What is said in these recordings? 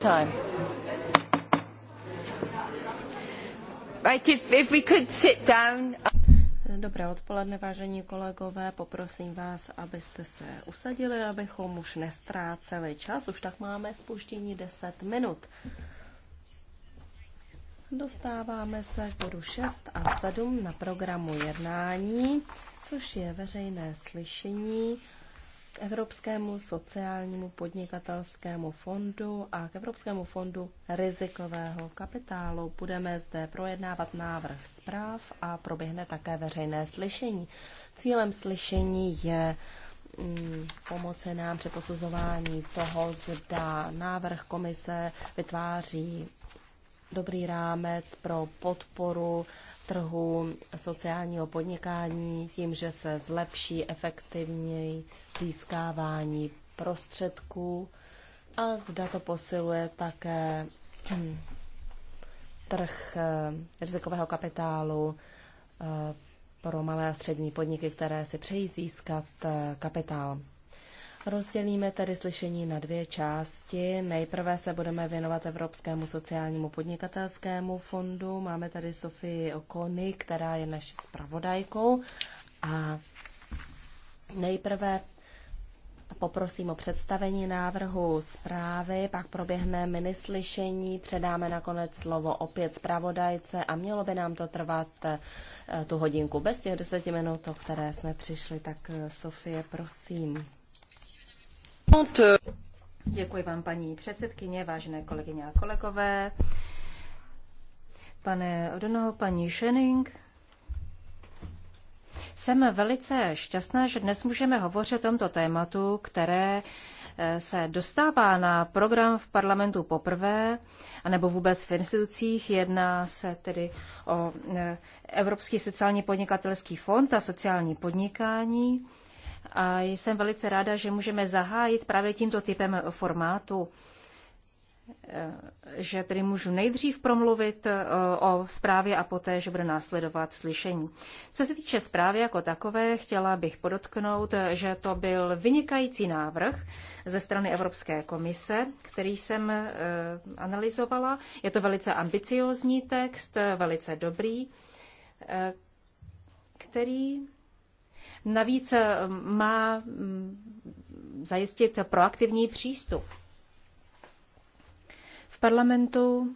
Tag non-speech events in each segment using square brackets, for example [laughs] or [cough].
time. Right, if, if we could sit down. Dobré odpoledne, vážení kolegové. Poprosím vás, abyste se usadili, abychom už nestráceli čas. Už tak máme spuštění 10 minut. Dostáváme se k bodu 6 a 7 na programu jednání, což je veřejné slyšení k Evropskému sociálnímu podnikatelskému fondu a k Evropskému fondu rizikového kapitálu. Budeme zde projednávat návrh zpráv a proběhne také veřejné slyšení. Cílem slyšení je mm, pomoci nám při posuzování toho, zda návrh komise vytváří dobrý rámec pro podporu trhu sociálního podnikání tím, že se zlepší efektivněji získávání prostředků a zda to posiluje také hm, trh eh, rizikového kapitálu eh, pro malé a střední podniky, které si přejí získat eh, kapitál. Rozdělíme tedy slyšení na dvě části. Nejprve se budeme věnovat Evropskému sociálnímu podnikatelskému fondu. Máme tady Sofii Okony, která je naší zpravodajkou. A nejprve poprosím o představení návrhu zprávy, pak proběhne minislyšení, předáme nakonec slovo opět zpravodajce a mělo by nám to trvat eh, tu hodinku bez těch deseti minut, o které jsme přišli. Tak eh, Sofie, prosím. Děkuji vám, paní předsedkyně, vážené kolegyně a kolegové, pane Odonoho, paní Schöning. Jsem velice šťastná, že dnes můžeme hovořit o tomto tématu, které eh, se dostává na program v parlamentu poprvé, anebo vůbec v institucích. Jedná se tedy o eh, Evropský sociální podnikatelský fond a sociální podnikání a jsem velice ráda, že můžeme zahájit právě tímto typem formátu eh, že tedy můžu nejdřív promluvit eh, o zprávě a poté, že bude následovat slyšení. Co se týče zprávy jako takové, chtěla bych podotknout, že to byl vynikající návrh ze strany Evropské komise, který jsem eh, analyzovala. Je to velice ambiciózní text, velice dobrý, který Navíc eh, má mm, zajistit proaktivní přístup. V parlamentu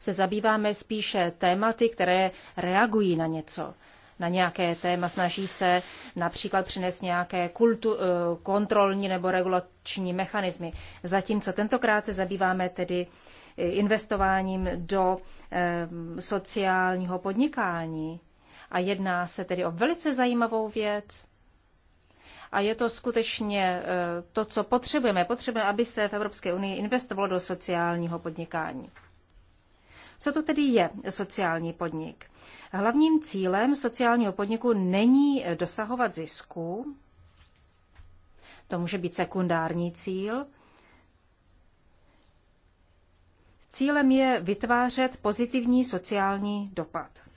se zabýváme spíše tématy, které reagují na něco, na nějaké téma, snaží se například přinést nějaké kultu, eh, kontrolní nebo regulační mechanismy. Zatímco tentokrát se zabýváme tedy eh, investováním do sociálního podnikání, a jedná se tedy o velice zajímavou věc. A je to skutečně eh, to, co potřebujeme. Potřebujeme, aby se v Evropské unii investovalo do sociálního podnikání. Co to tedy je sociální podnik? Hlavním cílem sociálního podniku není eh, dosahovat zisku, to může být sekundární cíl. Cílem je vytvářet pozitivní sociální dopad.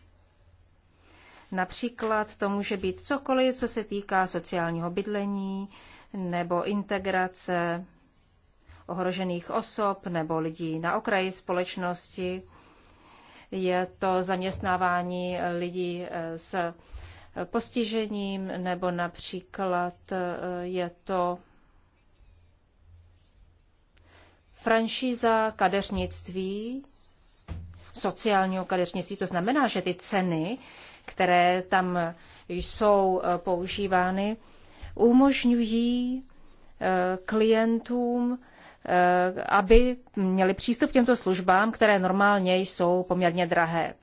Například to může být cokoliv, co se týká sociálního bydlení nebo integrace ohrožených osob nebo lidí na okraji společnosti. Je to zaměstnávání lidí eh, s eh, postižením nebo například eh, je to franšíza kadeřnictví, sociálního kadeřnictví. To znamená, že ty ceny které tam jsou eh, používány, umožňují eh, klientům, eh, aby měli přístup k těmto službám, které normálně jsou poměrně drahé.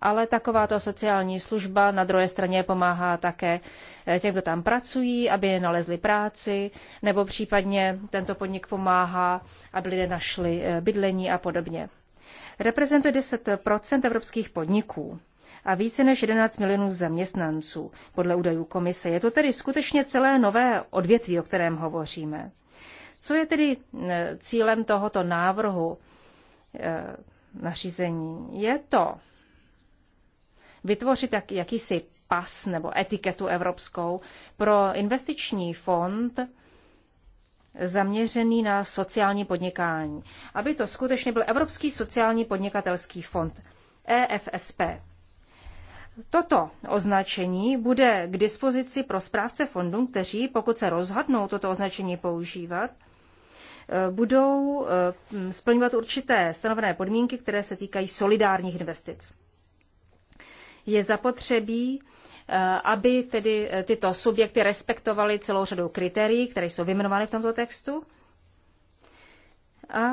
ale takováto sociální služba na druhé straně pomáhá také těm, kdo tam pracují, aby nalezli práci, nebo případně tento podnik pomáhá, aby lidé našli bydlení a podobně. Reprezentuje 10 evropských podniků a více než 11 milionů zaměstnanců, podle údajů komise. Je to tedy skutečně celé nové odvětví, o kterém hovoříme. Co je tedy eh, cílem tohoto návrhu eh, nařízení? Je to vytvořit jak, jakýsi pas nebo etiketu evropskou pro investiční fond, zaměřený na sociální podnikání. Aby to skutečně byl Evropský sociální podnikatelský fond, EFSP. Toto označení bude k dispozici pro správce fondů, kteří, pokud se rozhodnou toto označení používat, eh, budou eh, splňovat určité stanovené podmínky, které se týkají solidárních investic. Je zapotřebí Eh, aby tedy eh, tyto subjekty respektovaly celou řadu kritérií, které jsou vyjmenovány v tomto textu. A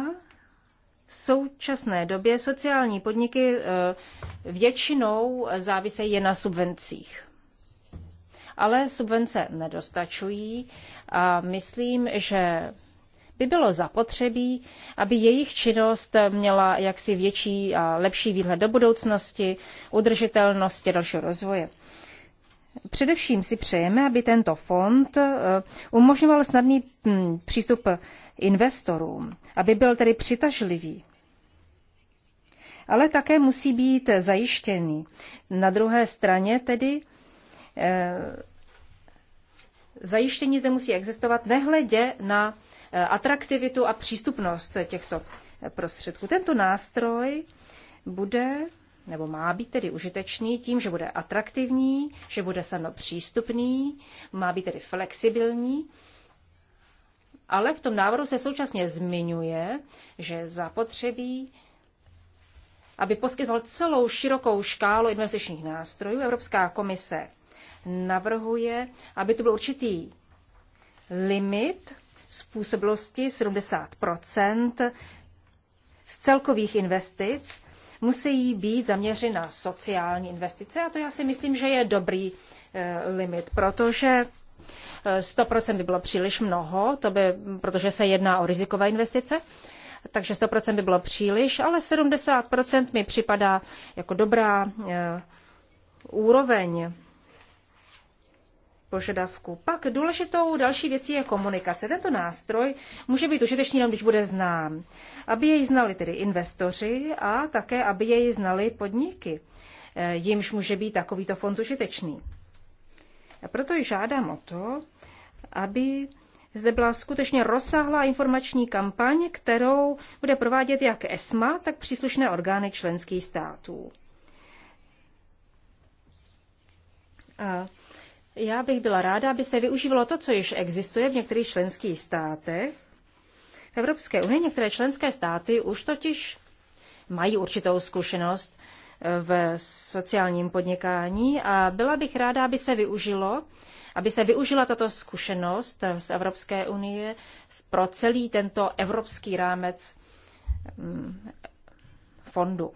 v současné době sociální podniky eh, většinou závisejí jen na subvencích. Ale subvence nedostačují a myslím, že by bylo zapotřebí, aby jejich činnost měla jaksi větší a lepší výhled do budoucnosti, udržitelnosti dalšího rozvoje. Především si přejeme, aby tento fond eh, umožňoval snadný hm, přístup investorům, aby byl tedy přitažlivý. Ale také musí být zajištěný. Na druhé straně tedy eh, zajištění zde musí existovat nehledě na eh, atraktivitu a přístupnost těchto prostředků. Tento nástroj bude nebo má být tedy užitečný tím, že bude atraktivní, že bude snadno přístupný, má být tedy flexibilní. Ale v tom návrhu se současně zmiňuje, že zapotřebí, aby poskytoval celou širokou škálu investičních nástrojů. Evropská komise navrhuje, aby to byl určitý limit způsobilosti 70 z celkových investic musí být zaměřena na sociální investice a to já si myslím, že je dobrý eh, limit, protože 100% eh, by bylo příliš mnoho, to by, protože se jedná o rizikové investice, takže 100% by bylo příliš, ale 70% mi připadá jako dobrá eh, úroveň požadavku. Pak důležitou další věcí je komunikace. Tento nástroj může být užitečný jenom, když bude znám. Aby jej znali tedy investoři a také, aby jej znali podniky, eh, jimž může být takovýto fond užitečný. A proto žádám o to, aby zde byla skutečně rozsáhlá informační kampaň, kterou bude provádět jak ESMA, tak příslušné orgány členských států. A já bych byla ráda, aby se využívalo to, co již existuje v některých členských státech. V Evropské unii některé členské státy už totiž mají určitou zkušenost eh, v sociálním podnikání a byla bych ráda, aby se využilo, aby se využila tato zkušenost eh, z Evropské unie pro celý tento evropský rámec mm, fondu.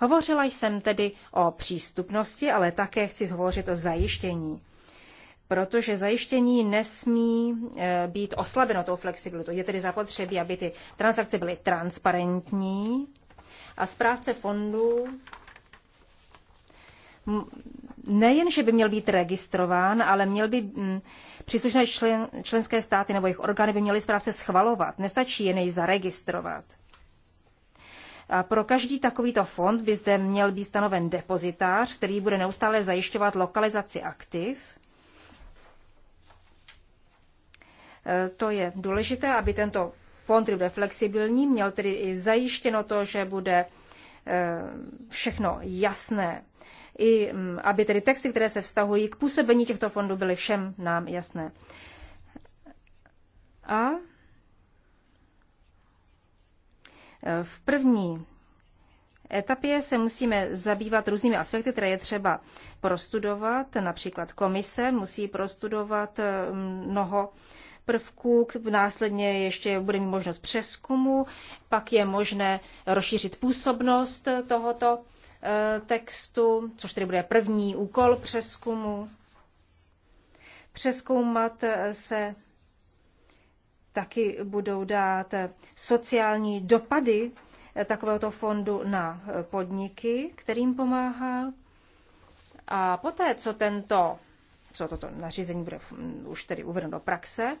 Hovořila jsem tedy o přístupnosti, ale také chci hovořit o zajištění protože zajištění nesmí e, být oslabeno tou flexibilitou. Je tedy zapotřebí, aby ty transakce byly transparentní a správce fondů nejen, že by měl být registrován, ale měl by příslušné člen, členské státy nebo jejich orgány by měly správce schvalovat. Nestačí jen jej zaregistrovat pro každý takovýto fond by zde měl být stanoven depozitář, který bude neustále zajišťovat lokalizaci aktiv. E, to je důležité, aby tento fond, byl bude flexibilní, měl tedy i zajištěno to, že bude e, všechno jasné. I mm, aby tedy texty, které se vztahují k působení těchto fondů, byly všem nám jasné. A V první etapě se musíme zabývat různými aspekty, které je třeba prostudovat. Například komise musí prostudovat eh, mnoho prvků, následně ještě bude mít možnost přeskumu, pak je možné rozšířit působnost tohoto eh, textu, což tedy bude první úkol přeskumu. Přeskoumat eh, se taky budou dát sociální dopady takovéhoto fondu na podniky, kterým pomáhá. A poté, co tento, co toto nařízení bude už tedy uvedeno do praxe,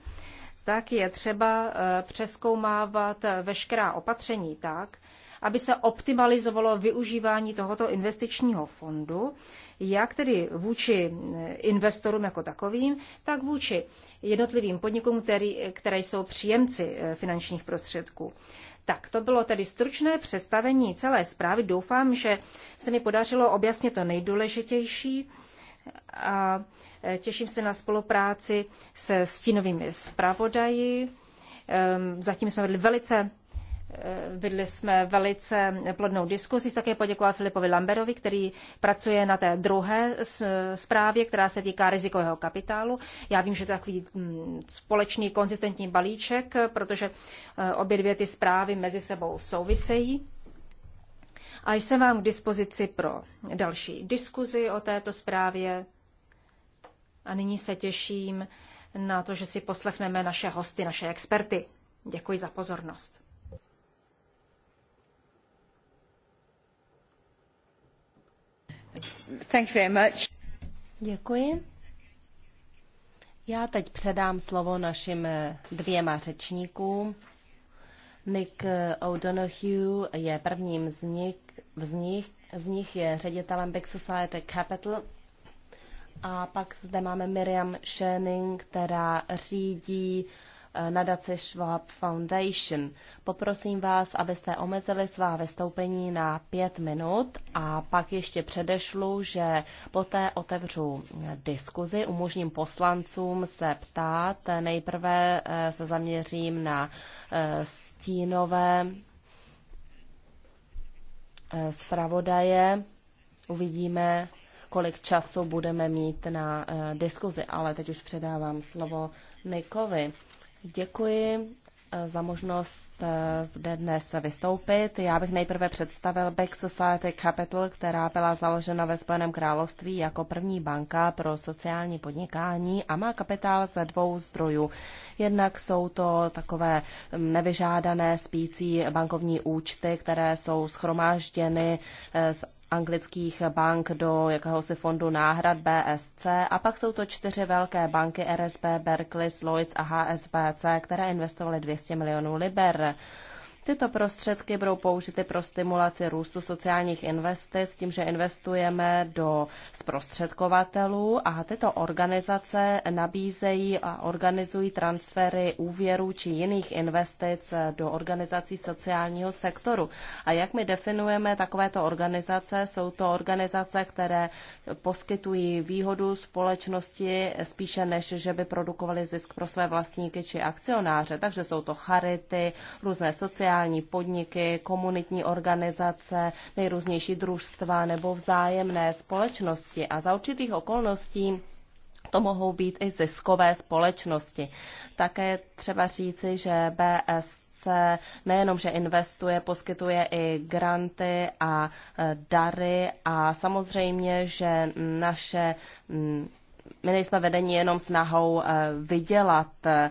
tak je třeba eh, přeskoumávat veškerá opatření tak, aby se optimalizovalo využívání tohoto investičního fondu, jak tedy vůči eh, investorům jako takovým, tak vůči jednotlivým podnikům, který, které jsou příjemci eh, finančních prostředků. Tak to bylo tedy stručné představení celé zprávy. Doufám, že se mi podařilo objasnit to nejdůležitější a eh, těším se na spolupráci se stínovými zpravodaji. Ehm, zatím jsme vedli velice Vedli jsme velice plodnou diskusi. Také poděkovat Filipovi Lamberovi, který pracuje na té druhé zprávě, která se týká rizikového kapitálu. Já vím, že to je takový mm, společný konzistentní balíček, protože eh, obě dvě ty zprávy mezi sebou souvisejí. A jsem vám k dispozici pro další diskuzi o této zprávě. A nyní se těším na to, že si poslechneme naše hosty, naše experty. Děkuji za pozornost. Děkuji. Já teď předám slovo našim dvěma řečníkům. Nick O'Donoghue je prvním z nich, z nich, z nich je ředitelem Big Society Capital a pak zde máme Miriam Schoening, která řídí nadace Schwab Foundation. Poprosím vás, abyste omezili svá vystoupení na pět minut a pak ještě předešlu, že poté otevřu eh, diskuzi, umožním poslancům se ptát. Nejprve eh, se zaměřím na eh, stínové zpravodaje. Uvidíme, kolik času budeme mít na diskuzi, ale teď už předávám slovo Nikovi. Děkuji eh, za možnost eh, zde dnes vystoupit. Já bych nejprve představil Back Society Capital, která byla založena ve Spojeném království jako první banka pro sociální podnikání a má kapitál ze dvou zdrojů. Jednak jsou to takové nevyžádané spící bankovní účty, které jsou schromážděny eh, z anglických bank do jakéhosi fondu náhrad BSC a pak jsou to čtyři velké banky RSB, Berkeley, Lloyds a HSBC, které investovaly 200 milionů liber. Tyto prostředky budou použity pro stimulaci růstu sociálních investic, tím, že investujeme do zprostředkovatelů a tyto organizace nabízejí a organizují transfery úvěrů či jiných investic do organizací sociálního sektoru. A jak my definujeme takovéto organizace, jsou to organizace, které poskytují výhodu společnosti spíše než, že by produkovaly zisk pro své vlastníky či akcionáře. Takže jsou to charity, různé sociální sociální podniky, komunitní organizace, nejrůznější družstva nebo vzájemné společnosti a za určitých okolností to mohou být i ziskové společnosti. Také třeba říci, že BS se nejenom, že investuje, poskytuje i granty a e, dary a samozřejmě, že naše my nejsme vedení jenom snahou e, vydělat. E,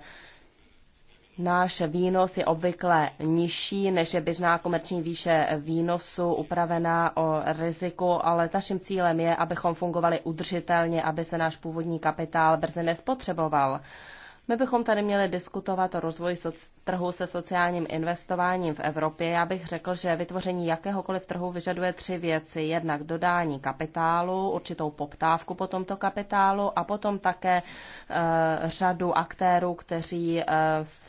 Náš výnos je obvykle nižší, než je běžná komerční výše výnosu upravená o riziku, ale naším cílem je, abychom fungovali udržitelně, aby se náš původní kapitál brzy nespotřeboval. My bychom tady měli diskutovat o rozvoji soc- trhu se sociálním investováním v Evropě. Já bych řekl, že vytvoření jakéhokoliv trhu vyžaduje tři věci. Jednak dodání kapitálu, určitou poptávku po tomto kapitálu a potom také e, řadu aktérů, kteří e,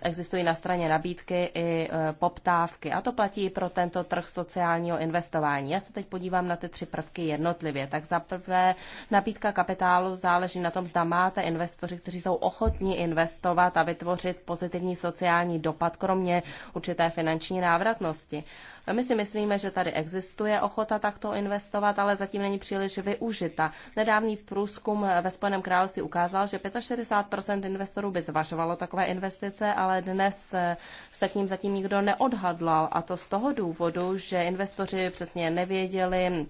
existují na straně nabídky i e, poptávky. A to platí i pro tento trh sociálního investování. Já se teď podívám na ty tři prvky jednotlivě. Tak za prvé nabídka kapitálu záleží na tom, zda máte investoři, kteří jsou ochotní investovat investovat a vytvořit pozitivní sociální dopad, kromě určité finanční návratnosti. My si myslíme, že tady existuje ochota takto investovat, ale zatím není příliš využita. Nedávný průzkum ve Spojeném království ukázal, že 65 investorů by zvažovalo takové investice, ale dnes se k ním zatím nikdo neodhadlal. A to z toho důvodu, že investoři přesně nevěděli,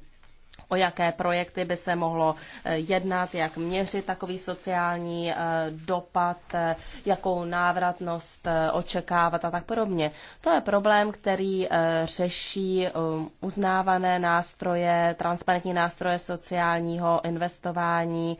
o jaké projekty by se mohlo eh, jednat, jak měřit takový sociální eh, dopad, eh, jakou návratnost očekávat a tak podobně. To je problém, který řeší uznávané nástroje, transparentní nástroje sociálního investování,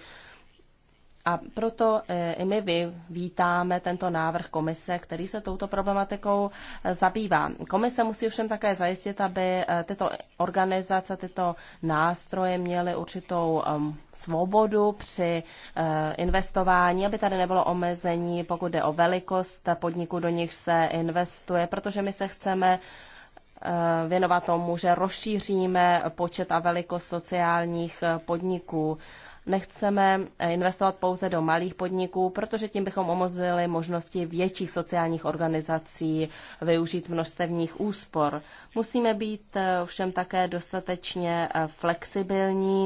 a proto e, i my vítáme tento návrh komise, který se touto problematikou e, zabývá. Komise musí všem také zajistit, aby e, tyto organizace, tyto nástroje měly určitou svobodu při investování, aby tady nebylo omezení, pokud jde o velikost podniku, do nich se investuje, protože my se chceme věnovat tomu, že rozšíříme počet a velikost sociálních podniků nechceme eh, investovat pouze do malých podniků, protože tím bychom omozili možnosti větších sociálních organizací využít množstevních úspor. Musíme být eh, všem také dostatečně eh, flexibilní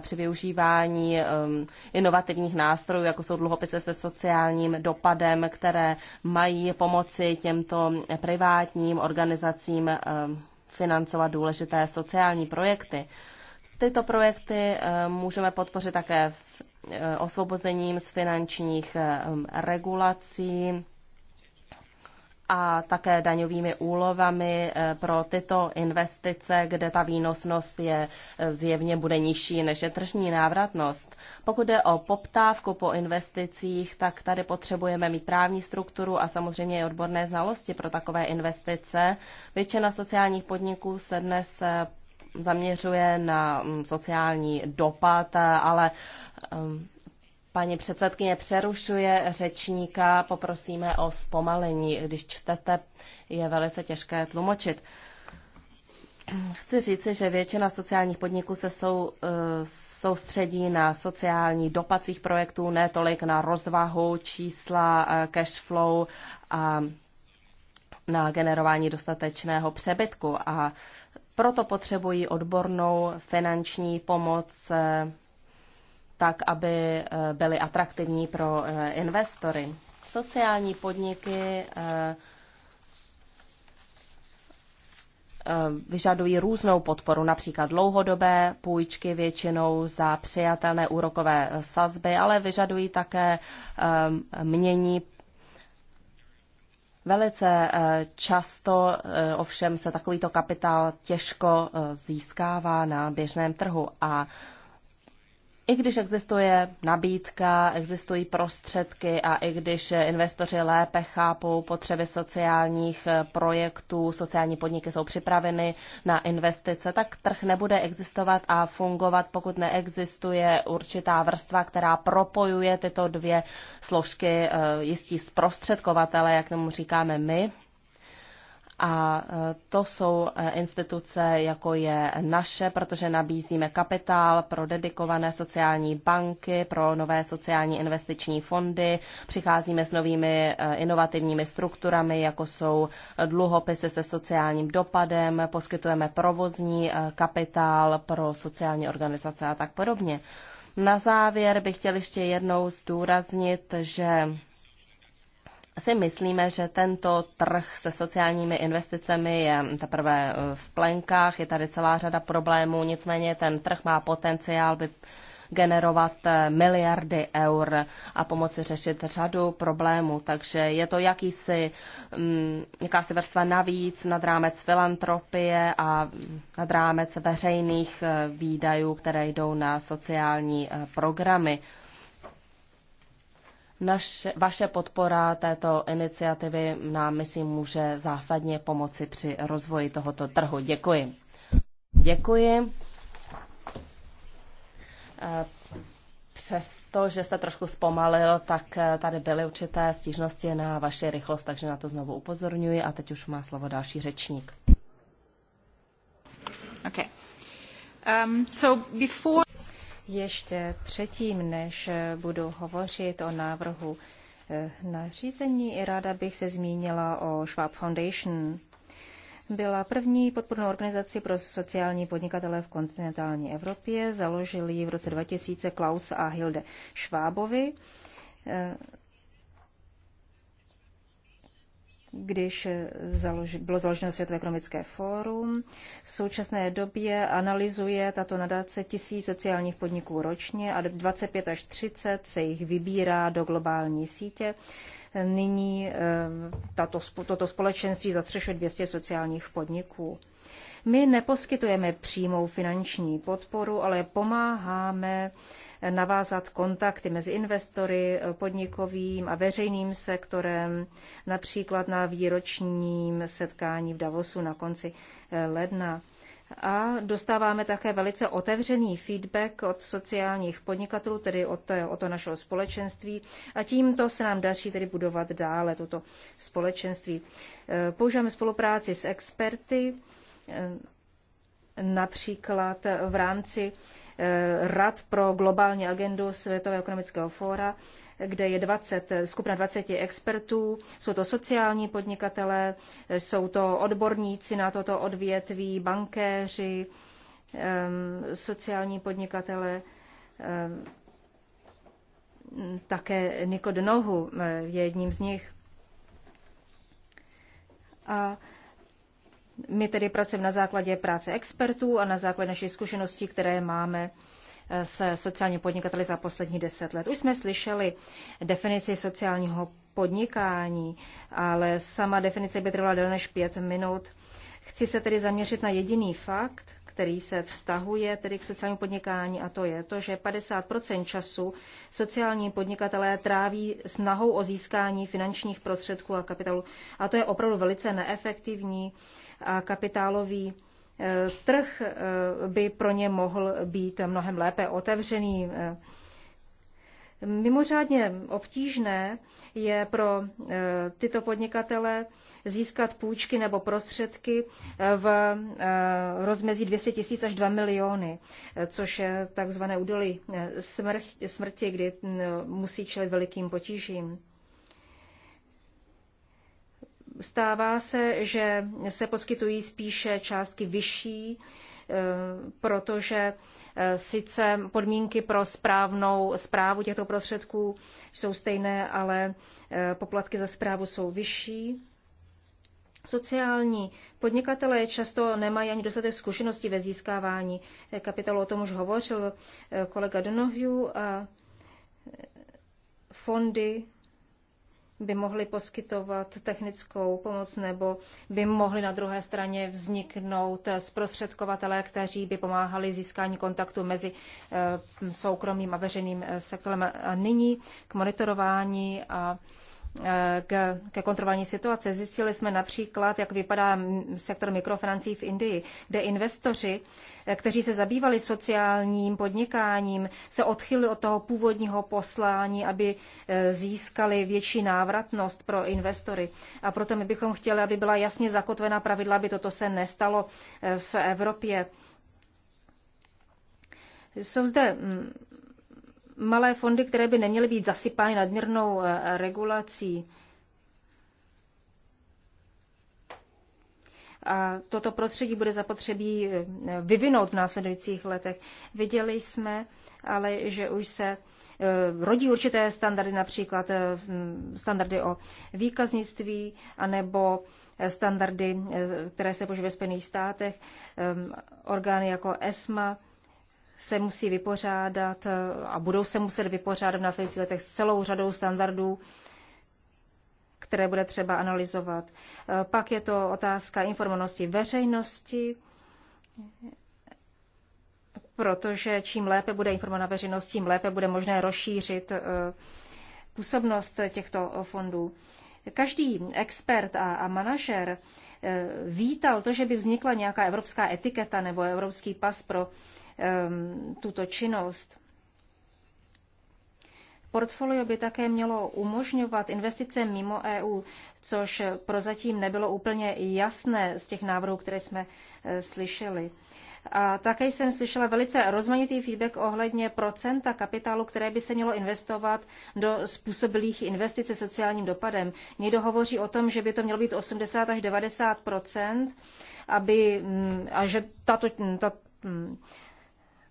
při využívání ehm, inovativních nástrojů, jako jsou dluhopisy se sociálním dopadem, které mají pomoci těmto privátním organizacím ehm, financovat důležité sociální projekty. Tyto projekty eh, můžeme podpořit také eh, osvobozením z finančních eh, hm, regulací a také daňovými úlovami pro tyto investice, kde ta výnosnost je zjevně bude nižší než je tržní návratnost. Pokud jde o poptávku po investicích, tak tady potřebujeme mít právní strukturu a samozřejmě i odborné znalosti pro takové investice. Většina sociálních podniků se dnes zaměřuje na mm, sociální dopad, ale mm, paní předsedkyně přerušuje řečníka, poprosíme o zpomalení. Když čtete, je velice těžké tlumočit. Chci říci, že většina sociálních podniků se sou, eh, soustředí na sociální dopad svých projektů, ne tolik na rozvahu, čísla, eh, cash flow a na generování dostatečného přebytku. A proto potřebují odbornou finanční pomoc eh, tak, aby eh, byly atraktivní pro eh, investory. Sociální podniky vyžadují různou podporu, například dlouhodobé půjčky většinou za přijatelné úrokové sazby, ale vyžadují také mění Velice eh, často eh, ovšem se takovýto kapitál těžko eh, získává na běžném trhu a i když existuje nabídka, existují prostředky a i když investoři lépe chápou potřeby sociálních eh, projektů, sociální podniky jsou připraveny na investice, tak trh nebude existovat a fungovat, pokud neexistuje určitá vrstva, která propojuje tyto dvě složky eh, jistí zprostředkovatele, jak tomu říkáme my, a e, to jsou e, instituce, jako je naše, protože nabízíme kapitál pro dedikované sociální banky, pro nové sociální investiční fondy. Přicházíme s novými e, inovativními strukturami, jako jsou dluhopisy se sociálním dopadem, poskytujeme provozní kapitál pro sociální organizace a tak podobně. Na závěr bych chtěl ještě jednou zdůraznit, že si myslíme, že tento trh se sociálními investicemi je teprve v plenkách, je tady celá řada problémů, nicméně ten trh má potenciál by generovat eh, miliardy eur a pomoci řešit řadu problémů. Takže je to jakýsi, mm, jakási vrstva navíc nad rámec filantropie a nad rámec veřejných eh, výdajů, které jdou na sociální eh, programy. Naše, vaše podpora této iniciativy nám, myslím, může zásadně pomoci při rozvoji tohoto trhu. Děkuji. Děkuji. Eh, přesto, že jste trošku zpomalil, tak eh, tady byly určité stížnosti na vaši rychlost, takže na to znovu upozorňuji a teď už má slovo další řečník. Okay. Um, so before... Ještě předtím, než budu hovořit o návrhu eh, nařízení, ráda bych se zmínila o Schwab Foundation. Byla první podpornou organizaci pro sociální podnikatele v kontinentální Evropě. Založili ji v roce 2000 Klaus a Hilde Schwabovi eh, když eh, založ, bylo založeno Světové ekonomické fórum. V současné době analyzuje tato nadace tisíc sociálních podniků ročně a 25 až 30 se jich vybírá do globální sítě. Nyní eh, tato, toto společenství zastřešuje 200 sociálních podniků. My neposkytujeme přímou finanční podporu, ale pomáháme navázat kontakty mezi investory, podnikovým a veřejným sektorem, například na výročním setkání v Davosu na konci eh, ledna. A dostáváme také velice otevřený feedback od sociálních podnikatelů, tedy od, to, od to našeho společenství. A tímto se nám daří tedy budovat dále toto společenství. Eh, používáme spolupráci s experty, eh, například v rámci Eh, rad pro globální agendu Světového ekonomického fóra, kde je 20, eh, skupina 20 expertů. Jsou to sociální podnikatelé, eh, jsou to odborníci na toto odvětví, bankéři, ehm, sociální podnikatele, ehm, také Nikod nohu je jedním z nich. A my tedy pracujeme na základě práce expertů a na základě našich zkušeností, které máme eh, se sociální podnikateli za poslední deset let. Už jsme slyšeli definici sociálního podnikání, ale sama definice by trvala déle než pět minut. Chci se tedy zaměřit na jediný fakt, který se vztahuje tedy k sociálnímu podnikání a to je to, že 50% času sociální podnikatelé tráví snahou o získání finančních prostředků a kapitálu. A to je opravdu velice neefektivní a kapitálový e, trh e, by pro ně mohl být mnohem lépe otevřený. E, Mimořádně obtížné je pro eh, tyto podnikatele získat půjčky nebo prostředky eh, v eh, rozmezí 200 tisíc až 2 miliony, což je takzvané údolí smrti, kdy musí čelit velikým potížím. Stává se, že se poskytují spíše částky vyšší, protože eh, sice podmínky pro správnou zprávu těchto prostředků jsou stejné, ale eh, poplatky za zprávu jsou vyšší. Sociální podnikatelé často nemají ani dostatek zkušeností ve získávání kapitálu. O tom už hovořil eh, kolega Donohue a fondy by mohly poskytovat technickou pomoc nebo by mohly na druhé straně vzniknout zprostředkovatelé, kteří by pomáhali získání kontaktu mezi eh, soukromým a veřejným eh, sektorem. A nyní k monitorování a k, ke kontrolování situaci. Zjistili jsme například, jak vypadá sektor mikrofinancí v Indii, kde investoři, eh, kteří se zabývali sociálním podnikáním, se odchylili od toho původního poslání, aby eh, získali větší návratnost pro investory. A proto my bychom chtěli, aby byla jasně zakotvená pravidla, aby toto se nestalo eh, v Evropě. Jsou zde mm, malé fondy, které by neměly být zasypány nadměrnou eh, regulací. A toto prostředí bude zapotřebí eh, vyvinout v následujících letech. Viděli jsme ale, že už se eh, rodí určité standardy, například standardy o výkaznictví, anebo standardy, které se požívají ve Spojených státech, orgány jako ESMA, se musí vypořádat eh, a budou se muset vypořádat v následujících letech s celou řadou standardů, které bude třeba analyzovat. Eh, pak je to otázka informovanosti veřejnosti, protože čím lépe bude informovaná veřejnost, tím lépe bude možné rozšířit eh, působnost těchto fondů. Každý expert a, a manažer vítal to, že by vznikla nějaká evropská etiketa nebo evropský pas pro Ehm, tuto činnost. Portfolio by také mělo umožňovat investice mimo EU, což prozatím nebylo úplně jasné z těch návrhů, které jsme eh, slyšeli. A také jsem slyšela velice rozmanitý feedback ohledně procenta kapitálu, které by se mělo investovat do způsobilých investic se sociálním dopadem. Někdo hovoří o tom, že by to mělo být 80 až 90 aby, mm, a že tato, mm, tato mm,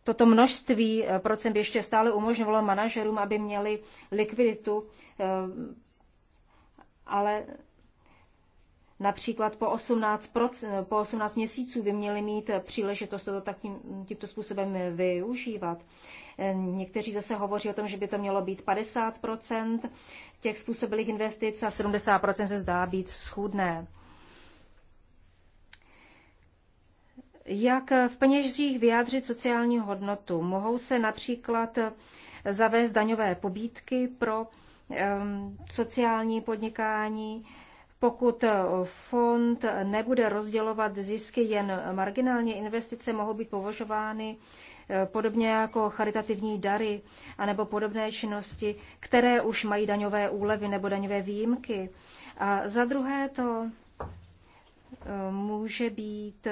toto množství eh, procent ještě stále umožňovalo manažerům, aby měli likviditu, eh, ale například po 18, po 18 měsíců by měli mít příležitost to takým, tímto způsobem využívat. Eh, někteří zase hovoří o tom, že by to mělo být 50 těch způsobilých investic a 70 se zdá být schůdné. Jak v peněžích vyjádřit sociální hodnotu? Mohou se například eh, zavést daňové pobídky pro ehm, sociální podnikání, pokud eh, fond nebude rozdělovat zisky jen marginálně, investice mohou být považovány eh, podobně jako charitativní dary anebo podobné činnosti, které už mají daňové úlevy nebo daňové výjimky. A za druhé to může být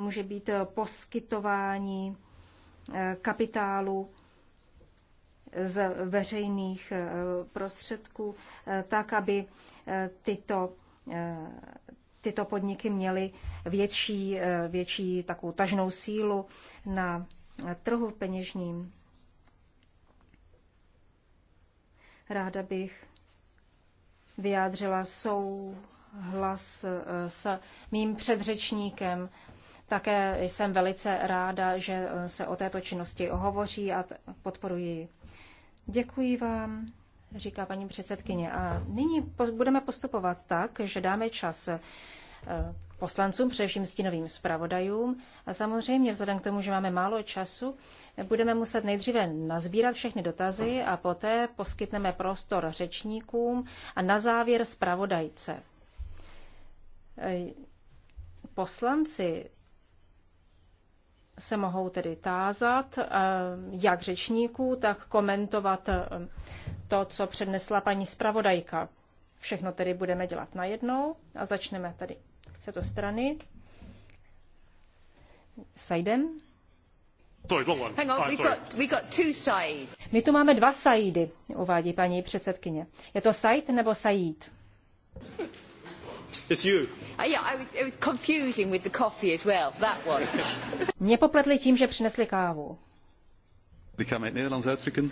může být eh, poskytování eh, kapitálu z veřejných eh, prostředků, tak aby tyto, tyto podniky měly větší, větší takovou tažnou sílu na trhu peněžním. Ráda bych vyjádřila souhlas s mým předřečníkem také jsem velice ráda, že eh, se o této činnosti hovoří a podporuji. Děkuji vám, říká paní předsedkyně. A nyní budeme postupovat tak, že dáme čas eh, poslancům, především stínovým zpravodajům. A samozřejmě, vzhledem k tomu, že máme málo času, budeme muset nejdříve nazbírat všechny dotazy a poté poskytneme prostor řečníkům a na závěr zpravodajce. Eh, poslanci se mohou tedy tázat eh, jak řečníků, tak komentovat eh, to, co přednesla paní zpravodajka. Všechno tedy budeme dělat najednou a začneme tady z této strany. Sajdem. Ah, My tu máme dva sajdy, uvádí paní předsedkyně. Je to sajd nebo sajít? It's you. Uh, yeah, I was, it was confusing with the coffee as well, that one. [laughs] Mě popletli tím, že přinesli kávu. Ik ga mij Nederlands uitdrukken.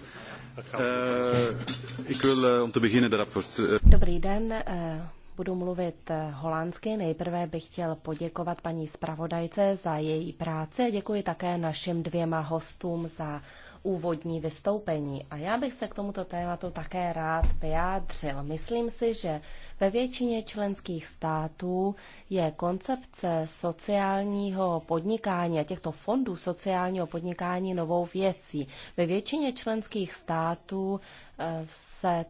Uh, ik wil eh, om te beginnen de rapport... Eh. Dobrý den, eh, budu mluvit holandsky. Nejprve bych chtěl poděkovat paní zpravodajce za její práci. Děkuji také našim dvěma hostům za úvodní vystoupení. A já bych se k tomuto tématu také rád vyjádřil. Myslím si, že ve většině členských států je koncepce sociálního podnikání a těchto fondů sociálního podnikání novou věcí. Ve většině členských států eh, se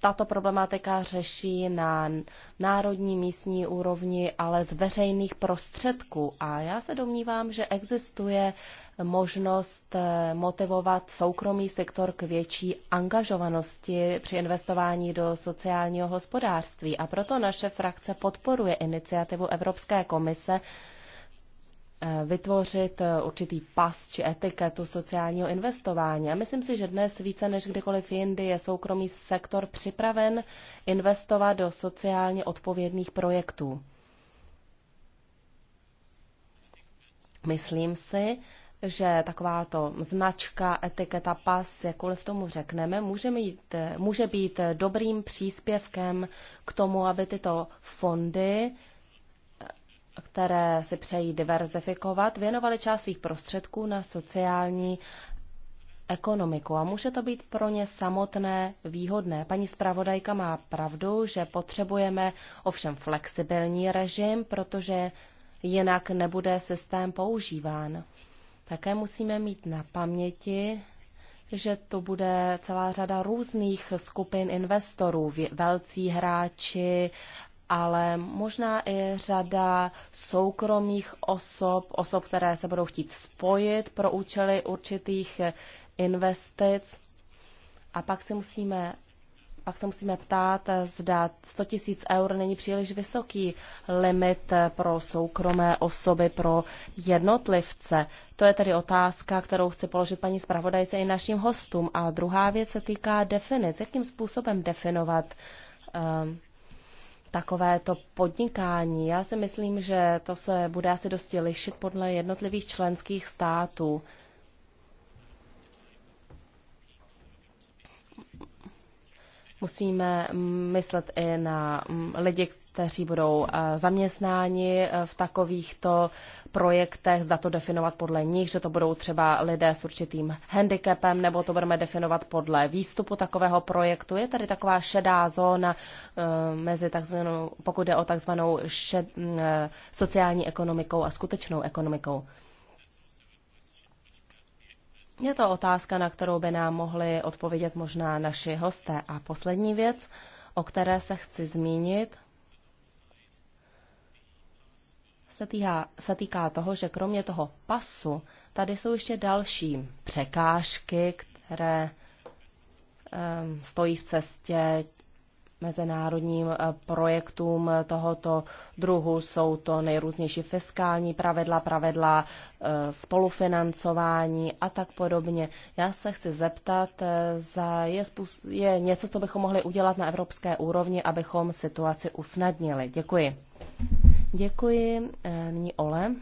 tato problematika řeší na národní místní úrovni, ale z veřejných prostředků. A já se domnívám, že existuje možnost eh, motivovat soukromý sektor k větší angažovanosti při investování do sociálního hospodářství. A proto naše frakce podporuje iniciativu Evropské komise Eh, vytvořit eh, určitý pas či etiketu sociálního investování. A myslím si, že dnes více než kdykoliv jindy je soukromý sektor připraven investovat do sociálně odpovědných projektů. Myslím si, že takováto značka, etiketa, pas, jakkoliv tomu řekneme, může, mít, eh, může být dobrým příspěvkem k tomu, aby tyto fondy které si přejí diverzifikovat, věnovali část svých prostředků na sociální ekonomiku a může to být pro ně samotné výhodné. Paní zpravodajka má pravdu, že potřebujeme ovšem flexibilní režim, protože jinak nebude systém používán. Také musíme mít na paměti, že to bude celá řada různých skupin investorů, velcí hráči, ale možná i řada soukromých osob, osob, které se budou chtít spojit pro účely určitých investic. A pak si musíme pak se musíme ptát, zda 100 tisíc eur není příliš vysoký limit pro soukromé osoby, pro jednotlivce. To je tedy otázka, kterou chci položit paní zpravodajce i našim hostům. A druhá věc se týká definic. Jakým způsobem definovat um, takovéto podnikání. Já si myslím, že to se bude asi dosti lišit podle jednotlivých členských států. Musíme myslet i na mm, lidi, kteří budou eh, zaměstnáni eh, v takovýchto projektech, zda to definovat podle nich, že to budou třeba lidé s určitým handicapem, nebo to budeme definovat podle výstupu takového projektu. Je tady taková šedá zóna eh, mezi takzvanou, pokud jde o takzvanou šed, eh, sociální ekonomikou a skutečnou ekonomikou. Je to otázka, na kterou by nám mohli odpovědět možná naši hosté. A poslední věc, o které se chci zmínit, se, týká, se týká toho, že kromě toho pasu, tady jsou ještě další překážky, které um, stojí v cestě mezinárodním eh, projektům tohoto druhu. Jsou to nejrůznější fiskální pravidla, pravidla eh, spolufinancování a tak podobně. Já se chci zeptat, eh, za je, je něco, co bychom mohli udělat na evropské úrovni, abychom situaci usnadnili. Děkuji. Děkuji. Eh, nyní Ole.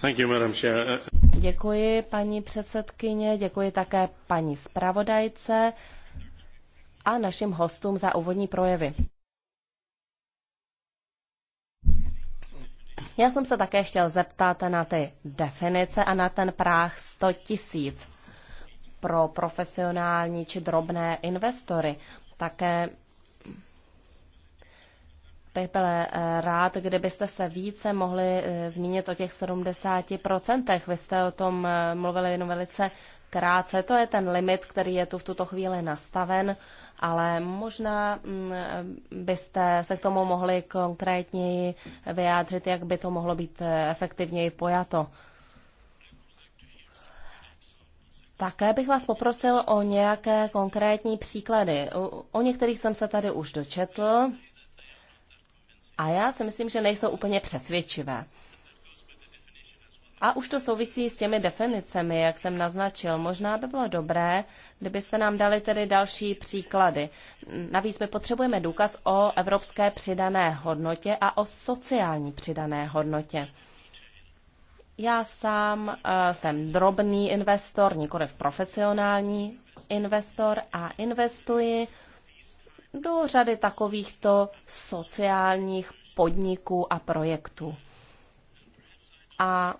Thank you, madam chair. Děkuji paní předsedkyně, děkuji také paní zpravodajce a našim hostům za úvodní projevy. Já jsem se také chtěl zeptat na ty definice a na ten práh 100 tisíc pro profesionální či drobné investory. Také Pepele, eh, rád, kdybyste se více mohli eh, zmínit o těch 70%. Vy jste o tom eh, mluvili jenom velice krátce. To je ten limit, který je tu v tuto chvíli nastaven, ale možná mm, byste se k tomu mohli konkrétněji vyjádřit, jak by to mohlo být efektivněji pojato. Také bych vás poprosil o nějaké konkrétní příklady. O některých jsem se tady už dočetl, a já si myslím, že nejsou úplně přesvědčivé. A už to souvisí s těmi definicemi, jak jsem naznačil. Možná by bylo dobré, kdybyste nám dali tedy další příklady. Navíc my potřebujeme důkaz o evropské přidané hodnotě a o sociální přidané hodnotě. Já sám uh, jsem drobný investor, nikoliv profesionální investor a investuji do řady takovýchto sociálních podniků a projektů. A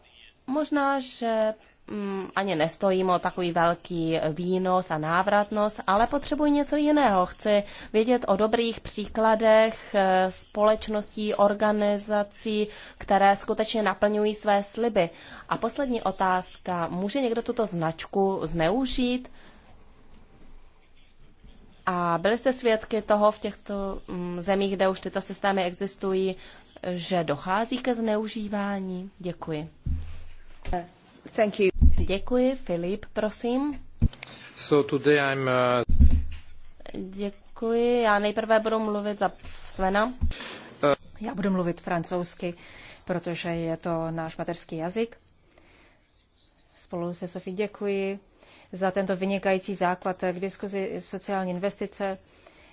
možná, že mm, ani nestojím o takový velký výnos a návratnost, ale potřebuji něco jiného. Chci vědět o dobrých příkladech eh, společností, organizací, které skutečně naplňují své sliby. A poslední otázka. Může někdo tuto značku zneužít? A byli jste svědky toho v těchto mm, zemích, kde už tyto systémy existují, že dochází ke zneužívání? Děkuji. Thank you. Děkuji. Filip, prosím. So today I'm, uh... Děkuji. Já nejprve budu mluvit za Svena. Uh, Já budu mluvit francouzsky, protože je to náš mateřský jazyk. Spolu se Sofí děkuji za tento vynikající základ k diskuzi sociální investice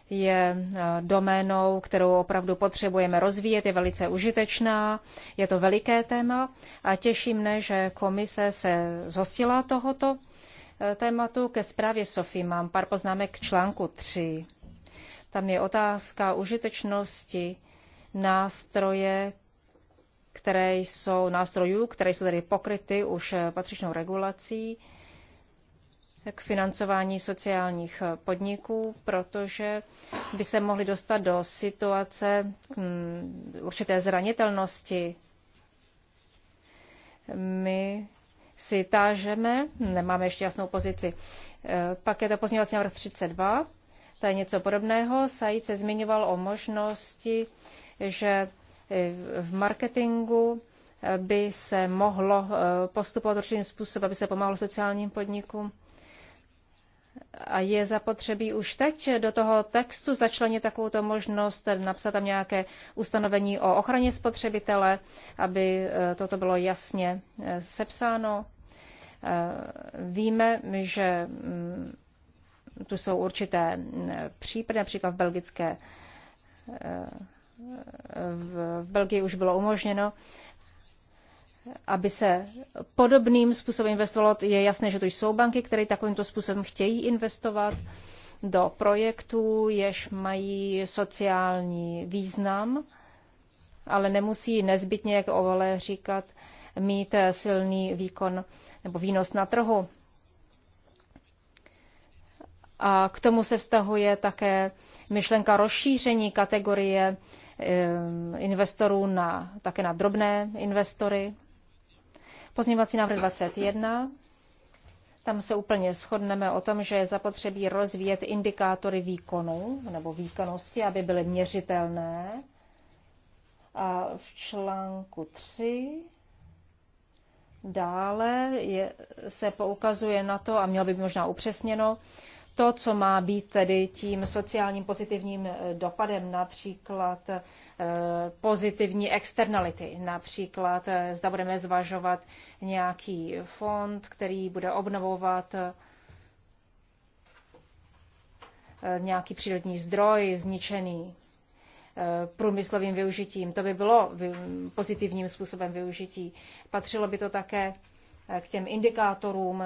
je eh, doménou, kterou opravdu potřebujeme rozvíjet, je velice užitečná, je to veliké téma a těší mne, že komise se zhostila tohoto eh, tématu. Ke zprávě Sofie mám pár poznámek k článku 3. Tam je otázka užitečnosti nástroje, které jsou nástrojů, které jsou tedy pokryty už eh, patřičnou regulací k financování sociálních podniků, protože by se mohli dostat do situace hm, určité zranitelnosti. My si tážeme, nemáme ještě jasnou pozici. E, pak je to pozměňovací návrh 32, to je něco podobného. Sajíc se zmiňoval o možnosti, že e, v marketingu e, by se mohlo postupovat určitým způsobem, aby se pomáhalo sociálním podnikům. A je zapotřebí už teď do toho textu začlenit takovouto možnost, napsat tam nějaké ustanovení o ochraně spotřebitele, aby eh, toto bylo jasně eh, sepsáno. Eh, víme, že mm, tu jsou určité případy, například v belgické v Belgii už bylo umožněno aby se podobným způsobem investovalo. Je jasné, že to jsou banky, které takovýmto způsobem chtějí investovat do projektů, jež mají sociální význam, ale nemusí nezbytně, jak Ovole říkat, mít eh, silný výkon nebo výnos na trhu. A k tomu se vztahuje také myšlenka rozšíření kategorie eh, investorů na, také na drobné investory. Pozměňovací návrh 21. Tam se úplně shodneme o tom, že je zapotřebí rozvíjet indikátory výkonu nebo výkonnosti, aby byly měřitelné. A v článku 3 dále je, se poukazuje na to, a mělo by možná upřesněno, to, co má být tedy tím sociálním pozitivním dopadem, například pozitivní externality. Například eh, zda budeme zvažovat nějaký fond, který bude obnovovat eh, nějaký přírodní zdroj zničený eh, průmyslovým využitím. To by bylo pozitivním způsobem využití. Patřilo by to také k těm indikátorům,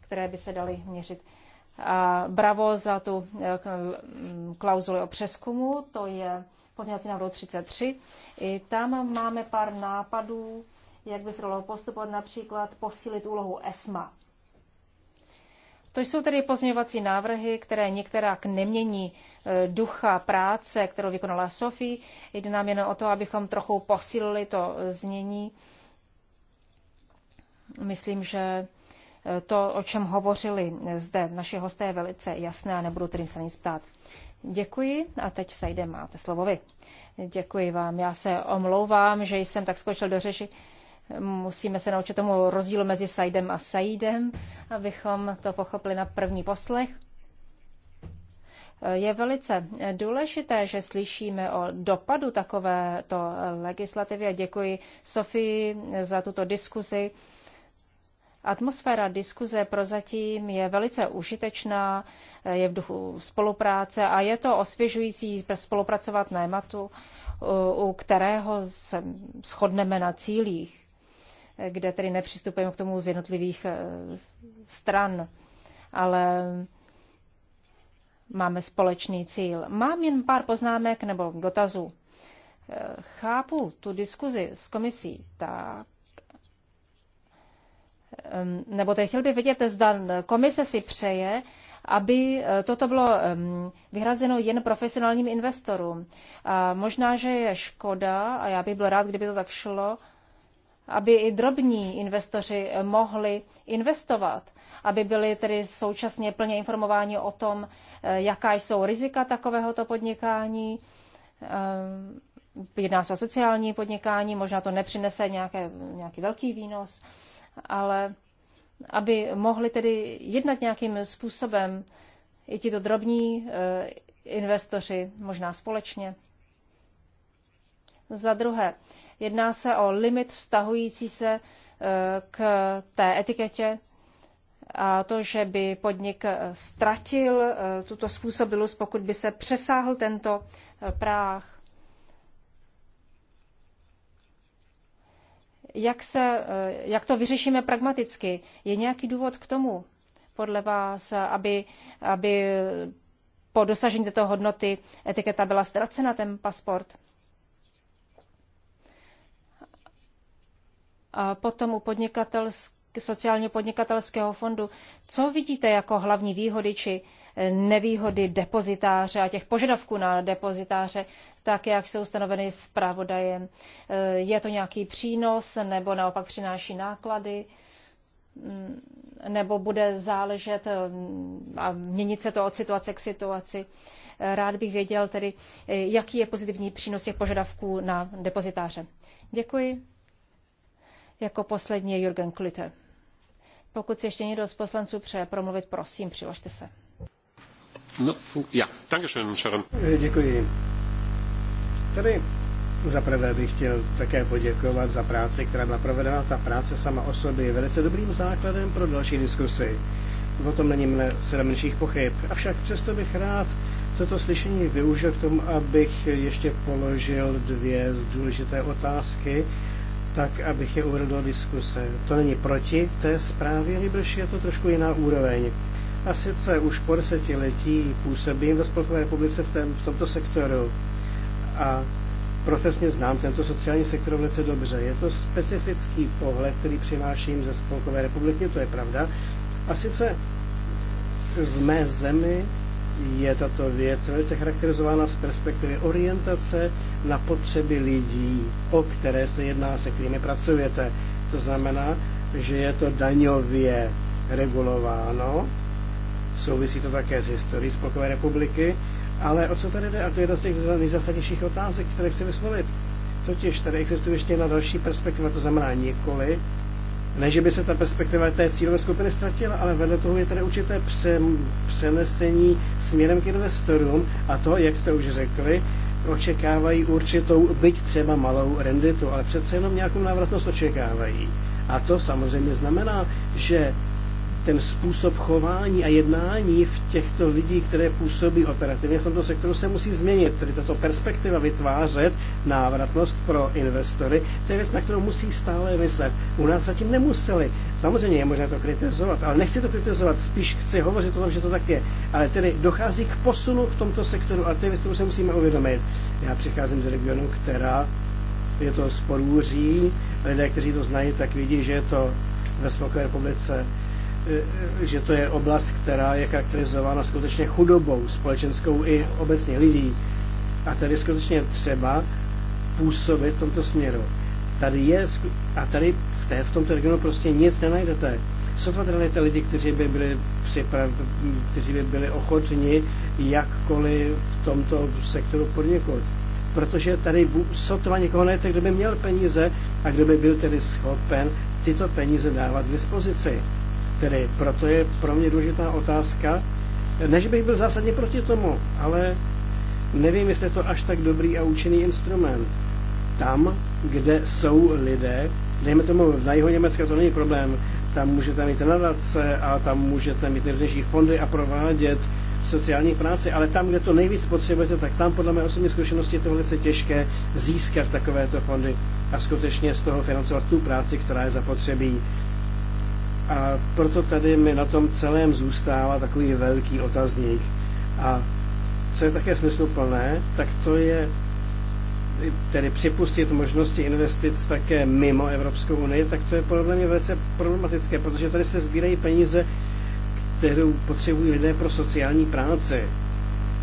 které by se daly měřit. A bravo za tu klauzuli o přeskumu, to je pozměňovací návrhu 33. I tam máme pár nápadů, jak by se dalo postupovat, například posílit úlohu ESMA. To jsou tedy pozměňovací návrhy, které některák nemění e, ducha práce, kterou vykonala Sofie. Jde nám jen o to, abychom trochu posílili to znění. Myslím, že e, to, o čem hovořili e, zde naši hosté, je velice jasné a nebudu tedy se nic ptát. Děkuji a teď Sajde máte slovo vy. Děkuji vám. Já se omlouvám, že jsem tak skočil do řeši. Musíme se naučit tomu rozdílu mezi Sajdem a Saidem, abychom to pochopili na první poslech. Je velice důležité, že slyšíme o dopadu takovéto legislativy a děkuji Sofii za tuto diskuzi Atmosféra diskuze prozatím je velice užitečná, je v duchu spolupráce a je to osvěžující spolupracovat na tématu, u kterého se shodneme na cílích, kde tedy nepřistupujeme k tomu z jednotlivých eh, stran, ale máme společný cíl. Mám jen pár poznámek nebo dotazů. Eh, chápu tu diskuzi s komisí tak, nebo tedy chtěl bych vidět, zda komise si přeje, aby eh, toto bylo vyhrazeno jen profesionálním investorům. A možná, že je škoda, a já bych byl rád, kdyby to tak šlo, aby i drobní investoři eh, mohli investovat, aby byli tedy současně plně informováni o tom, eh, jaká jsou rizika takovéhoto podnikání. Jedná se o sociální podnikání, možná to nepřinese nějaké, nějaký velký výnos ale aby mohli tedy jednat nějakým způsobem i tito drobní eh, investoři, možná společně. Za druhé, jedná se o limit vztahující se eh, k té etiketě a to, že by podnik eh, ztratil tuto způsobilost, pokud by se přesáhl tento práh. Jak, se, eh, jak to vyřešíme pragmaticky? Je nějaký důvod k tomu, podle vás, aby, aby po dosažení této hodnoty etiketa byla ztracena, ten pasport? A potom u podnikatelské sociálně podnikatelského fondu. Co vidíte jako hlavní výhody či eh, nevýhody depozitáře a těch požadavků na depozitáře, tak jak jsou stanoveny pravodajem? Eh, je to nějaký přínos nebo naopak přináší náklady? Mm, nebo bude záležet eh, a měnit se to od situace k situaci. Rád bych věděl tedy, jaký je pozitivní přínos těch požadavků na depozitáře. Děkuji. Jako poslední je Jürgen Klüter. Pokud si ještě někdo z poslanců přeje promluvit, prosím, přiložte se. No, já. Dankeschön, Sharon. Eh, děkuji. Tady zaprvé bych chtěl také poděkovat za práci, která byla provedena. Ta práce sama o sobě je velice dobrým základem pro další diskusy. O tom není mne sedm menších pochyb. Avšak přesto bych rád toto slyšení využil k tomu, abych ještě položil dvě důležité otázky tak, abych je uvedl do diskuse. To není proti té zprávě, nebož je to trošku jiná úroveň. A sice už po desetiletí působím ve Spolkové republice v, tém, v tomto sektoru a profesně znám tento sociální sektor velice dobře. Je to specifický pohled, který přináším ze Spolkové republiky, to je pravda. A sice v mé zemi je tato věc velice charakterizována z perspektivy orientace na potřeby lidí, o které se jedná, se kterými pracujete. To znamená, že je to daňově regulováno, souvisí to také s historií Spolkové republiky, ale o co tady jde? A to je jedna z těch nejzásadnějších otázek, které chci vyslovit. Totiž tady existuje ještě jedna další perspektiva, to znamená nikoli ne, že by se ta perspektiva té cílové skupiny ztratila, ale vedle toho je tady určité přenesení směrem k investorům a to, jak jste už řekli, očekávají určitou, byť třeba malou renditu, ale přece jenom nějakou návratnost očekávají. A to samozřejmě znamená, že ten způsob chování a jednání v těchto lidí, které působí operativně v tomto sektoru, se musí změnit. Tedy tato perspektiva vytvářet návratnost pro investory, to je věc, na kterou musí stále myslet. U nás zatím nemuseli. Samozřejmě je možné to kritizovat, ale nechci to kritizovat, spíš chci hovořit o tom, že to tak je. Ale tedy dochází k posunu v tomto sektoru a to je věc, kterou se musíme uvědomit. Já přicházím z regionu, která je to sporůří. Lidé, kteří to znají, tak vidí, že je to ve Spolkové republice Eh, že to je oblast, která je charakterizována skutečně chudobou společenskou i obecně lidí. A tady skutečně třeba působit v tomto směru. Tady je, a tady v, té, v tomto regionu prostě nic nenajdete. Sotva tady najdete lidi, kteří by byli připrav, kteří by byli ochotni jakkoliv v tomto sektoru podnikat. Protože tady sotva někoho najdete, kdo by měl peníze a kdo by byl tedy schopen tyto peníze dávat k dispozici. Tedy proto je pro mě důležitá otázka, než bych byl zásadně proti tomu, ale nevím, jestli je to až tak dobrý a účinný instrument. Tam, kde jsou lidé, dejme tomu, na jeho Německa to není problém, tam můžete mít nadace a tam můžete mít nejrůznější fondy a provádět sociální práci, ale tam, kde to nejvíc potřebujete, tak tam podle mé osobní zkušenosti je to velice těžké získat takovéto fondy a skutečně z toho financovat tu práci, která je zapotřebí. A proto tady mi na tom celém zůstává takový velký otazník. A co je také smysluplné, tak to je tedy připustit možnosti investic také mimo Evropskou unii, tak to je podle mě velice problematické, protože tady se sbírají peníze, kterou potřebují lidé pro sociální práci.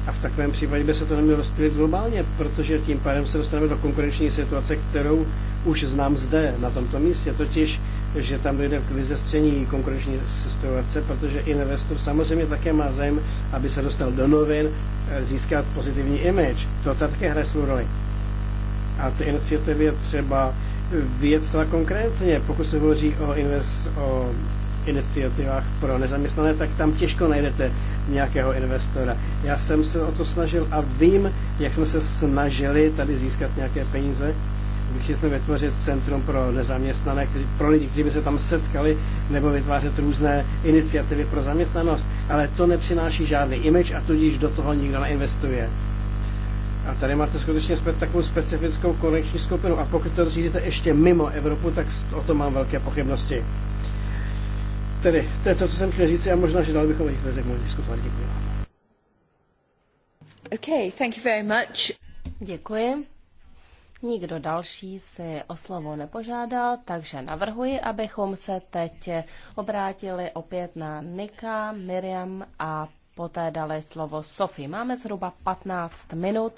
A v takovém případě by se to nemělo rozptýlit globálně, protože tím pádem se dostaneme do konkurenční situace, kterou už znám zde, na tomto místě, totiž, že tam dojde k vyzestření konkurenční situace, protože investor samozřejmě také má zájem, aby se dostal do novin, eh, získat pozitivní image. To také hraje svou roli. A ty iniciativy je třeba věc konkrétně. Pokud se hovoří o, invest, o iniciativách pro nezaměstnané, tak tam těžko najdete nějakého investora. Já jsem se o to snažil a vím, jak jsme se snažili tady získat nějaké peníze vyšli jsme vytvořit centrum pro nezaměstnané, kteří, pro lidi, kteří by se tam setkali, nebo vytvářet různé iniciativy pro zaměstnanost, ale to nepřináší žádný image a tudíž do toho nikdo neinvestuje. A tady máte skutečně takovou specifickou konekční skupinu. A pokud to rozšíříte ještě mimo Evropu, tak o tom mám velké pochybnosti. Tedy, to je to, co jsem chtěl říct a možná, že dál bychom o těch věcech mohli diskutovat. Děkuji. Okay, thank you very much. Děkuji. Nikdo další si o slovo nepožádal, takže navrhuji, abychom se teď obrátili opět na Nika, Miriam a poté dali slovo Sofi. Máme zhruba 15 minut,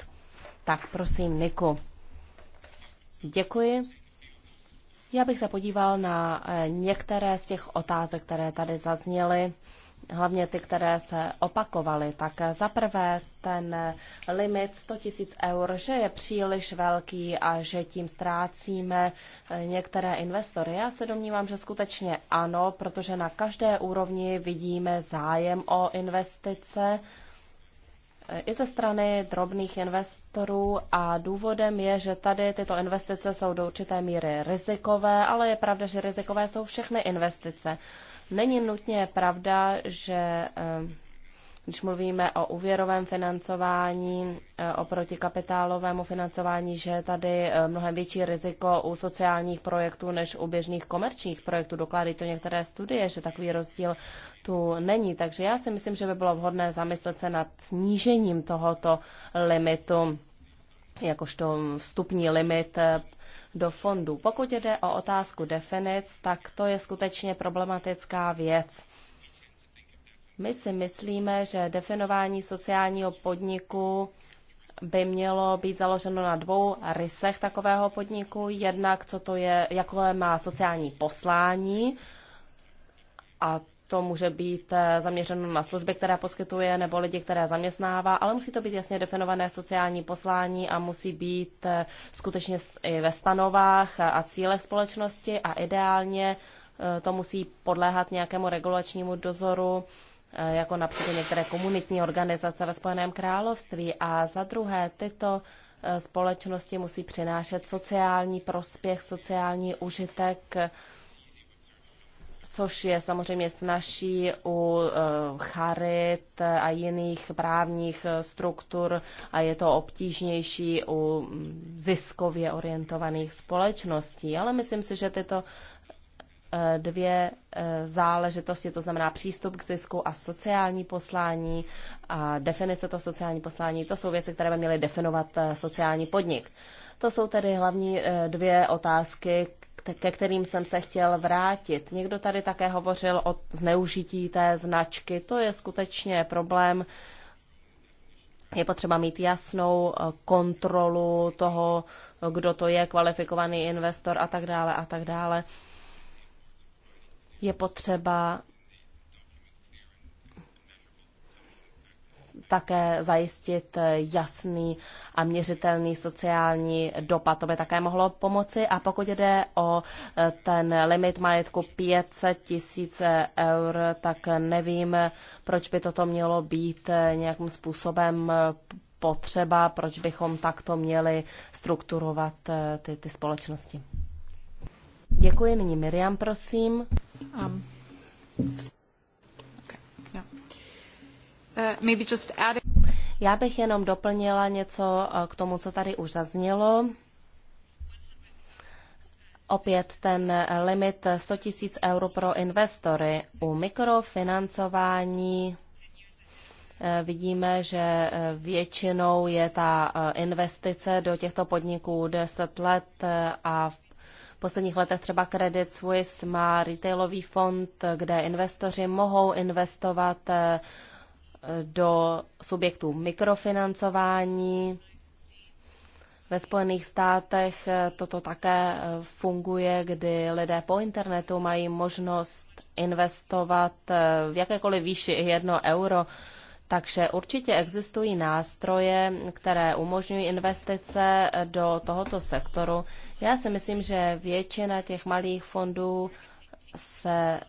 tak prosím, Niku. Děkuji. Já bych se podíval na eh, některé z těch otázek, které tady zazněly hlavně ty, které se opakovaly, tak za prvé ten limit 100 tisíc eur, že je příliš velký a že tím ztrácíme eh, některé investory. Já se domnívám, že skutečně ano, protože na každé úrovni vidíme zájem o investice eh, i ze strany drobných investorů a důvodem je, že tady tyto investice jsou do určité míry rizikové, ale je pravda, že rizikové jsou všechny investice. Není nutně pravda, že eh, když mluvíme o úvěrovém financování eh, oproti kapitálovému financování, že je tady eh, mnohem větší riziko u sociálních projektů než u běžných komerčních projektů. Dokládají to některé studie, že takový rozdíl tu není. Takže já si myslím, že by bylo vhodné zamyslet se nad snížením tohoto limitu jakožto vstupní limit do fondu. Pokud jde o otázku definic, tak to je skutečně problematická věc. My si myslíme, že definování sociálního podniku by mělo být založeno na dvou rysech takového podniku. Jednak, co to je, jakové má sociální poslání a to může být eh, zaměřeno na služby, které poskytuje, nebo lidi, které zaměstnává, ale musí to být jasně definované sociální poslání a musí být eh, skutečně i ve stanovách a cílech společnosti a ideálně eh, to musí podléhat nějakému regulačnímu dozoru, jako například některé komunitní organizace ve Spojeném království. A za druhé, tyto společnosti musí přinášet sociální prospěch, sociální užitek což je samozřejmě snažší u eh, charit a jiných právních eh, struktur a je to obtížnější u mm, ziskově orientovaných společností. Ale myslím si, že tyto eh, dvě záležitosti, to znamená přístup k zisku a sociální poslání a definice to sociální poslání, to jsou věci, které by měly definovat sociální podnik. To jsou tedy hlavní dvě otázky, ke kterým jsem se chtěl vrátit. Někdo tady také hovořil o zneužití té značky. To je skutečně problém. Je potřeba mít jasnou eh, kontrolu toho, kdo to je, kvalifikovaný investor a tak dále a tak dále. Je potřeba také zajistit jasný a měřitelný sociální dopad. To by také mohlo pomoci. A pokud jde o eh, ten limit majetku 500 tisíc eur, tak nevím, proč by toto mělo být eh, nějakým způsobem eh, potřeba, proč bychom takto měli strukturovat ty, ty společnosti. Děkuji. Nyní Miriam, prosím. Um. Okay. Yeah. Uh, maybe just adding... Já bych jenom doplnila něco eh, k tomu, co tady už zaznělo. Opět ten eh, limit 100 000 euro pro investory. U mikrofinancování eh, vidíme, že většinou je ta investice do těchto podniků 10 let a v posledních letech třeba Credit Suisse má retailový fond, kde investoři mohou investovat do subjektů mikrofinancování. Ve Spojených státech eh, toto také eh, funguje, kdy lidé po internetu mají možnost investovat eh, v jakékoliv výši i jedno euro. Takže určitě existují nástroje, které umožňují investice do tohoto sektoru. Já si myslím, že většina těch malých fondů se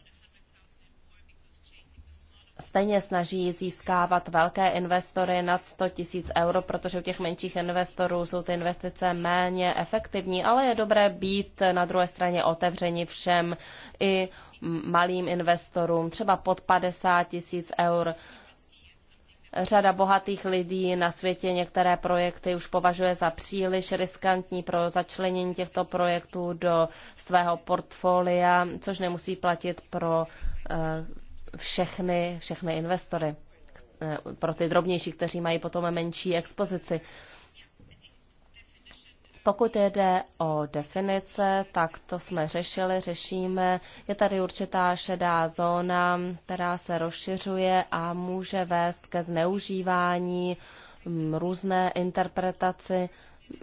stejně snaží získávat velké investory nad 100 tisíc euro, protože u těch menších investorů jsou ty investice méně efektivní, ale je dobré být na druhé straně otevřeni všem i malým investorům, třeba pod 50 tisíc eur. Řada bohatých lidí na světě některé projekty už považuje za příliš riskantní pro začlenění těchto projektů do svého portfolia, což nemusí platit pro eh, všechny, všechny investory, eh, pro ty drobnější, kteří mají potom menší expozici. Pokud jde o definice, tak to jsme řešili, řešíme. Je tady určitá šedá zóna, která se rozšiřuje a může vést ke zneužívání, mm, různé interpretaci.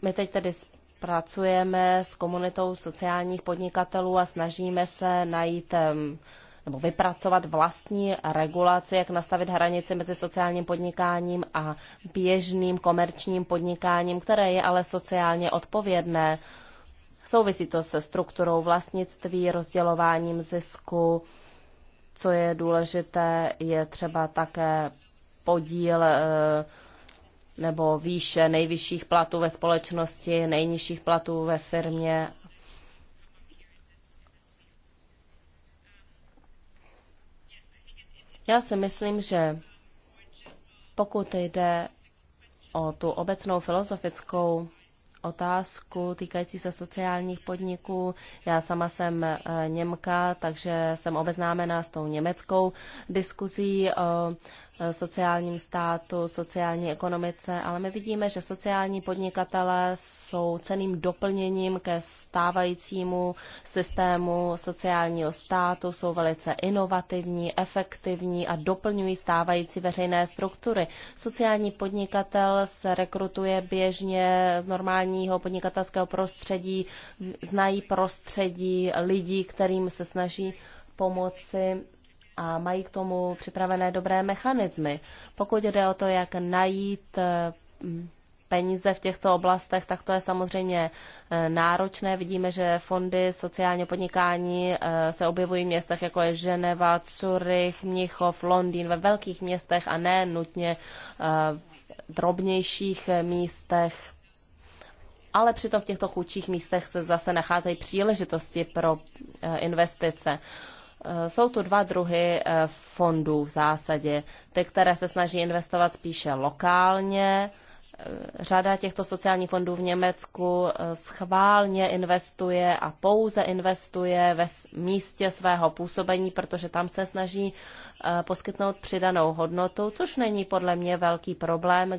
My teď tedy pracujeme s komunitou sociálních podnikatelů a snažíme se najít nebo vypracovat vlastní regulaci, jak nastavit hranici mezi sociálním podnikáním a běžným komerčním podnikáním, které je ale sociálně odpovědné. Souvisí to se strukturou vlastnictví, rozdělováním zisku. Co je důležité, je třeba také podíl eh, nebo výše nejvyšších platů ve společnosti, nejnižších platů ve firmě Já si myslím, že pokud jde o tu obecnou filozofickou otázku týkající se sociálních podniků. Já sama jsem e, Němka, takže jsem obeznámena s tou německou diskuzí e, Eh, sociálním státu, sociální ekonomice, ale my vidíme, že sociální podnikatelé jsou ceným doplněním ke stávajícímu systému sociálního státu, jsou velice inovativní, efektivní a doplňují stávající veřejné struktury. Sociální podnikatel se rekrutuje běžně z normálního podnikatelského prostředí, znají prostředí lidí, kterým se snaží pomoci a mají k tomu připravené dobré mechanismy. Pokud jde o to, jak najít eh, peníze v těchto oblastech, tak to je samozřejmě eh, náročné. Vidíme, že fondy sociálně podnikání eh, se objevují v městech, jako je Ženeva, Zurich, Mnichov, Londýn, ve velkých městech a ne nutně v drobnějších místech. Ale přitom v těchto chudších místech se zase nacházejí příležitosti pro investice. Eh, jsou tu dva druhy eh, fondů v zásadě. Ty, které se snaží investovat spíše lokálně, eh, Řada těchto sociálních fondů v Německu schválně investuje a pouze investuje ve místě svého působení, protože tam se snaží poskytnout přidanou hodnotu, což není podle mě velký problém,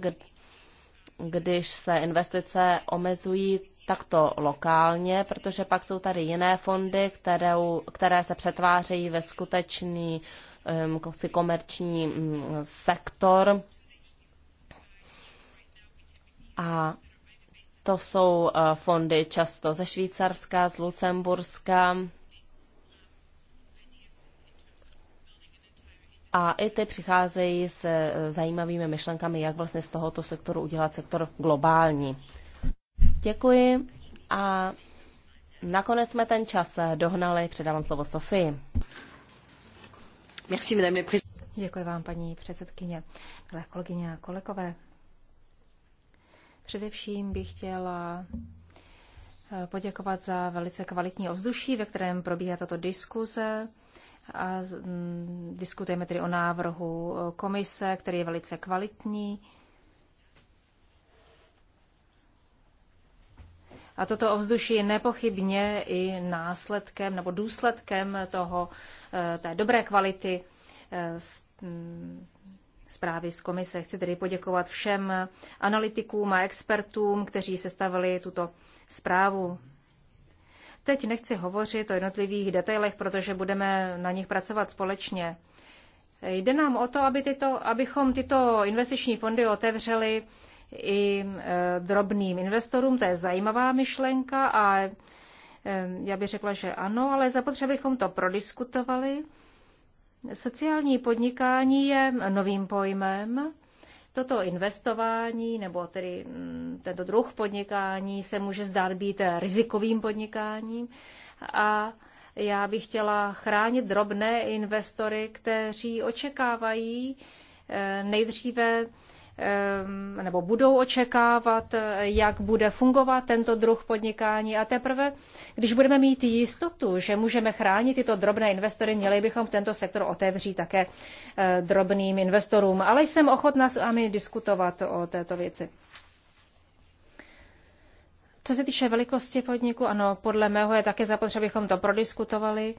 když se investice omezují takto lokálně, protože pak jsou tady jiné fondy, které, které se přetvářejí ve skutečný um, komerční um, sektor. A to jsou uh, fondy často ze Švýcarska, z Lucemburska, a i ty přicházejí s e, zajímavými myšlenkami, jak vlastně z tohoto sektoru udělat sektor globální. Děkuji a nakonec jsme ten čas dohnali. Předávám slovo Sofii. Merci, madame Děkuji vám, paní předsedkyně, milé kolegyně a kolegové. Především bych chtěla e, poděkovat za velice kvalitní ovzduší, ve kterém probíhá tato diskuze. A diskutujeme tedy o návrhu e, komise, který je velice kvalitní. A toto ovzduší je nepochybně i následkem nebo důsledkem toho, e, té dobré kvality e, zprávy z komise. Chci tedy poděkovat všem analytikům a expertům, kteří sestavili tuto zprávu. Teď nechci hovořit o jednotlivých detailech, protože budeme na nich pracovat společně. Jde nám o to, aby tyto, abychom tyto investiční fondy otevřeli i e, drobným investorům. To je zajímavá myšlenka a e, já bych řekla, že ano, ale zapotřebí bychom to prodiskutovali. Sociální podnikání je novým pojmem Toto investování, nebo tedy mm, tento druh podnikání se může zdát být rizikovým podnikáním a já bych chtěla chránit drobné investory, kteří očekávají eh, nejdříve nebo budou očekávat, eh, jak bude fungovat tento druh podnikání. A teprve, když budeme mít jistotu, že můžeme chránit tyto drobné investory, měli bychom tento sektor otevřít také eh, drobným investorům. Ale jsem ochotná s vámi diskutovat o této věci. Co se týče velikosti podniku, ano, podle mého je také zapotřebí, abychom to prodiskutovali.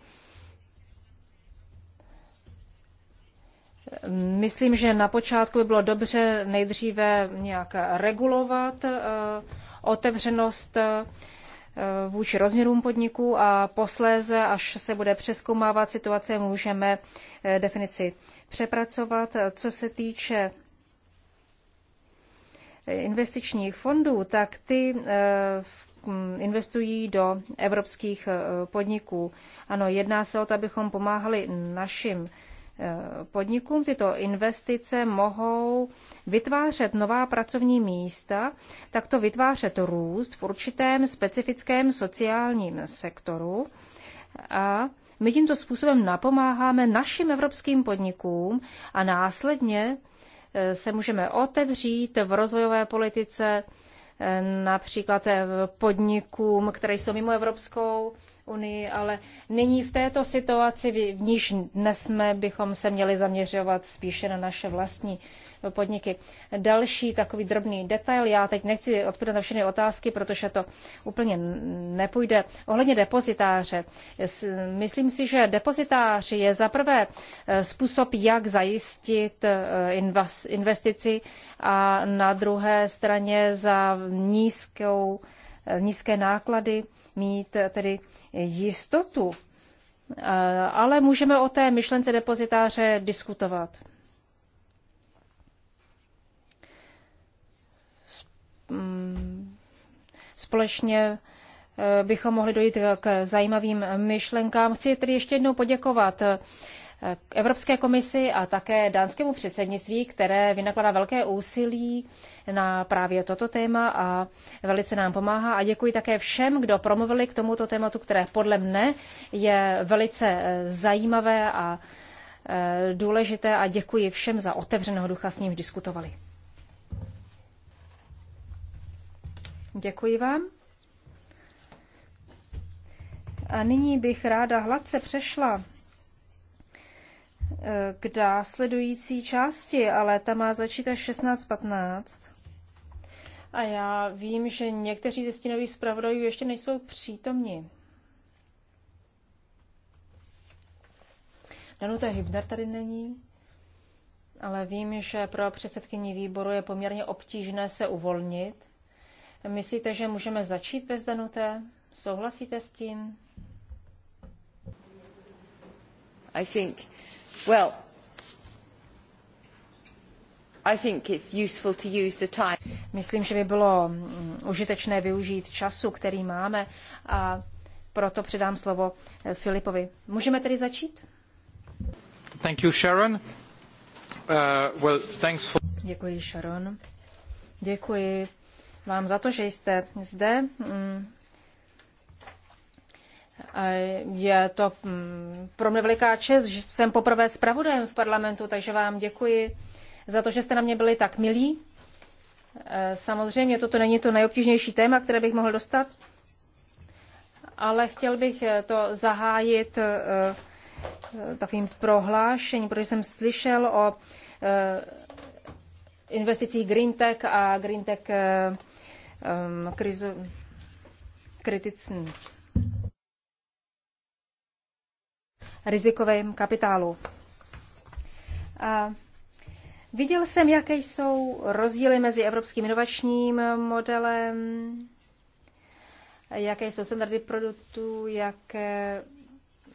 Myslím, že na počátku by bylo dobře nejdříve nějak regulovat eh, otevřenost eh, vůči rozměrům podniků a posléze, až se bude přeskoumávat situace, můžeme eh, definici přepracovat. Co se týče investičních fondů, tak ty hm, investují do evropských podniků. Ano, jedná se o to, abychom pomáhali našim podnikům. Tyto investice mohou vytvářet nová pracovní místa, takto vytvářet růst v určitém specifickém sociálním sektoru a my tímto způsobem napomáháme našim evropským podnikům a následně eh, se můžeme otevřít v rozvojové politice například eh, podnikům, které jsou mimo Evropskou unii, ale nyní v této situaci, v níž dnes jsme, bychom se měli zaměřovat spíše na naše vlastní podniky. Další takový drobný detail, já teď nechci odpovědět na všechny otázky, protože to úplně nepůjde. Ohledně depozitáře, myslím si, že depozitář je zaprvé e, způsob, jak zajistit e, investici a na druhé straně za nízkou, e, nízké náklady mít tedy jistotu ale můžeme o té myšlence depozitáře diskutovat. Mm, společně eh, bychom mohli dojít k zajímavým myšlenkám. Chci tedy ještě jednou poděkovat eh, Evropské komisi a také dánskému předsednictví, které vynakládá velké úsilí na právě toto téma a velice nám pomáhá. A děkuji také všem, kdo promluvili k tomuto tématu, které podle mne je velice eh, zajímavé a důležité a děkuji všem za otevřeného ducha, s nímž diskutovali. Děkuji vám. A nyní bych ráda hladce přešla eh, k následující části, ale ta má začít až 16.15. A já vím, že někteří ze stínových zpravodajů ještě nejsou přítomni. Danuta Hybner tady není, ale vím, že pro předsedkyni výboru je poměrně obtížné se uvolnit. Myslíte, že můžeme začít bez Danuté? Souhlasíte s tím? I think, well, I think it's useful to use the time. Myslím, že by bylo mm, užitečné využít času, který máme a proto předám slovo eh, Filipovi. Můžeme tedy začít? Thank you, Sharon. Uh, well, thanks for... Děkuji, Sharon. Děkuji vám za to, že jste zde. Mm. Je to mm, pro mě veliká čest, že jsem poprvé zpravodajem v parlamentu, takže vám děkuji za to, že jste na mě byli tak milí. E, samozřejmě toto není to nejobtížnější téma, které bych mohl dostat, ale chtěl bych to zahájit e, takovým prohlášením, protože jsem slyšel o e, investicích GreenTech a GreenTech um, krizo, rizikovém kapitálu. A viděl jsem, jaké jsou rozdíly mezi evropským inovačním modelem, jaké jsou standardy produktů, jak,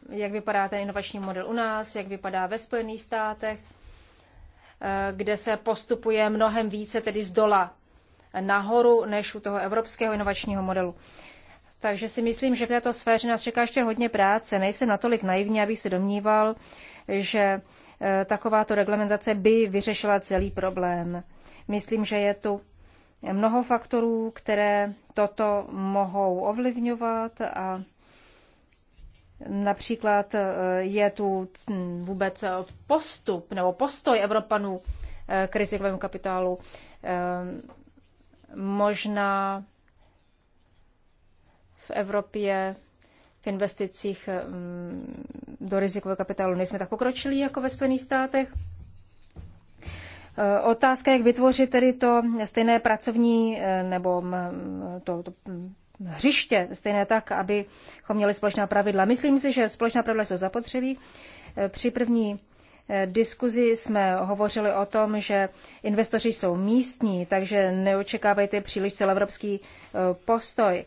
jak vypadá ten inovační model u nás, jak vypadá ve Spojených státech, eh, kde se postupuje mnohem více tedy z dola nahoru než u toho evropského inovačního modelu. Takže si myslím, že v této sféře nás čeká ještě hodně práce. Nejsem natolik naivní, abych se domníval, že e, takováto reglementace by vyřešila celý problém. Myslím, že je tu mnoho faktorů, které toto mohou ovlivňovat a Například e, je tu vůbec postup nebo postoj Evropanů e, k rizikovému kapitálu možná v Evropě v investicích mm, do rizikového kapitálu nejsme tak pokročili jako ve Spojených státech. Eh, otázka, jak vytvořit tedy to stejné pracovní eh, nebo mm, to, to mm, hřiště, stejné tak, abychom měli společná pravidla. Myslím si, že společná pravidla jsou zapotřebí. Eh, při první diskuzi jsme hovořili o tom, že investoři jsou místní, takže neočekávejte příliš celoevropský e, postoj.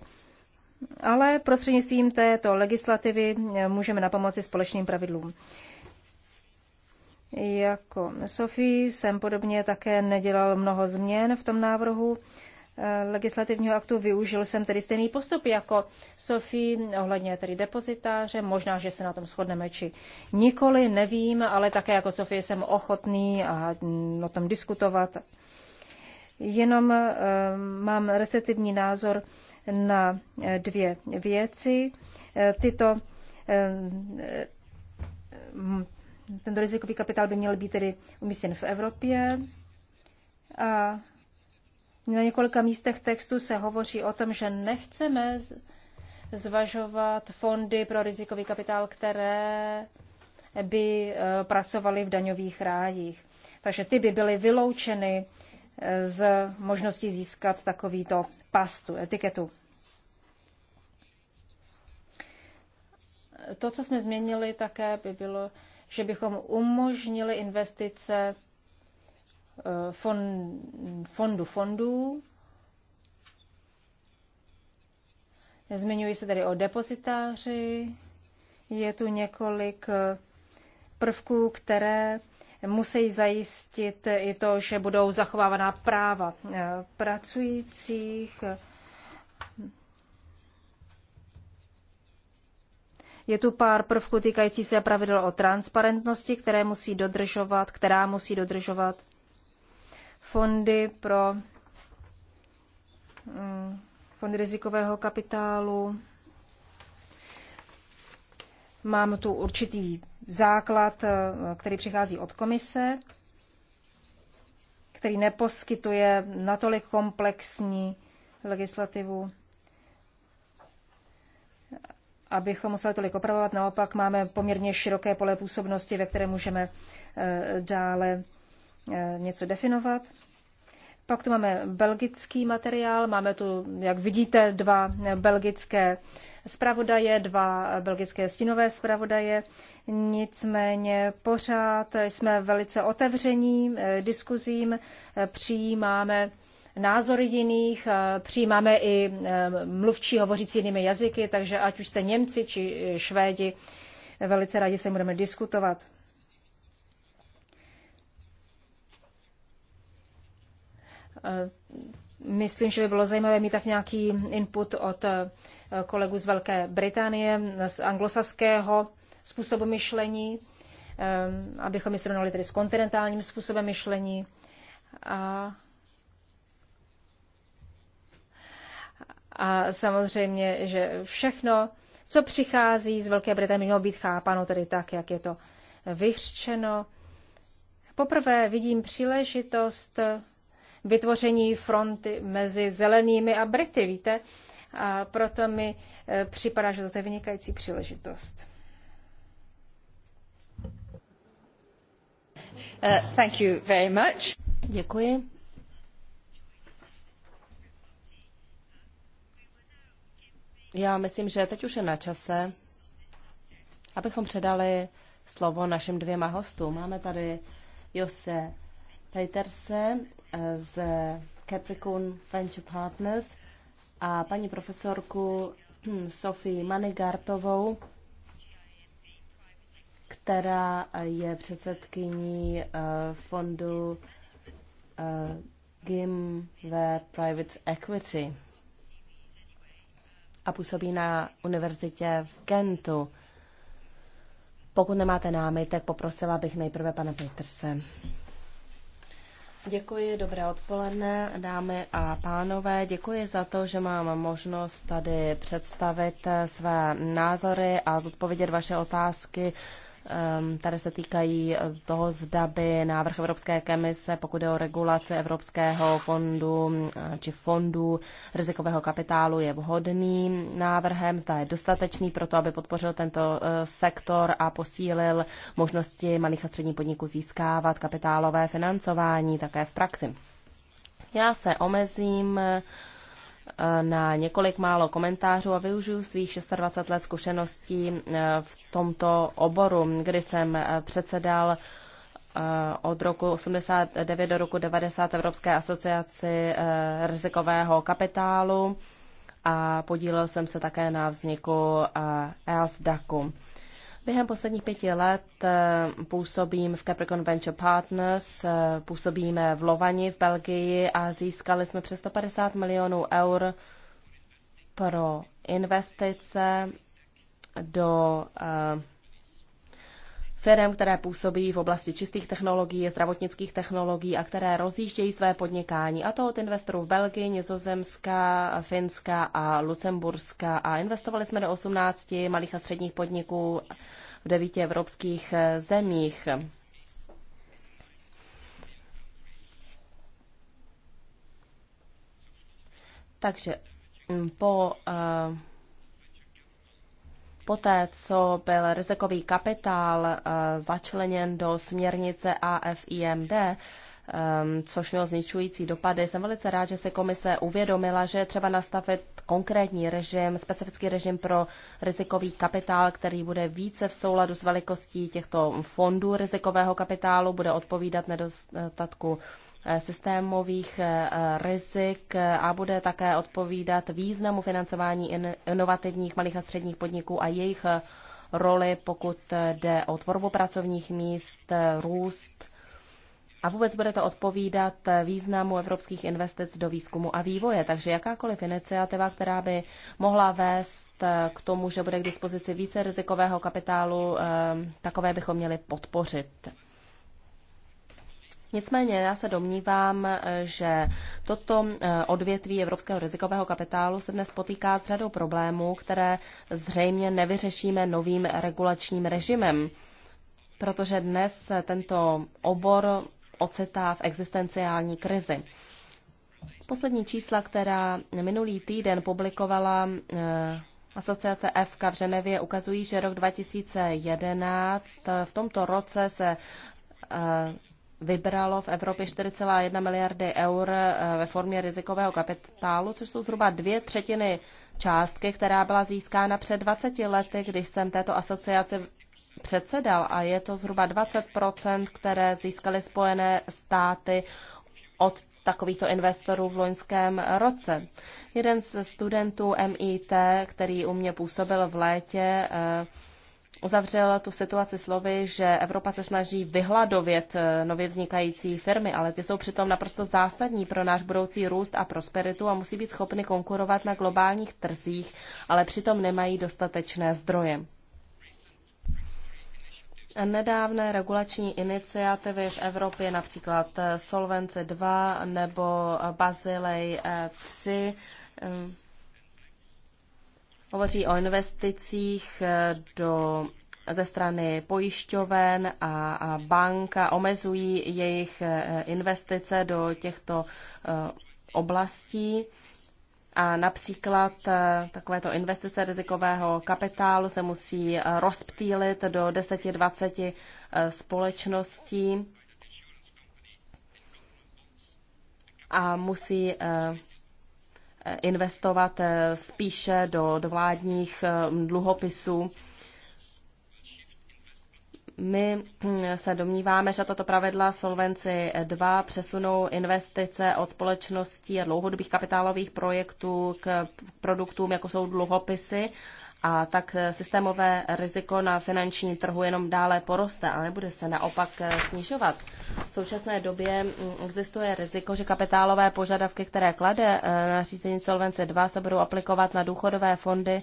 Ale prostřednictvím této legislativy e, můžeme napomoci společným pravidlům. Jako Sofie jsem podobně také nedělal mnoho změn v tom návrhu. Eh, legislativního aktu využil jsem tedy stejný postup jako Sofie ohledně tedy depozitáře. Možná, že se na tom shodneme, či nikoli, nevím, ale také jako Sofie jsem ochotný a mm, o tom diskutovat. Jenom eh, mám receptivní názor na eh, dvě věci. Tyto tento rizikový kapitál by měl být tedy umístěn v Evropě a na několika místech textu se hovoří o tom, že nechceme zvažovat fondy pro rizikový kapitál, které by e, pracovaly v daňových rájích. Takže ty by byly vyloučeny e, z možnosti získat takovýto pastu, etiketu. To, co jsme změnili také, by bylo, že bychom umožnili investice Eh, fondu fondů. Zmiňuji se tady o depozitáři. Je tu několik eh, prvků, které musí zajistit i to, že budou zachovávaná práva eh, pracujících. Je tu pár prvků týkající se pravidel o transparentnosti, které musí dodržovat, která musí dodržovat fondy pro mm, fondy rizikového kapitálu. Mám tu určitý základ, eh, který přichází od komise, který neposkytuje natolik komplexní legislativu, abychom museli tolik opravovat. Naopak máme poměrně široké pole působnosti, ve které můžeme eh, dále Eh, něco definovat. Pak tu máme belgický materiál, máme tu, jak vidíte, dva belgické zpravodaje, dva belgické stínové zpravodaje. Nicméně pořád jsme velice otevření eh, diskuzím, eh, přijímáme názory jiných, přijímáme i mluvčí hovořící jinými jazyky, takže ať už jste Němci či Švédi, velice rádi se budeme diskutovat. Eh, myslím, že by bylo zajímavé mít tak nějaký input od eh, kolegů z Velké Británie, z anglosaského způsobu myšlení, eh, abychom ji srovnali tedy s kontinentálním způsobem myšlení. A, a samozřejmě, že všechno, co přichází z Velké Británie, mělo být chápáno tedy tak, jak je to vyřčeno. Poprvé vidím příležitost vytvoření fronty mezi zelenými a Brity, víte? A proto mi e, připadá, že to je vynikající příležitost. Uh, thank you very much. Děkuji. Já myslím, že teď už je na čase, abychom předali slovo našim dvěma hostům. Máme tady Jose Peterse, z Capricorn Venture Partners a paní profesorku [clears throat] Sofii Manigartovou, která je předsedkyní eh, fondu eh, GIM ve Private Equity a působí na univerzitě v Kentu. Pokud nemáte námitek, poprosila bych nejprve pana Peterse. Děkuji, dobré odpoledne, dámy a pánové. Děkuji za to, že mám možnost tady představit své názory a zodpovědět vaše otázky Ehm, tady se týkají eh, toho, zda by návrh Evropské komise, pokud je o regulaci Evropského fondu eh, či fondu rizikového kapitálu, je vhodný návrhem, zda je dostatečný pro to, aby podpořil tento eh, sektor a posílil možnosti malých a středních podniků získávat kapitálové financování také v praxi. Já se omezím na několik málo komentářů a využiju svých 26 let zkušeností eh, v tomto oboru, kdy jsem eh, předsedal eh, od roku 89 do roku 90 Evropské asociaci rizikového kapitálu a podílel jsem se také na vzniku EASDACu. E Během posledních pěti let eh, působím v Capricorn Venture Partners, eh, působíme v Lovani v Belgii a získali jsme přes 150 milionů eur pro investice do eh, firm, které působí v oblasti čistých technologií, zdravotnických technologií a které rozjíždějí své podnikání. A to od investorů v Belgii, Nizozemska, Finska a Lucemburska. A investovali jsme do 18 malých a středních podniků v devíti evropských eh, zemích. Takže mm, po uh, Poté, co byl rizikový kapitál eh, začleněn do směrnice AFIMD, eh, což mělo zničující dopady. Jsem velice rád, že se komise uvědomila, že je třeba nastavit konkrétní režim, specifický režim pro rizikový kapitál, který bude více v souladu s velikostí těchto fondů rizikového kapitálu, bude odpovídat nedostatku Eh, systémových eh, eh, rizik a bude také odpovídat významu financování inovativních malých a středních podniků a jejich roli, pokud jde o tvorbu pracovních míst, růst. A vůbec bude to odpovídat významu evropských investic do výzkumu a vývoje. Takže jakákoliv iniciativa, která by mohla vést k tomu, že bude k dispozici více rizikového kapitálu, takové bychom měli podpořit. Nicméně já se domnívám, eh, že toto eh, odvětví evropského rizikového kapitálu se dnes potýká s řadou problémů, které zřejmě nevyřešíme novým regulačním režimem, protože dnes tento obor ocitá v existenciální krizi. Poslední čísla, která minulý týden publikovala eh, Asociace FK v Ženevě, ukazují, že rok 2011 v tomto roce se vybralo v Evropě 4,1 miliardy eur eh, ve formě rizikového kapitálu, což jsou zhruba dvě třetiny částky, která byla získána před 20 lety, když jsem této asociaci předsedal a je to zhruba 20 které získaly Spojené státy od takovýchto investorů v loňském roce. Jeden ze studentů MIT, který u mě působil v létě, eh, uzavřel tu situaci slovy, že Evropa se snaží vyhladovět eh, nově vznikající firmy, ale ty jsou přitom naprosto zásadní pro náš budoucí růst a prosperitu a musí být schopny konkurovat na globálních trzích, ale přitom nemají dostatečné zdroje. Nedávné regulační iniciativy v Evropě, například eh, Solvence 2 nebo Bazilej 3, eh, Hovoří o investicích eh, do, ze strany pojišťoven a, a bank omezují jejich eh, investice do těchto eh, oblastí. A například takovéto investice rizikového kapitálu se musí rozptýlit do 10-20 společností a musí investovat eh, spíše do, do vládních eh, dluhopisů. My hm, se domníváme, že tato pravidla Solvenci 2 přesunou investice od společností a dlouhodobých kapitálových projektů k produktům, jako jsou dluhopisy, a tak eh, systémové riziko na finanční trhu jenom dále poroste a nebude se naopak eh, snižovat. V současné době mm, existuje riziko, že kapitálové požadavky, které klade eh, řízení Solvence 2, se budou aplikovat na důchodové fondy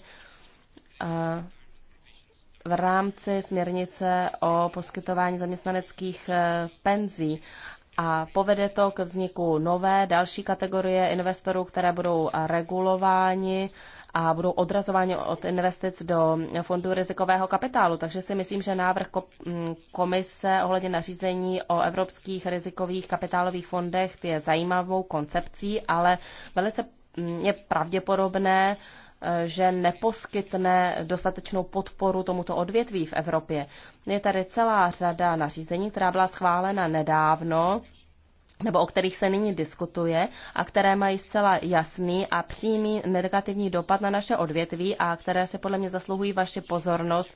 v rámci směrnice o poskytování zaměstnaneckých penzí a povede to k vzniku nové další kategorie investorů, které budou regulováni a budou odrazováni od investic do fondu rizikového kapitálu. Takže si myslím, že návrh mm, komise ohledně nařízení o evropských rizikových kapitálových fondech je zajímavou koncepcí, ale velice mm, je pravděpodobné, e, že neposkytne dostatečnou podporu tomuto odvětví v Evropě. Je tady celá řada nařízení, která byla schválena nedávno, nebo o kterých se nyní diskutuje a které mají zcela jasný a přímý negativní dopad na naše odvětví a které se podle mě zasluhují vaši pozornost,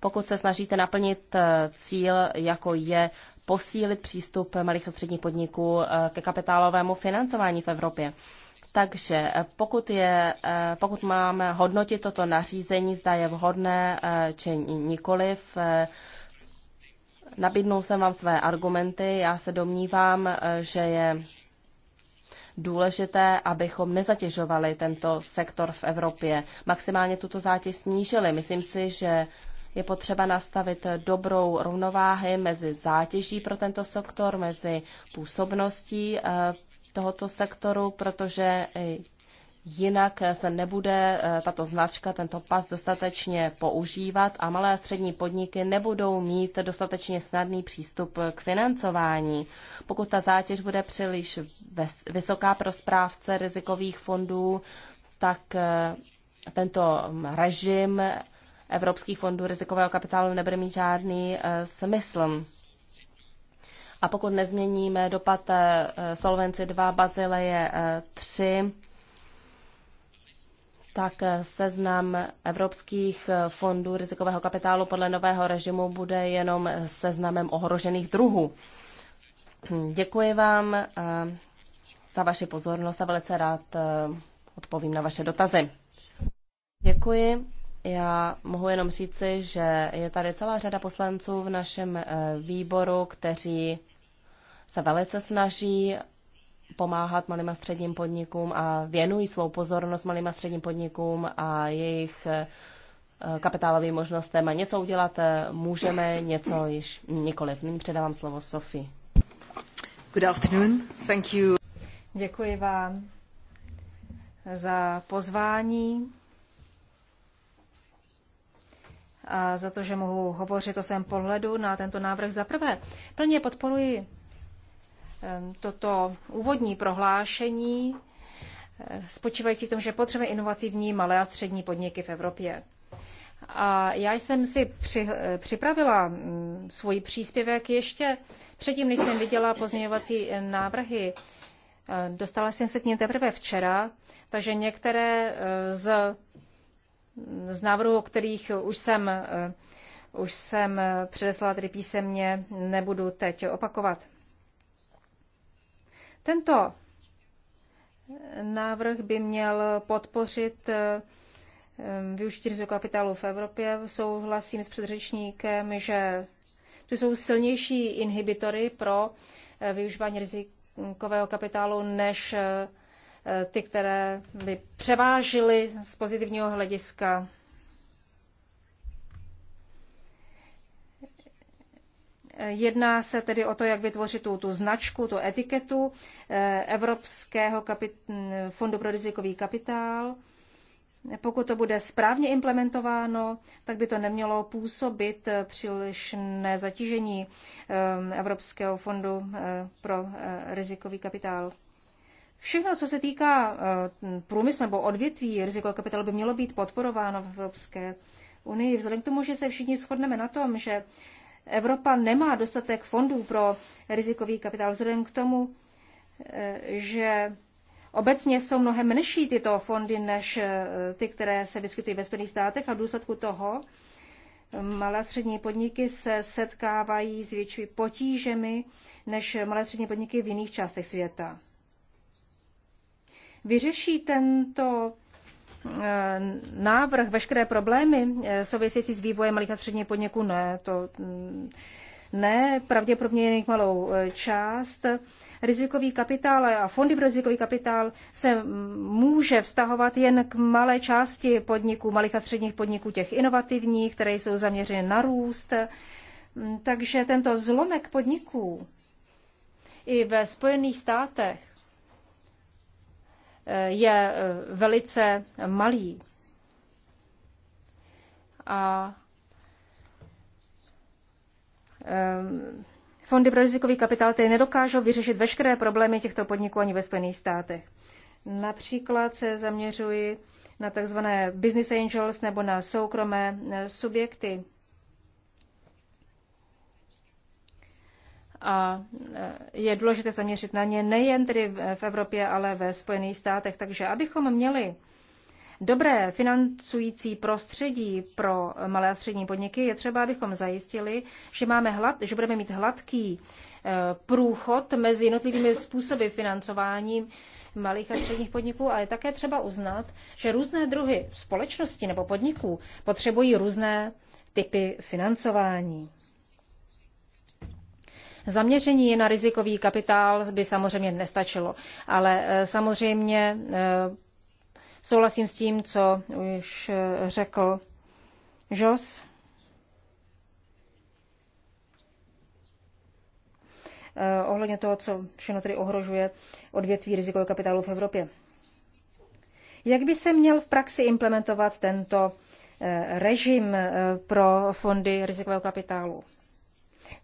pokud se snažíte naplnit eh, cíl, jako je posílit přístup malých a středních podniků eh, ke kapitálovému financování v Evropě. Takže eh, pokud, je, pokud máme hodnotit toto nařízení, zda je vhodné či nikoliv, Nabídnul jsem vám své argumenty. Já se domnívám, eh, že je důležité, abychom nezatěžovali tento sektor v Evropě. Maximálně tuto zátěž snížili. Myslím si, že je potřeba nastavit dobrou rovnováhy mezi zátěží pro tento sektor, mezi působností eh, tohoto sektoru, protože jinak eh, se nebude eh, tato značka, tento pas dostatečně používat a malé a střední podniky nebudou mít dostatečně snadný přístup eh, k financování. Pokud ta zátěž bude příliš vysoká pro správce rizikových fondů, tak tento mm, režim evropských fondů rizikového kapitálu nebude mít žádný smysl. A pokud nezměníme dopad Solvency 2 Bazileje 3, tak seznam evropských fondů rizikového kapitálu podle nového režimu bude jenom seznamem ohrožených druhů. Děkuji vám eh, za vaši pozornost a velice rád eh, odpovím na vaše dotazy. Děkuji. Já mohu jenom říci, že je tady celá řada poslanců v našem eh, výboru, kteří se velice snaží pomáhat malým a středním podnikům a věnují svou pozornost malým a středním podnikům a jejich eh, kapitálovým možnostem a něco udělat eh, můžeme, něco již nikoliv. Nyní předávám slovo Sofii. Good afternoon. Thank you. Děkuji vám za pozvání a za to, že mohu hovořit o svém pohledu na tento návrh. Za prvé, plně podporuji toto úvodní prohlášení eh, spočívající v tom, že potřebujeme inovativní malé a střední podniky v Evropě. A já jsem si při, eh, připravila mm, svůj příspěvek ještě předtím, než jsem viděla pozměňovací eh, návrhy. Dostala jsem se k ním teprve včera, takže některé z, mm, z návrhů, o kterých už jsem, už jsem předeslala tedy písemně, nebudu teď opakovat. Tento návrh by měl podpořit eh, eh, využití rizikového kapitálu v Evropě. Souhlasím s předřečníkem, že tu jsou silnější inhibitory pro eh, využívání rizikového kapitálu než ty, které by převážily z pozitivního hlediska Jedná se tedy o to, jak vytvořit tu, tu značku, tu etiketu eh, Evropského kapit- fondu pro rizikový kapitál. Pokud to bude správně implementováno, tak by to nemělo působit přílišné zatížení eh, Evropského fondu eh, pro rizikový kapitál. Všechno, co se týká průmyslu nebo odvětví rizikového kapitálu, by mělo být podporováno v Evropské unii. Vzhledem k tomu, že se všichni shodneme na tom, že Evropa nemá dostatek fondů pro rizikový kapitál vzhledem k tomu, eh, že obecně jsou mnohem menší tyto fondy než eh, ty, které se vyskytují ve Spojených státech a v důsledku toho eh, malé a střední podniky se setkávají s většími potížemi než malé a střední podniky v jiných částech světa. Vyřeší tento Eh, návrh, veškeré problémy eh, související s vývojem malých a středních podniků, ne, to mm, ne, pravděpodobně jen malou eh, část. Rizikový kapitál a fondy pro rizikový kapitál se mm, může vztahovat jen k malé části podniků, malých a středních podniků, těch inovativních, které jsou zaměřeny na růst. Mm, takže tento zlomek podniků i ve Spojených státech je eh, velice malý. A eh, fondy pro rizikový kapitál tedy nedokážou vyřešit veškeré problémy těchto podniků ani ve Spojených státech. Například se zaměřuji na tzv. business angels nebo na soukromé eh, subjekty. a e, je důležité zaměřit na ně nejen tedy v Evropě, ale ve Spojených státech. Takže abychom měli dobré financující prostředí pro malé a střední podniky, je třeba, abychom zajistili, že, máme hlad, že budeme mít hladký e, průchod mezi jednotlivými způsoby financování malých a středních podniků, ale je také třeba uznat, že různé druhy společnosti nebo podniků potřebují různé typy financování. Zaměření na rizikový kapitál by samozřejmě nestačilo, ale eh, samozřejmě eh, souhlasím s tím, co už eh, řekl Jos. ohledně toho, co všechno tedy ohrožuje odvětví rizikového kapitálu v Evropě. Jak by se měl v praxi implementovat tento režim pro fondy rizikového kapitálu?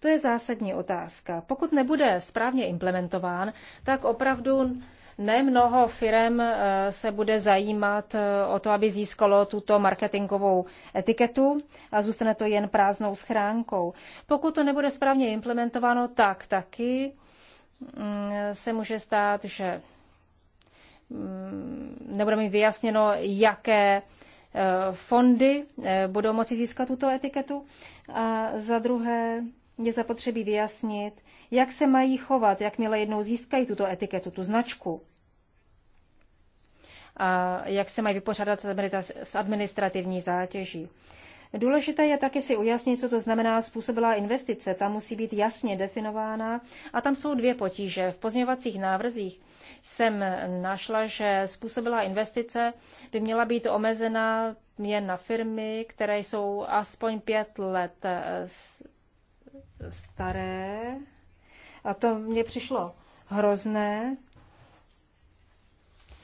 To je zásadní otázka. Pokud nebude správně implementován, tak opravdu nemnoho firm eh, se bude zajímat eh, o to, aby získalo tuto marketingovou etiketu a zůstane to jen prázdnou schránkou. Pokud to nebude správně implementováno, tak taky mm, se může stát, že mm, nebude mít vyjasněno, jaké eh, fondy budou moci získat tuto etiketu. A za druhé, je zapotřebí vyjasnit, jak se mají chovat, jakmile jednou získají tuto etiketu, tu značku. A jak se mají vypořádat s administrativní zátěží. Důležité je taky si ujasnit, co to znamená způsobilá investice. Ta musí být jasně definována a tam jsou dvě potíže. V pozměňovacích návrzích jsem našla, že způsobilá investice by měla být omezena jen na firmy, které jsou aspoň pět let staré a to mně přišlo hrozné.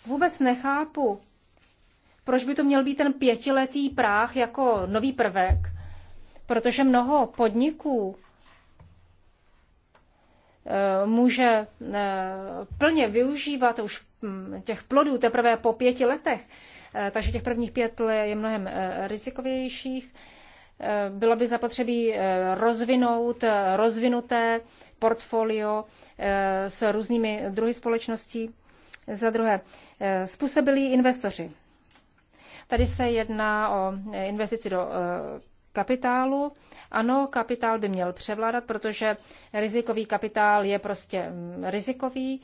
Vůbec nechápu, proč by to měl být ten pětiletý práh jako nový prvek, protože mnoho podniků eh, může eh, plně využívat už hm, těch plodů teprve po pěti letech, eh, takže těch prvních pět let je mnohem rizikovějších. Eh, bylo by zapotřebí eh, rozvinout eh, rozvinuté portfolio s různými druhy společností. Za druhé, způsobili investoři. Tady se jedná o investici do kapitálu. Ano, kapitál by měl převládat, protože rizikový kapitál je prostě mm, rizikový.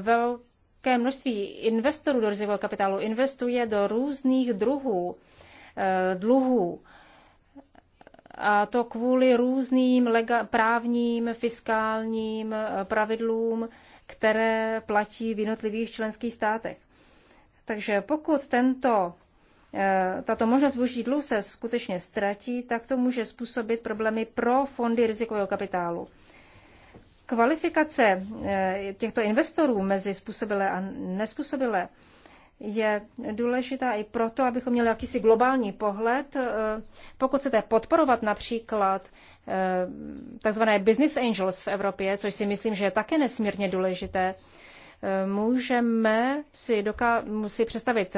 Velké množství investorů do rizikového kapitálu investuje do různých druhů dluhů a to kvůli různým lega- právním, fiskálním eh, pravidlům, které platí v jednotlivých členských státech. Takže pokud tento, eh, tato možnost využít dluh se skutečně ztratí, tak to může způsobit problémy pro fondy rizikového kapitálu. Kvalifikace eh, těchto investorů mezi způsobilé a nespůsobilé je důležitá i proto, abychom měli jakýsi globální pohled. Eh, pokud chcete podporovat například eh, takzvané business angels v Evropě, což si myslím, že je také nesmírně důležité, eh, můžeme si, doká- si představit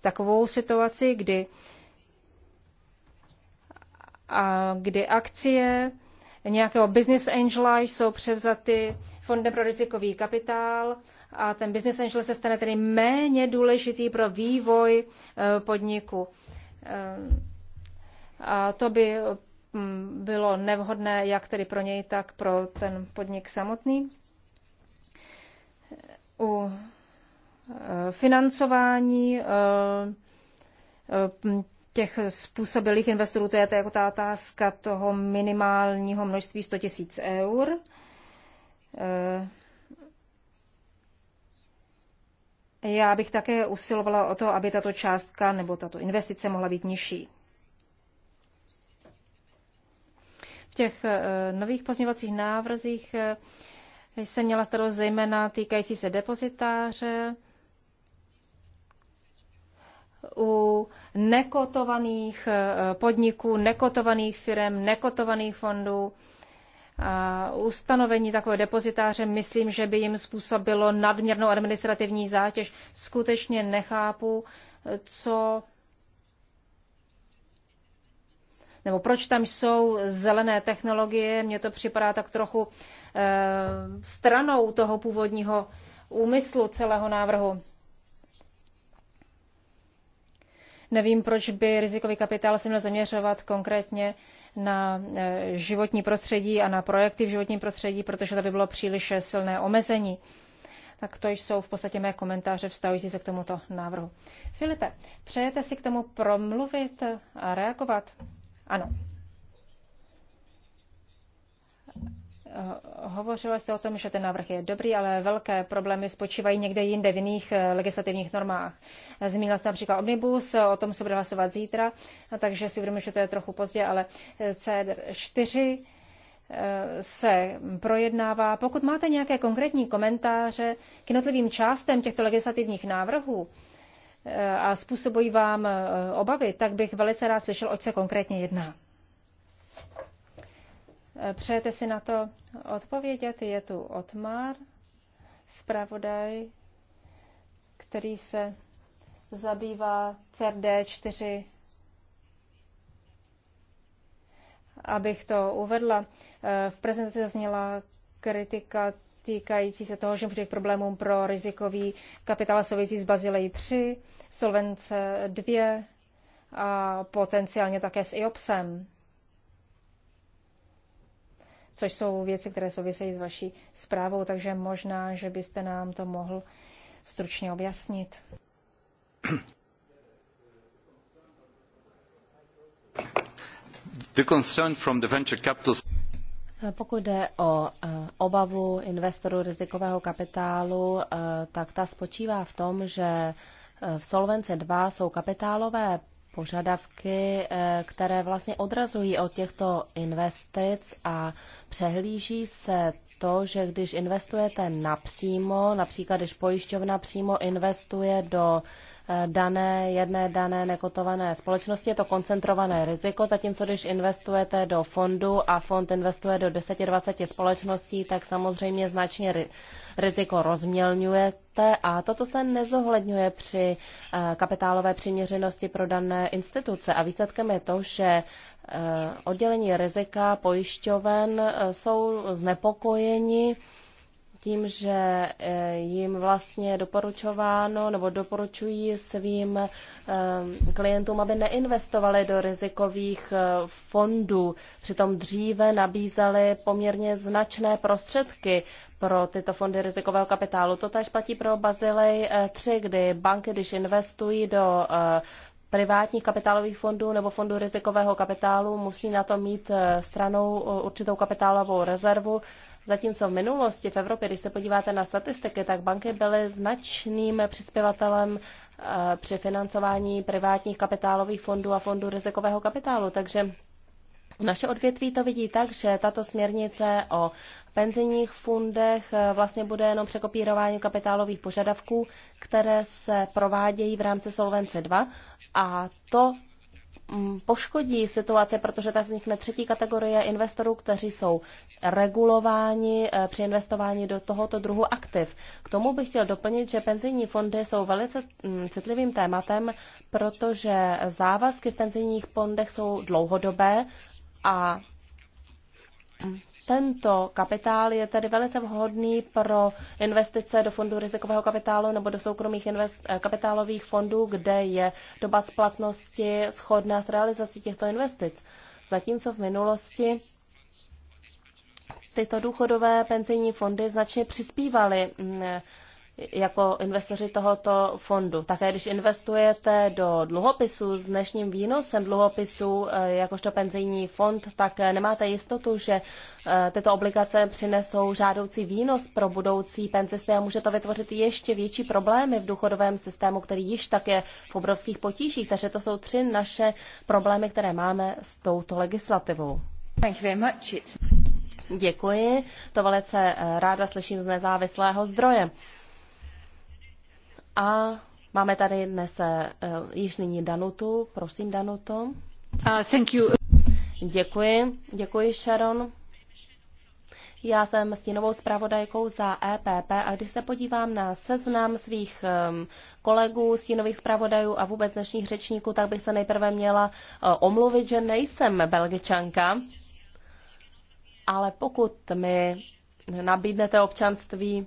takovou situaci, kdy, a kdy akcie nějakého business angela jsou převzaty fondem pro rizikový kapitál, a ten business angel se stane tedy méně důležitý pro vývoj eh, podniku. Eh, a to by hm, bylo nevhodné jak tedy pro něj, tak pro ten podnik samotný. U eh, financování hm, těch způsobilých investorů, to je jako ta otázka toho minimálního množství 100 000 eur. Já bych také usilovala o to, aby tato částka nebo tato investice mohla být nižší. V těch eh, nových pozměvacích návrzích eh, jsem měla starost zejména týkající se depozitáře, u nekotovaných eh, podniků, nekotovaných firm, nekotovaných fondů ustanovení takového depozitáře, myslím, že by jim způsobilo nadměrnou administrativní zátěž. Skutečně nechápu, co nebo proč tam jsou zelené technologie, mně to připadá tak trochu e, stranou toho původního úmyslu celého návrhu. Nevím, proč by rizikový kapitál se měl zaměřovat konkrétně na e, životní prostředí a na projekty v životním prostředí, protože to by bylo příliš silné omezení. Tak to jsou v podstatě mé komentáře vztahující se k tomuto návrhu. Filipe, přejete si k tomu promluvit a reagovat? Ano. Eh, hovořilo jste o tom, že ten návrh je dobrý, ale velké problémy spočívají někde jinde v jiných eh, legislativních normách. Eh, zmínila jste například omnibus, o tom se bude hlasovat zítra, takže si uvědomuji, že to je trochu pozdě, ale C4 se projednává. Pokud máte nějaké konkrétní komentáře k jednotlivým částem těchto legislativních návrhů a způsobují vám obavy, tak bych velice rád slyšel, oč se konkrétně jedná. Přejete si na to odpovědět? Je tu Otmar, zpravodaj, který se zabývá CRD 4. Abych to uvedla, eh, v prezentaci zazněla kritika týkající se toho, že těch k problémům pro rizikový kapitál souvisí s Bazileji 3, Solvence 2 a potenciálně také s IOPSem což jsou věci, které souvisejí s vaší zprávou, takže možná, že byste nám to mohl stručně objasnit. The concern from the venture capital... Pokud jde o eh, obavu investorů rizikového kapitálu, eh, tak ta spočívá v tom, že eh, v Solvence 2 jsou kapitálové požadavky, eh, které vlastně odrazují od těchto investic a přehlíží se to, že když investujete napřímo, například když pojišťovna přímo investuje do dané, jedné dané nekotované společnosti. Je to koncentrované riziko, zatímco když investujete do fondu a fond investuje do 10-20 společností, tak samozřejmě značně riziko rozmělňujete a toto se nezohledňuje při eh, kapitálové přiměřenosti pro dané instituce. A výsledkem je to, že eh, oddělení rizika pojišťoven eh, jsou znepokojeni tím, že eh, jim vlastně doporučováno nebo doporučují svým eh, klientům, aby neinvestovali do rizikových eh, fondů. Přitom dříve nabízeli poměrně značné prostředky pro tyto fondy rizikového kapitálu. To tež platí pro Bazilej 3, kdy banky, když investují do privátních kapitálových fondů nebo fondů rizikového kapitálu, musí na to mít stranou určitou kapitálovou rezervu Zatímco v minulosti v Evropě, když se podíváte na statistiky, tak banky byly značným přispěvatelem eh, při financování privátních kapitálových fondů a fondů rizikového kapitálu. Takže naše odvětví to vidí tak, že tato směrnice o penzijních fundech eh, vlastně bude jenom překopírování kapitálových požadavků, které se provádějí v rámci Solvence 2 a to Mm, poškodí situace, protože tak vznikne třetí kategorie investorů, kteří jsou regulováni eh, při investování do tohoto druhu aktiv. K tomu bych chtěl doplnit, že penzijní fondy jsou velice mm, citlivým tématem, protože závazky v penzijních fondech jsou dlouhodobé a mm, tento kapitál je tedy velice vhodný pro investice do fondů rizikového kapitálu nebo do soukromých invest, eh, kapitálových fondů, kde je doba splatnosti shodná s realizací těchto investic. Zatímco v minulosti tyto důchodové penzijní fondy značně přispívaly mm, jako investoři tohoto fondu. Také když investujete do dluhopisů s dnešním výnosem dluhopisů eh, jakožto penzijní fond, tak eh, nemáte jistotu, že eh, tyto obligace přinesou žádoucí výnos pro budoucí penzisty a může to vytvořit ještě větší problémy v důchodovém systému, který již tak je v obrovských potížích. Takže to jsou tři naše problémy, které máme s touto legislativou. Thank you very much. Děkuji, to velice ráda slyším z nezávislého zdroje. A máme tady dnes eh, již nyní Danutu. Prosím, Danuto. Uh, thank you. Děkuji, děkuji Sharon. Já jsem stínovou zpravodajkou za EPP a když se podívám na seznam svých ehm, kolegů, stínových zpravodajů a vůbec dnešních řečníků, tak bych se nejprve měla eh, omluvit, že nejsem belgičanka. Ale pokud mi nabídnete občanství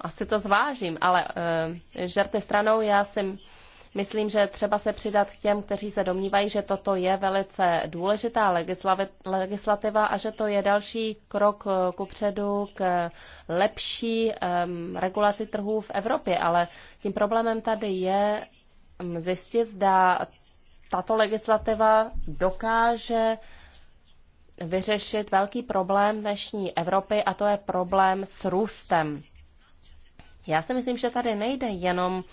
asi to zvážím, ale eh, žerty stranou já si myslím, že třeba se přidat k těm, kteří se domnívají, že toto je velice důležitá legislativa a že to je další krok eh, ku předu k lepší ehm, regulaci trhů v Evropě. Ale tím problémem tady je mm, zjistit, zda tato legislativa dokáže vyřešit velký problém dnešní Evropy a to je problém s růstem. Já si myslím, že tady nejde jenom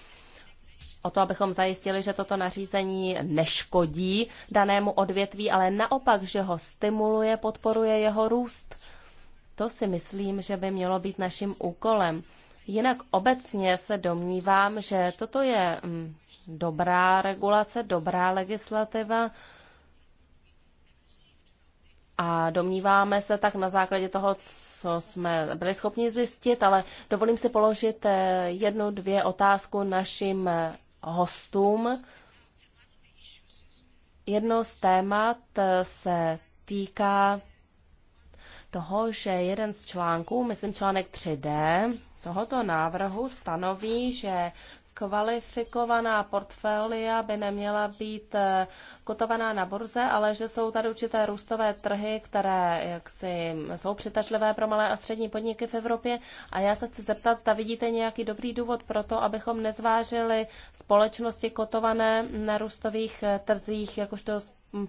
o to, abychom zajistili, že toto nařízení neškodí danému odvětví, ale naopak, že ho stimuluje, podporuje jeho růst. To si myslím, že by mělo být naším úkolem. Jinak obecně se domnívám, že toto je mm, dobrá regulace, dobrá legislativa, a domníváme se tak na základě toho, co jsme byli schopni zjistit, ale dovolím si položit eh, jednu, dvě otázku našim eh, hostům. Jedno z témat eh, se týká toho, že jeden z článků, myslím článek 3D, tohoto návrhu stanoví, že kvalifikovaná portfolia by neměla být kotovaná na burze, ale že jsou tady určité růstové trhy, které jaksi jsou přitažlivé pro malé a střední podniky v Evropě. A já se chci zeptat, zda vidíte nějaký dobrý důvod pro to, abychom nezvážili společnosti kotované na růstových eh, trzích, jakožto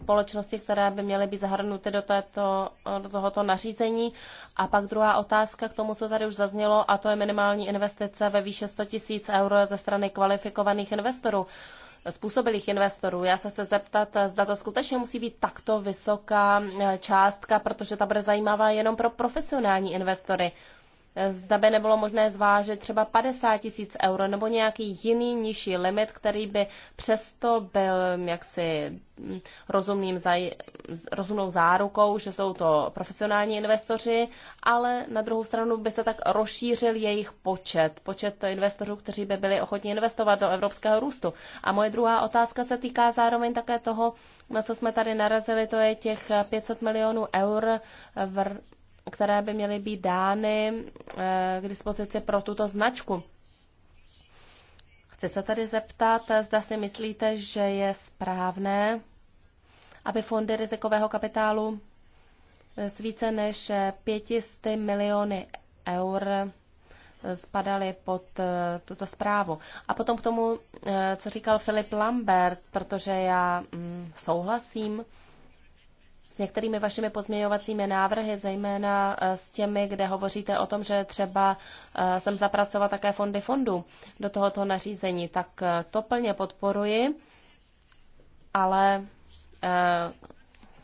společnosti, které by měly být zahrnuty do, této, do tohoto nařízení. A pak druhá otázka k tomu, co tady už zaznělo, a to je minimální investice ve výše 100 000 euro ze strany kvalifikovaných investorů způsobilých investorů. Já se chci zeptat, zda to skutečně musí být takto vysoká eh, částka, protože ta bude zajímavá jenom pro profesionální investory zda by nebylo možné zvážit třeba 50 tisíc euro nebo nějaký jiný nižší limit, který by přesto byl jaksi rozumným zaj- rozumnou zárukou, že jsou to profesionální investoři, ale na druhou stranu by se tak rozšířil jejich počet, počet investorů, kteří by byli ochotni investovat do evropského růstu. A moje druhá otázka se týká zároveň také toho, na co jsme tady narazili, to je těch 500 milionů eur v které by měly být dány eh, k dispozici pro tuto značku. Chci se tady zeptat, zda si myslíte, že je správné, aby fondy rizikového kapitálu s více než 500 miliony eur spadaly pod eh, tuto zprávu. A potom k tomu, eh, co říkal Filip Lambert, protože já mm, souhlasím s některými vašimi pozměňovacími návrhy, zejména eh, s těmi, kde hovoříte o tom, že třeba jsem eh, zapracovat také fondy fondů do tohoto nařízení, tak eh, to plně podporuji, ale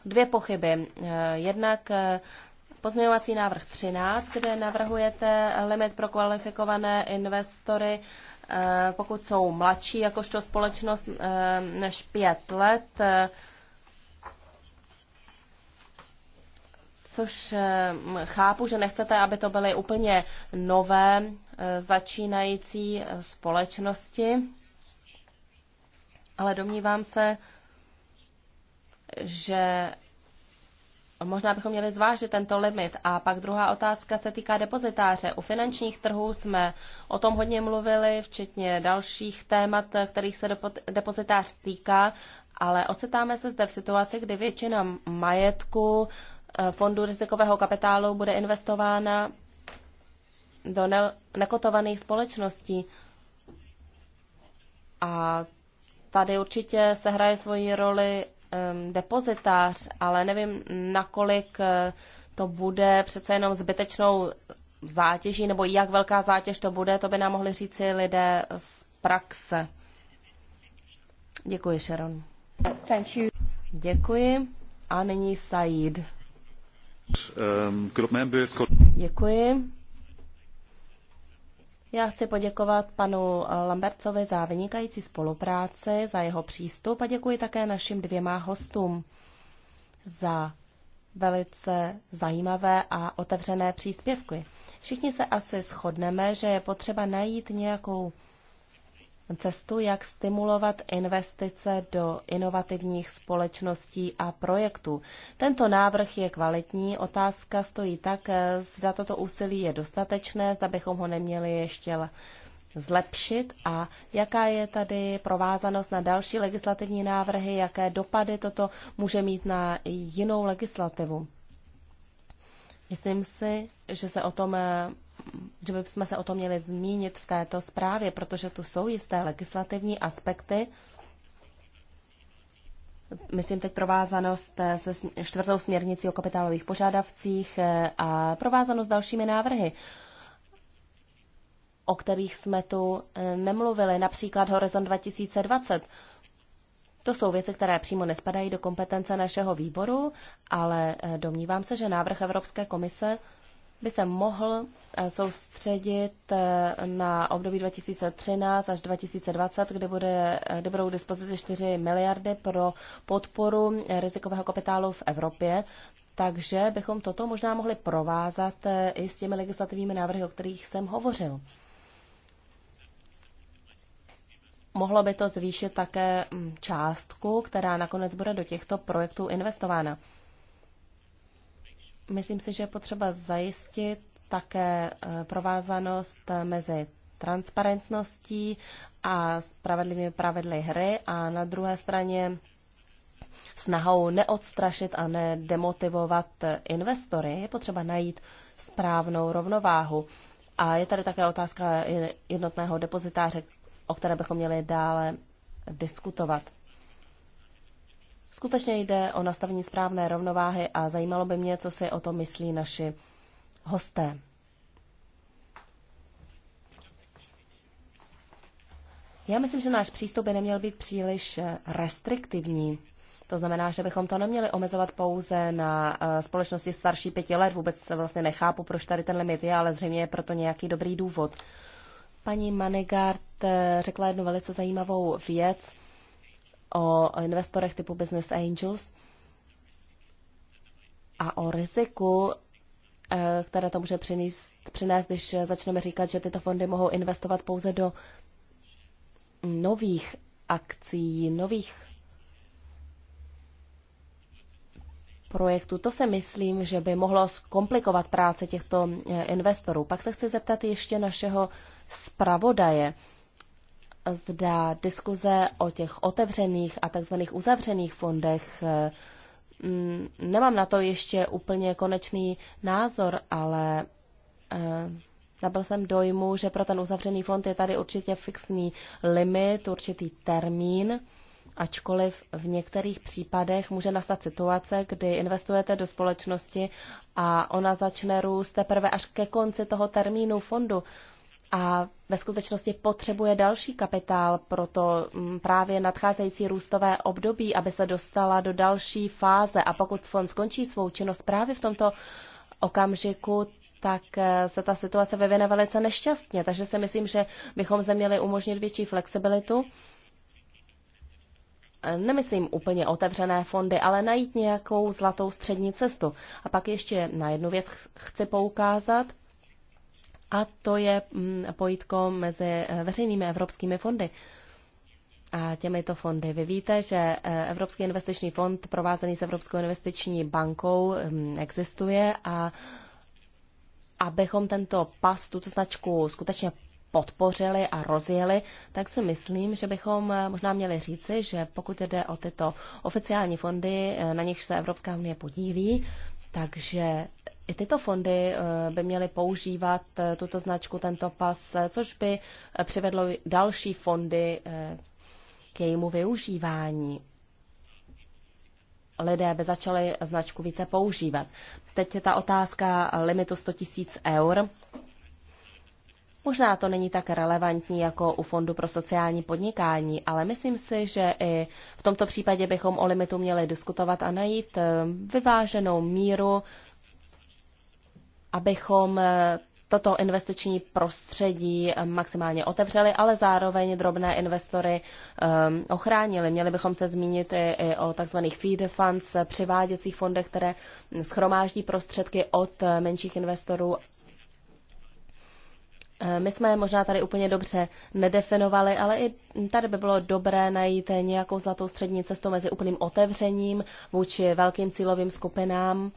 dvě pochyby. Jednak pozměňovací návrh 13, kde navrhujete limit pro kvalifikované investory, pokud jsou mladší jakožto společnost než pět let, což eh, chápu, že nechcete, aby to byly úplně nové eh, začínající eh, společnosti, ale domnívám se, že možná bychom měli zvážit tento limit. A pak druhá otázka se týká depozitáře. U finančních trhů jsme o tom hodně mluvili, včetně dalších témat, kterých se depozitář týká, ale ocitáme se zde v situaci, kdy většina majetku Eh, fondu rizikového kapitálu bude investována do ne- nekotovaných společností. A tady určitě se hraje svoji roli um, depozitář, ale nevím, nakolik eh, to bude přece jenom zbytečnou zátěží, nebo jak velká zátěž to bude, to by nám mohli říci lidé z praxe. Děkuji, Sharon. Thank you. Děkuji. A nyní Said. Děkuji. Já chci poděkovat panu Lambertsovi za vynikající spolupráci, za jeho přístup a děkuji také našim dvěma hostům za velice zajímavé a otevřené příspěvky. Všichni se asi shodneme, že je potřeba najít nějakou cestu, jak stimulovat investice do inovativních společností a projektů. Tento návrh je kvalitní. Otázka stojí tak, zda toto úsilí je dostatečné, zda bychom ho neměli ještě zlepšit a jaká je tady provázanost na další legislativní návrhy, jaké dopady toto může mít na jinou legislativu. Myslím si, že se o tom že bychom se o tom měli zmínit v této zprávě, protože tu jsou jisté legislativní aspekty, myslím teď provázanost eh, se čtvrtou směrnicí o kapitálových požádavcích eh, a provázanost s dalšími návrhy, o kterých jsme tu eh, nemluvili, například Horizon 2020. To jsou věci, které přímo nespadají do kompetence našeho výboru, ale domnívám se, že návrh Evropské komise by se mohl eh, soustředit eh, na období 2013 až 2020, kde, bude, eh, kde budou k dispozici 4 miliardy pro podporu rizikového kapitálu v Evropě. Takže bychom toto možná mohli provázat i s těmi legislativními návrhy, o kterých jsem hovořil. Mohlo by to zvýšit také mm, částku, která nakonec bude do těchto projektů investována. Myslím si, že je potřeba zajistit také eh, provázanost eh, mezi transparentností a spravedlivými pravidly hry a na druhé straně snahou neodstrašit a nedemotivovat eh, investory. Je potřeba najít správnou rovnováhu. A je tady také otázka jednotného depozitáře, o které bychom měli dále diskutovat. Skutečně jde o nastavení správné rovnováhy a zajímalo by mě, co si o to myslí naši hosté. Já myslím, že náš přístup by neměl být příliš eh, restriktivní. To znamená, že bychom to neměli omezovat pouze na eh, společnosti starší pěti let. Vůbec se vlastně nechápu, proč tady ten limit je, ale zřejmě je proto nějaký dobrý důvod. Paní Manegard eh, řekla jednu velice zajímavou věc o investorech typu Business Angels a o riziku, eh, které to může přinést, přinést, když začneme říkat, že tyto fondy mohou investovat pouze do nových akcí, nových projektů. To se myslím, že by mohlo zkomplikovat práce těchto eh, investorů. Pak se chci zeptat ještě našeho zpravodaje zda diskuze o těch otevřených a takzvaných uzavřených fondech eh, mm, nemám na to ještě úplně konečný názor, ale eh, nabil jsem dojmu, že pro ten uzavřený fond je tady určitě fixní limit, určitý termín, ačkoliv v některých případech může nastat situace, kdy investujete do společnosti a ona začne růst teprve až ke konci toho termínu fondu a ve skutečnosti potřebuje další kapitál, pro to mm, právě nadcházející růstové období, aby se dostala do další fáze. A pokud fond skončí svou činnost právě v tomto okamžiku, tak eh, se ta situace vyvine velice nešťastně. Takže si myslím, že bychom se měli umožnit větší flexibilitu. Eh, nemyslím úplně otevřené fondy, ale najít nějakou zlatou střední cestu. A pak ještě na jednu věc chci poukázat a to je mm, pojítko mezi eh, veřejnými evropskými fondy a těmito fondy. Vy víte, že eh, Evropský investiční fond provázený s Evropskou investiční bankou mm, existuje a abychom tento pas, tuto značku skutečně podpořili a rozjeli, tak si myslím, že bychom eh, možná měli říci, že pokud jde o tyto oficiální fondy, na nichž se Evropská unie podílí, takže i tyto fondy eh, by měly používat eh, tuto značku, tento pas, eh, což by přivedlo další fondy k jejímu využívání. Lidé by začali značku více používat. Teď je ta otázka limitu 100 000 eur. Možná to není tak relevantní jako u Fondu pro sociální podnikání, ale myslím si, že i v tomto případě bychom o limitu měli diskutovat a najít vyváženou míru abychom eh, toto investiční prostředí eh, maximálně otevřeli, ale zároveň drobné investory um, ochránili. Měli bychom se zmínit i, i o tzv. feed funds, eh, přiváděcích fondech, které schromáždí prostředky od menších investorů. My jsme je možná tady úplně dobře nedefinovali, ale i tady by bylo dobré najít nějakou zlatou střední cestu mezi úplným otevřením vůči velkým cílovým skupinám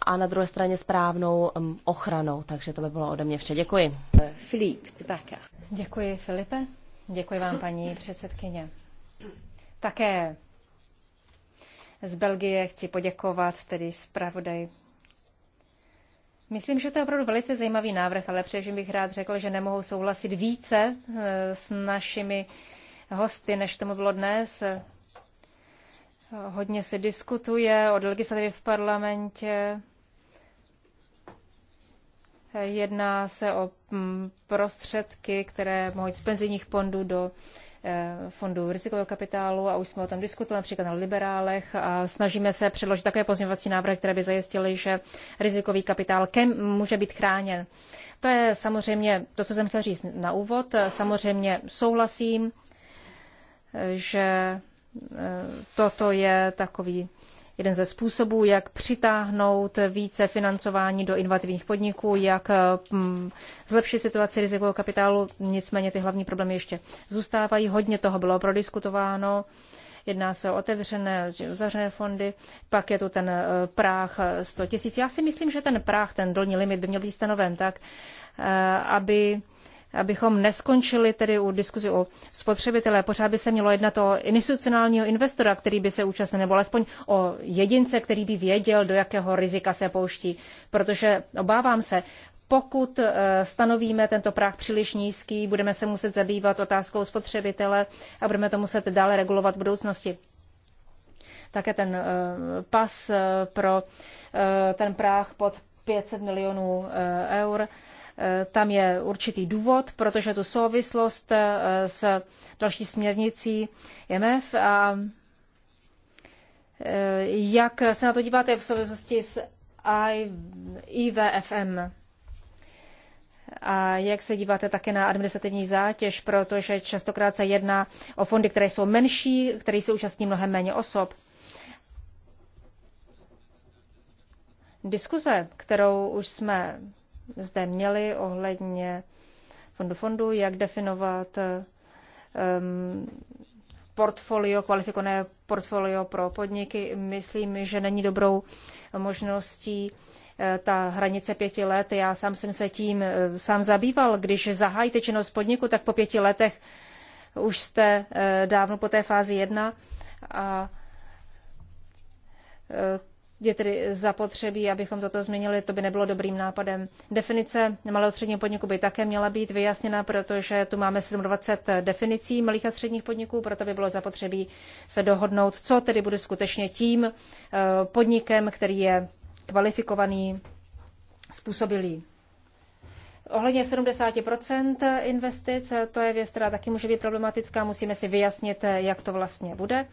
a na druhé straně správnou um, ochranou. Takže to by bylo ode mě vše. Děkuji. Děkuji, Filipe. Děkuji vám, paní předsedkyně. Také z Belgie chci poděkovat tedy zpravodaj. Myslím, že to je opravdu velice zajímavý návrh, ale především bych rád řekl, že nemohu souhlasit více eh, s našimi hosty, než tomu bylo dnes. Hodně se diskutuje od legislativy v parlamentě. Jedná se o mm, prostředky, které mohou jít z penzijních fondů do eh, fondu rizikového kapitálu a už jsme o tom diskutovali například na liberálech a snažíme se předložit takové pozměňovací návrhy, které by zajistily, že rizikový kapitál kem může být chráněn. To je samozřejmě to, co jsem chtěl říct na úvod. Samozřejmě souhlasím, že toto je takový jeden ze způsobů, jak přitáhnout více financování do inovativních podniků, jak mm, zlepšit situaci rizikového kapitálu. Nicméně ty hlavní problémy ještě zůstávají. Hodně toho bylo prodiskutováno. Jedná se o otevřené, uzavřené fondy, pak je tu ten eh, práh 100 tisíc. Já si myslím, že ten práh, ten dolní limit by měl být stanoven tak, eh, aby abychom neskončili tedy u diskuzi o spotřebitele. Pořád by se mělo jednat o institucionálního investora, který by se účastnil, nebo alespoň o jedince, který by věděl, do jakého rizika se pouští. Protože obávám se, pokud eh, stanovíme tento práh příliš nízký, budeme se muset zabývat otázkou spotřebitele a budeme to muset dále regulovat v budoucnosti také ten eh, pas eh, pro ten práh pod 500 milionů eur. Tam je určitý důvod, protože tu souvislost eh, s další směrnicí MF a eh, jak se na to díváte v souvislosti s IVFM? A jak se díváte také na administrativní zátěž, protože častokrát se jedná o fondy, které jsou menší, které se účastní mnohem méně osob. Diskuze, kterou už jsme zde měli ohledně fondu fondu, jak definovat um, portfolio, kvalifikované portfolio pro podniky. Myslím, že není dobrou možností eh, ta hranice pěti let. Já sám jsem se tím eh, sám zabýval. Když zahájíte činnost podniku, tak po pěti letech už jste eh, dávno po té fázi jedna a je tedy zapotřebí, abychom toto změnili, to by nebylo dobrým nápadem. Definice malého středního podniku by také měla být vyjasněna, protože tu máme 27 definicí malých a středních podniků, proto by bylo zapotřebí se dohodnout, co tedy bude skutečně tím eh, podnikem, který je kvalifikovaný, způsobilý. Ohledně 70% investic, to je věc, která taky může být problematická, musíme si vyjasnit, jak to vlastně bude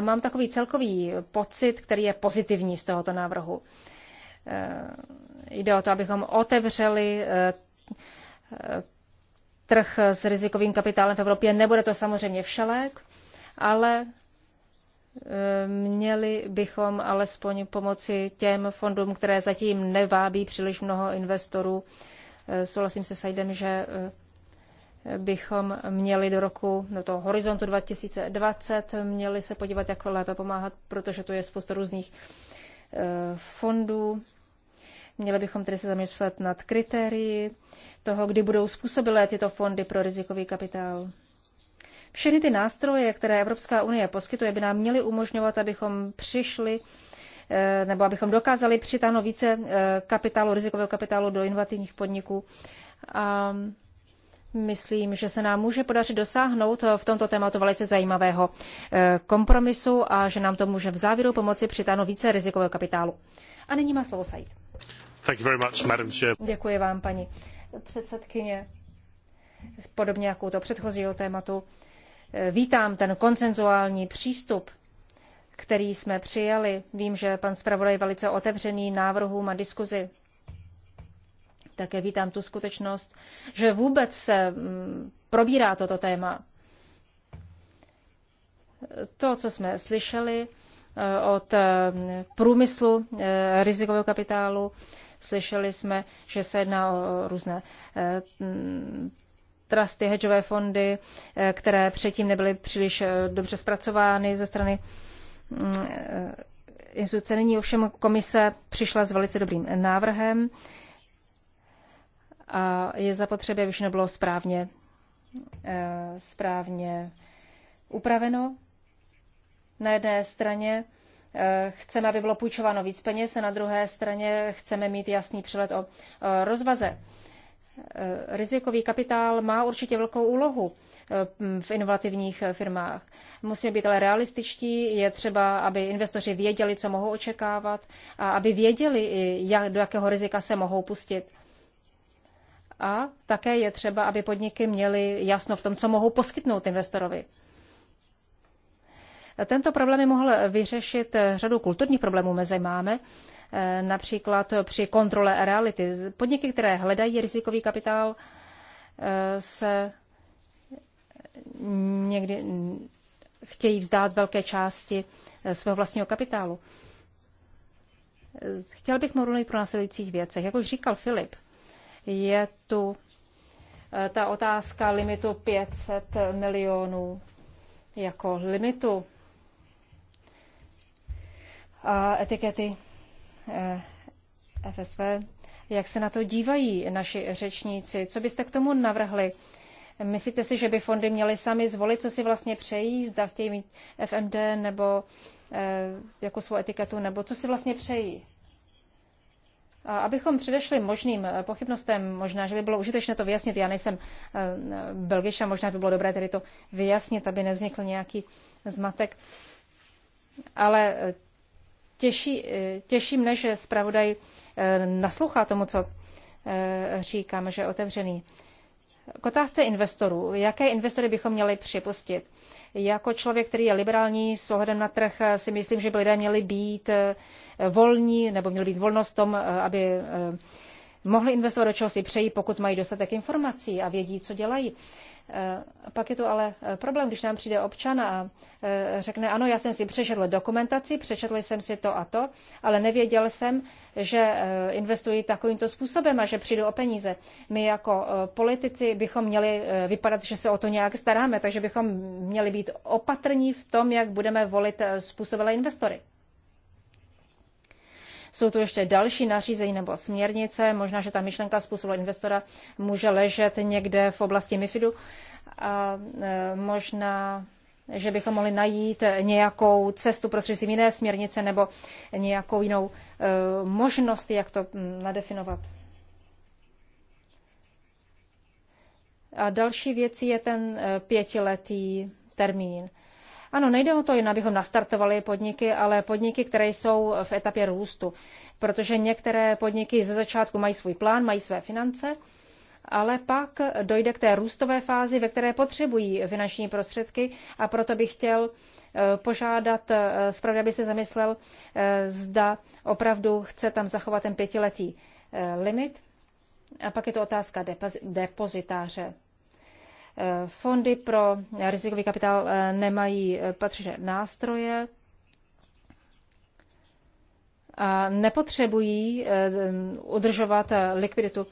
mám takový celkový pocit, který je pozitivní z tohoto návrhu. Eh, jde o to, abychom otevřeli eh, trh s rizikovým kapitálem v Evropě. Nebude to samozřejmě všelék, ale eh, měli bychom alespoň pomoci těm fondům, které zatím nevábí příliš mnoho investorů. Souhlasím se Sajdem, že bychom měli do roku, do toho horizontu 2020, měli se podívat, jak lépe pomáhat, protože tu je spousta různých eh, fondů. Měli bychom tedy se zamýšlet nad kritérii toho, kdy budou způsobilé tyto fondy pro rizikový kapitál. Všechny ty nástroje, které Evropská unie poskytuje, by nám měly umožňovat, abychom přišli eh, nebo abychom dokázali přitáhnout více eh, kapitálu, rizikového kapitálu do inovativních podniků. A Myslím, že se nám může podařit dosáhnout v tomto tématu velice zajímavého eh, kompromisu a že nám to může v závěru pomoci přitáhnout více rizikového kapitálu. A nyní má slovo Said. Thank you very much, Madam Chair. Děkuji vám, paní předsedkyně. Podobně jako to předchozího tématu, eh, vítám ten konsenzuální přístup, který jsme přijali. Vím, že pan zpravodaj je velice otevřený návrhům a diskuzi také vítám tu skutečnost, že vůbec se mm, probírá toto téma. To, co jsme slyšeli eh, od eh, průmyslu eh, rizikového kapitálu, slyšeli jsme, že se jedná o různé mm, trusty, hedžové fondy, které předtím nebyly příliš dobře zpracovány ze strany mm, instituce. Nyní ovšem komise přišla s velice dobrým návrhem a je zapotřebí, aby všechno bylo správně, eh, správně upraveno. Na jedné straně eh, chceme, aby bylo půjčováno víc peněz a na druhé straně chceme mít jasný přehled o eh, rozvaze. Rizikový kapitál má určitě velkou úlohu v inovativních firmách. Musíme být ale realističtí, je třeba, aby investoři věděli, co mohou očekávat a aby věděli, jak, do jakého rizika se mohou pustit a také je třeba, aby podniky měly jasno v tom, co mohou poskytnout investorovi. Tento problém je mohl vyřešit řadu kulturních problémů mezi máme, eh, například při kontrole reality. Podniky, které hledají rizikový kapitál, eh, se někdy chtějí vzdát velké části eh, svého vlastního kapitálu. Chtěl bych mluvit pro následujících věcech. Jak už říkal Filip, je tu eh, ta otázka limitu 500 milionů jako limitu a etikety eh, FSV. Jak se na to dívají naši řečníci? Co byste k tomu navrhli? Myslíte si, že by fondy měly sami zvolit, co si vlastně přejí? Zda chtějí mít FMD nebo eh, jako svou etiketu, nebo co si vlastně přejí? abychom předešli možným eh, pochybnostem, možná, že by bylo užitečné to vyjasnit, já nejsem eh, belgiš a možná by bylo dobré tedy to vyjasnit, aby nevznikl nějaký zmatek. Ale eh, těší, těší mne, že zpravodaj naslouchá tomu, co říkám, že otevřený. K otázce investorů. Jaké investory bychom měli připustit? Jako člověk, který je liberální s ohledem na trh, eh, si myslím, že by lidé měli být eh, volní nebo měli být volnost tom, eh, aby mohli investovat do čeho si přejí, pokud mají dostatek informací a vědí, co dělají. Eh, pak je to ale eh, problém, když nám přijde občan a eh, řekne, ano, já jsem si přečetl dokumentaci, přečetl jsem si to a to, ale nevěděl jsem, že investují takovýmto způsobem a že přijdu o peníze. My jako politici bychom měli vypadat, že se o to nějak staráme, takže bychom měli být opatrní v tom, jak budeme volit způsobilé investory. Jsou tu ještě další nařízení nebo směrnice, možná, že ta myšlenka způsobu investora může ležet někde v oblasti MIFIDu a e, možná že bychom mohli najít nějakou cestu prostřednictvím jiné směrnice nebo nějakou jinou e, možnost, jak to nadefinovat. A další věcí je ten e, pětiletý termín. Ano, nejde o to jen, abychom nastartovali podniky, ale podniky, které jsou v etapě růstu. Protože některé podniky ze začátku mají svůj plán, mají své finance, ale pak dojde k té růstové fázi, ve které potřebují finanční prostředky a proto bych chtěl eh, požádat eh, zpravdu, aby se zamyslel, eh, zda opravdu chce tam zachovat ten pětiletý limit. A pak je to otázka depozitáře. Fondy pro rizikový kapitál eh, nemají eh, patřičné nástroje a nepotřebují eh, udržovat likviditu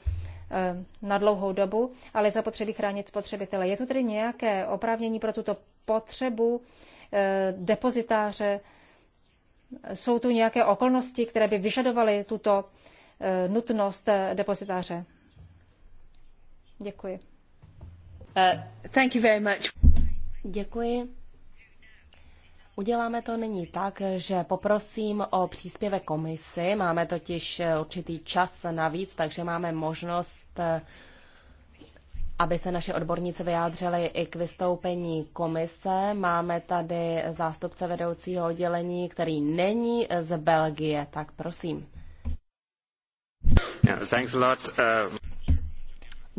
na dlouhou dobu, ale zapotřebí chránit spotřebitele. Je tu tedy nějaké oprávnění pro tuto potřebu depozitáře? Jsou tu nějaké okolnosti, které by vyžadovaly tuto nutnost depozitáře? Děkuji. Eh, Děkuji. Uděláme to nyní tak, že poprosím o příspěvek komisi. Máme totiž eh, určitý čas navíc, takže máme možnost, eh, aby se naše odborníci vyjádřili i k vystoupení komise. Máme tady zástupce vedoucího oddělení, který není z Belgie, tak prosím. Yeah, thanks a lot. Uh...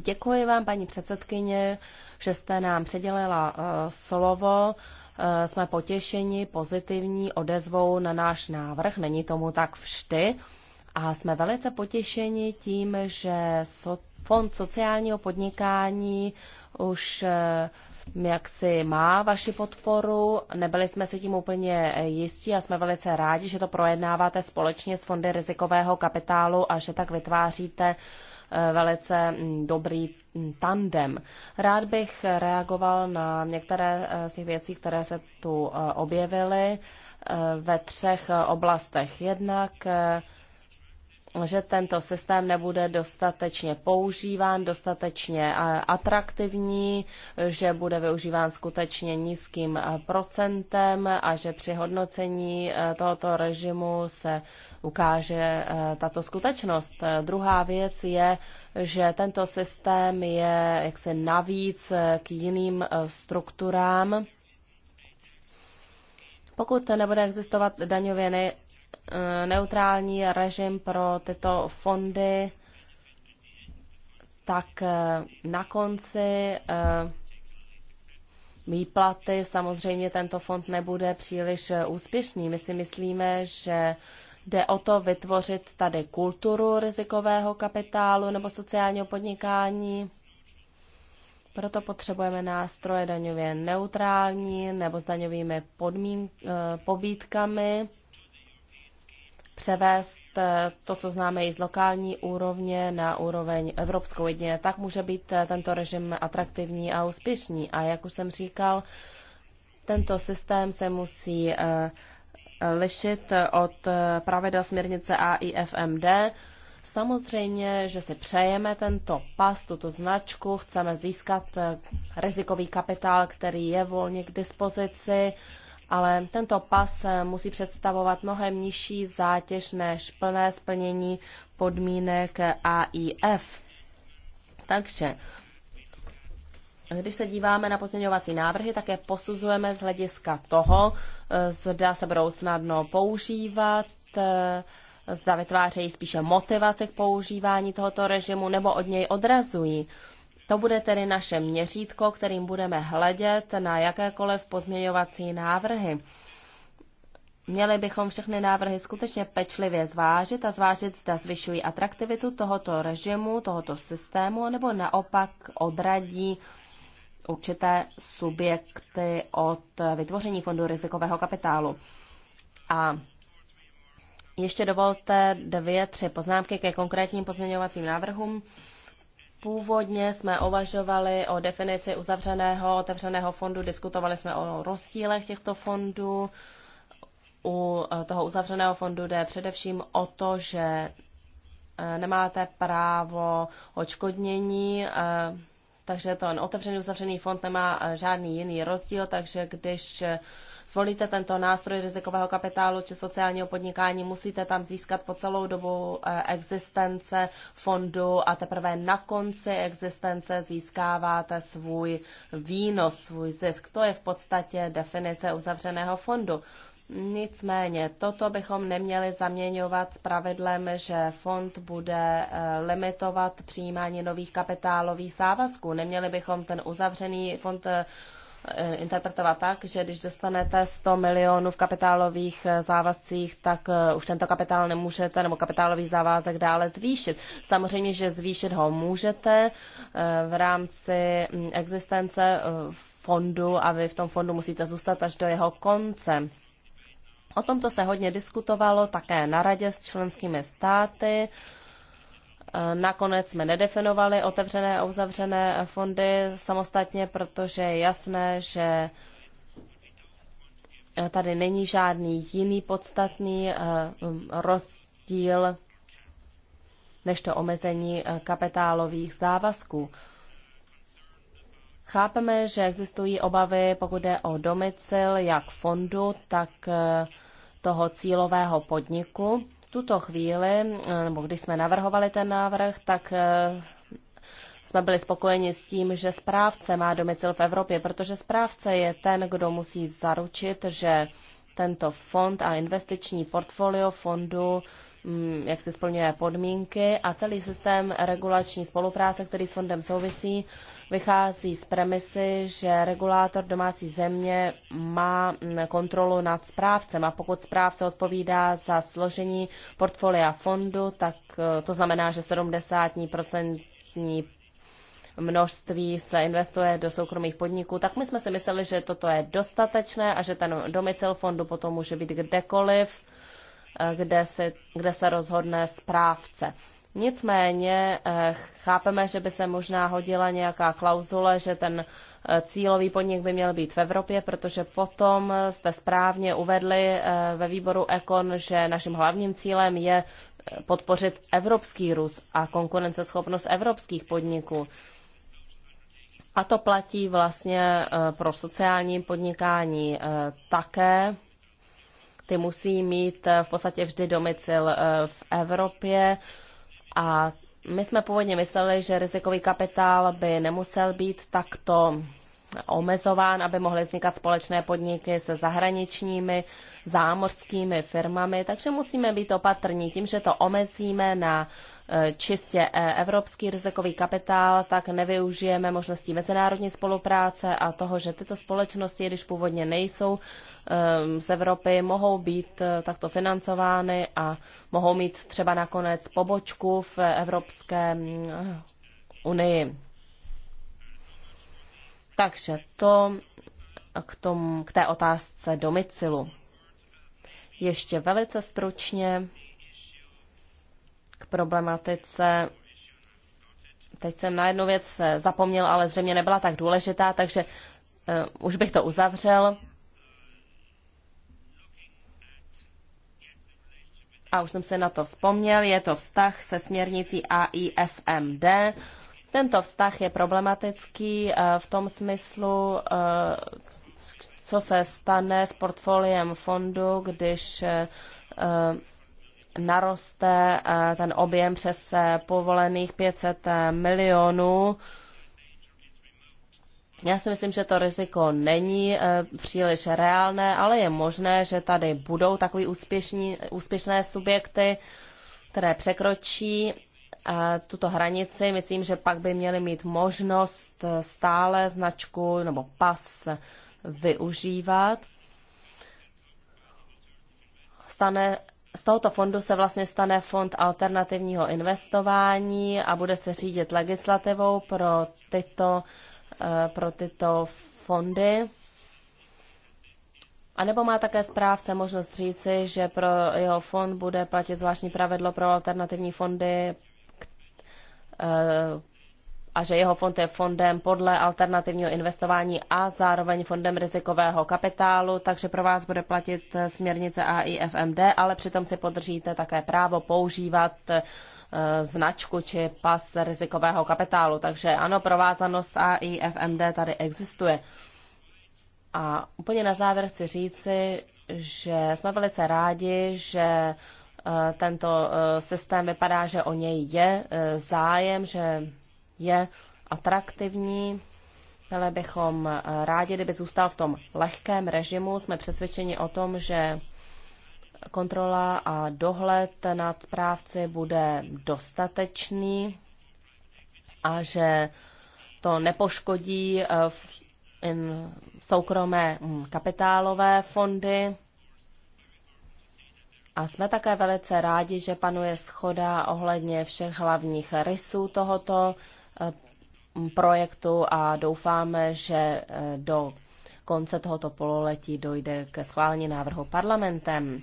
Děkuji vám, paní předsedkyně, že jste nám předělila eh, slovo. Eh, jsme potěšeni pozitivní odezvou na náš návrh. Není tomu tak vždy. A jsme velice potěšeni tím, že Fond sociálního podnikání už eh, jak si má vaši podporu. Nebyli jsme si tím úplně jistí a jsme velice rádi, že to projednáváte společně s Fondy rizikového kapitálu a že tak vytváříte velice dobrý tandem. Rád bych reagoval na některé z těch věcí, které se tu eh, objevily eh, ve třech eh, oblastech. Jednak že tento systém nebude dostatečně používán, dostatečně atraktivní, že bude využíván skutečně nízkým procentem a že při hodnocení tohoto režimu se ukáže eh, tato skutečnost. Eh, druhá věc je, že tento systém je jaksi navíc eh, k jiným strukturám. Pokud nebude existovat daňově ne, neutrální režim pro tyto fondy, tak na konci výplaty samozřejmě tento fond nebude příliš úspěšný. My si myslíme, že Jde o to vytvořit tady kulturu rizikového kapitálu nebo sociálního podnikání. Proto potřebujeme nástroje daňově neutrální nebo s daňovými podmín, eh, pobítkami převést eh, to, co známe i z lokální úrovně na úroveň evropskou. Jedině tak může být eh, tento režim atraktivní a úspěšný. A jak už jsem říkal, tento systém se musí lišit od pravidel směrnice AIFMD. Samozřejmě, že si přejeme tento pas, tuto značku, chceme získat eh, rizikový kapitál, který je volně k dispozici, ale tento pas eh, musí představovat mnohem nižší zátěž než plné splnění podmínek AIF. Takže když se díváme na pozměňovací návrhy, tak je posuzujeme z hlediska toho, eh, zda se budou snadno používat, eh, zda vytvářejí spíše motivace k používání tohoto režimu nebo od něj odrazují. To bude tedy naše měřítko, kterým budeme hledět na jakékoliv pozměňovací návrhy. Měli bychom všechny návrhy skutečně pečlivě zvážit a zvážit, zda zvyšují atraktivitu tohoto režimu, tohoto systému, nebo naopak odradí určité subjekty od vytvoření fondu rizikového kapitálu. A ještě dovolte dvě, tři poznámky ke konkrétním pozměňovacím návrhům. Původně jsme uvažovali o definici uzavřeného, otevřeného fondu, diskutovali jsme o rozdílech těchto fondů. U toho uzavřeného fondu jde především o to, že eh, nemáte právo odškodnění eh, takže ten otevřený uzavřený fond nemá eh, žádný jiný rozdíl, takže když eh, zvolíte tento nástroj rizikového kapitálu či sociálního podnikání, musíte tam získat po celou dobu eh, existence fondu a teprve na konci existence získáváte svůj výnos, svůj zisk. To je v podstatě definice uzavřeného fondu. Nicméně toto bychom neměli zaměňovat s pravidlem, že fond bude eh, limitovat přijímání nových kapitálových závazků. Neměli bychom ten uzavřený fond eh, interpretovat tak, že když dostanete 100 milionů v kapitálových eh, závazcích, tak už tento kapitál nemůžete, nebo kapitálový závazek dále zvýšit. Samozřejmě, že zvýšit ho můžete v rámci mm, existence fondu a vy v tom fondu musíte zůstat až do jeho konce. O tomto se hodně diskutovalo také na radě s členskými státy. E, nakonec jsme nedefinovali otevřené a uzavřené fondy samostatně, protože je jasné, že tady není žádný jiný podstatný e, rozdíl než to omezení e, kapitálových závazků. Chápeme, že existují obavy, pokud jde o domicil jak fondu, tak toho cílového podniku. V tuto chvíli, eh, nebo když jsme navrhovali ten návrh, tak eh, jsme byli spokojeni s tím, že správce má domicil v Evropě, protože správce je ten, kdo musí zaručit, že tento fond a investiční portfolio fondu mm, jak se splňuje podmínky a celý systém regulační spolupráce, který s fondem souvisí, vychází z premisy, že regulátor domácí země má mm, kontrolu nad správcem a pokud správce odpovídá za složení portfolia fondu, tak e, to znamená, že 70% množství se investuje do soukromých podniků, tak my jsme si mysleli, že toto je dostatečné a že ten domicil fondu potom může být kdekoliv, eh, kde se, kde se rozhodne správce. Nicméně eh, chápeme, že by se možná hodila nějaká klauzule, že ten eh, cílový podnik by měl být v Evropě, protože potom jste správně uvedli ve výboru Econ, že naším hlavním cílem je podpořit evropský růst a konkurenceschopnost evropských podniků. A to platí vlastně eh, pro sociální podnikání eh, také. Ty musí mít eh, v podstatě vždy domicil v Evropě a my jsme původně mysleli, že rizikový kapitál by nemusel být takto omezován, aby mohly vznikat společné podniky se zahraničními zámořskými firmami, takže musíme být opatrní tím, že to omezíme na Eh, čistě eh, evropský rizikový kapitál, tak nevyužijeme možností mezinárodní spolupráce a toho, že tyto společnosti, když původně nejsou ehm, z Evropy, mohou být eh, takto financovány a mohou mít třeba nakonec pobočku v Evropské mm, unii. Takže to k, tom, k té otázce domicilu. Ještě velice stručně k problematice. Teď jsem na jednu věc zapomněl, ale zřejmě nebyla tak důležitá, takže uh, už bych to uzavřel. A už jsem se na to vzpomněl, je to vztah se směrnicí AIFMD. Tento vztah je problematický eh, v tom smyslu, eh, co se stane s portfoliem fondu, když naroste eh, ten objem přes eh, povolených 500 eh, milionů. Já si myslím, že to riziko není příliš reálné, ale je možné, že tady budou takové úspěšní, úspěšné subjekty, které překročí tuto hranici. Myslím, že pak by měli mít možnost stále značku nebo pas využívat. Stane z tohoto fondu se vlastně stane fond alternativního investování a bude se řídit legislativou pro tyto, eh, pro tyto fondy. A nebo má také správce možnost říci, že pro jeho fond bude platit zvláštní pravidlo pro alternativní fondy, eh, a že jeho fond je fondem podle alternativního investování a zároveň fondem rizikového kapitálu, takže pro vás bude platit směrnice AIFMD, ale přitom si podržíte také právo používat eh, značku či pas rizikového kapitálu. Takže ano, provázanost AIFMD tady existuje. A úplně na závěr chci říci, že jsme velice rádi, že eh, tento eh, systém vypadá, že o něj je zájem, že je atraktivní, Byli bychom eh, rádi, kdyby zůstal v tom lehkém režimu. Jsme přesvědčeni o tom, že kontrola a dohled nad správci bude dostatečný a že to nepoškodí eh, soukromé hm, kapitálové fondy. A jsme také velice rádi, že panuje schoda ohledně všech hlavních rysů tohoto Eh, projektu a doufáme, že eh, do konce tohoto pololetí dojde ke schválení návrhu parlamentem.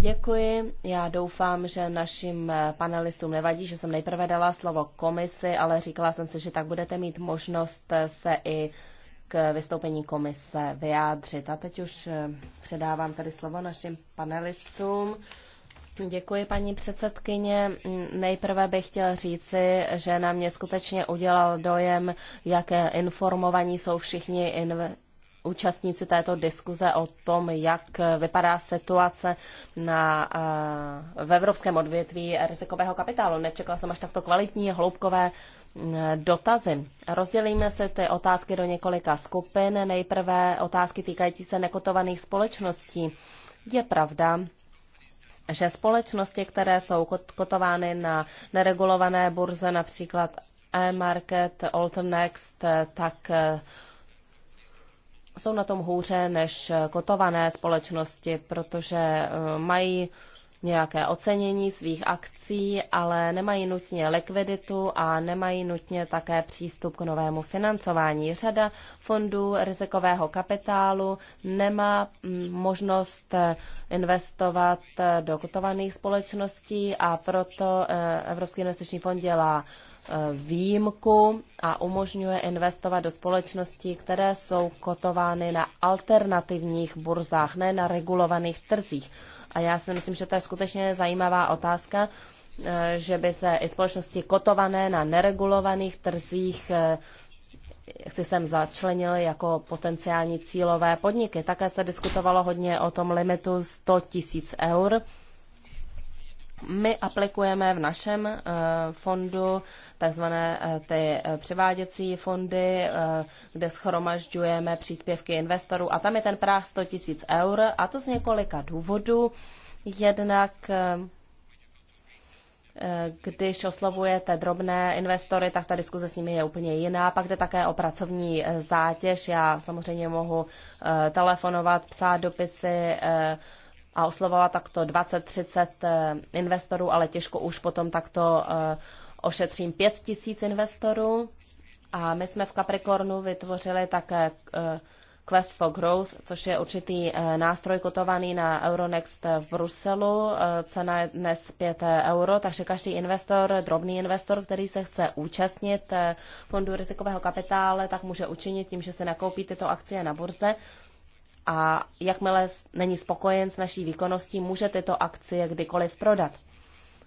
Děkuji. Já doufám, že našim eh, panelistům nevadí, že jsem nejprve dala slovo komisi, ale říkala jsem si, že tak budete mít možnost se i k vystoupení komise vyjádřit. A teď už předávám tady slovo našim panelistům. Děkuji, paní předsedkyně. Nejprve bych chtěl říci, že na mě skutečně udělal dojem, jaké informovaní jsou všichni inv- účastníci této diskuze o tom, jak vypadá situace na, eh, v evropském odvětví rizikového kapitálu. Nečekala jsem až takto kvalitní hloubkové mm, dotazy. Rozdělíme si ty otázky do několika skupin. Nejprve otázky týkající se nekotovaných společností. Je pravda, že společnosti, které jsou kotovány na neregulované burze, například e-market, Alternext, tak eh, jsou na tom hůře než kotované společnosti, protože eh, mají nějaké ocenění svých akcí, ale nemají nutně likviditu a nemají nutně také přístup k novému financování. Řada fondů rizikového kapitálu nemá mm, možnost eh, investovat eh, do kotovaných společností a proto eh, Evropský investiční fond dělá výjimku a umožňuje investovat do společností, které jsou kotovány na alternativních burzách, ne na regulovaných trzích. A já si myslím, že to je skutečně zajímavá otázka, eh, že by se i společnosti kotované na neregulovaných trzích eh, si sem začlenil jako potenciální cílové podniky. Také se diskutovalo hodně o tom limitu 100 tisíc eur my aplikujeme v našem eh, fondu takzvané eh, ty eh, převáděcí fondy, kde schromažďujeme příspěvky investorů a tam je ten práh 100 tisíc eur a to z několika důvodů. Jednak když oslovujete drobné investory, tak ta diskuze s nimi je úplně jiná. Pak jde také o pracovní zátěž. Já samozřejmě mohu telefonovat, psát dopisy, a oslovovala takto 20-30 eh, investorů, ale těžko už potom takto eh, ošetřím 5 tisíc investorů. A my jsme v Capricornu vytvořili také eh, Quest for Growth, což je určitý nástroj kotovaný na Euronext v Bruselu. Cena je dnes 5 euro, takže každý investor, drobný investor, který se chce účastnit fondu rizikového kapitále, tak může učinit tím, že se nakoupí tyto akcie na burze a jakmile není spokojen s naší výkonností, může tyto akcie kdykoliv prodat.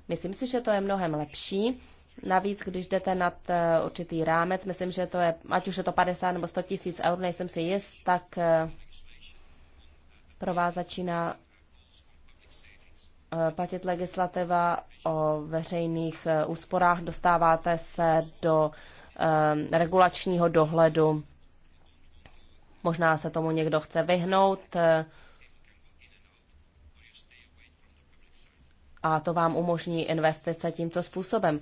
Myslím si, že to je mnohem lepší. Navíc, když jdete nad eh, určitý rámec, myslím, že to je, ať už je to 50 nebo 100 tisíc eur, nejsem si jist, tak eh, pro vás začíná eh, platit legislativa o veřejných úsporách, dostáváte se do regulačního dohledu Možná se tomu někdo chce vyhnout. A to vám umožní investice tímto způsobem.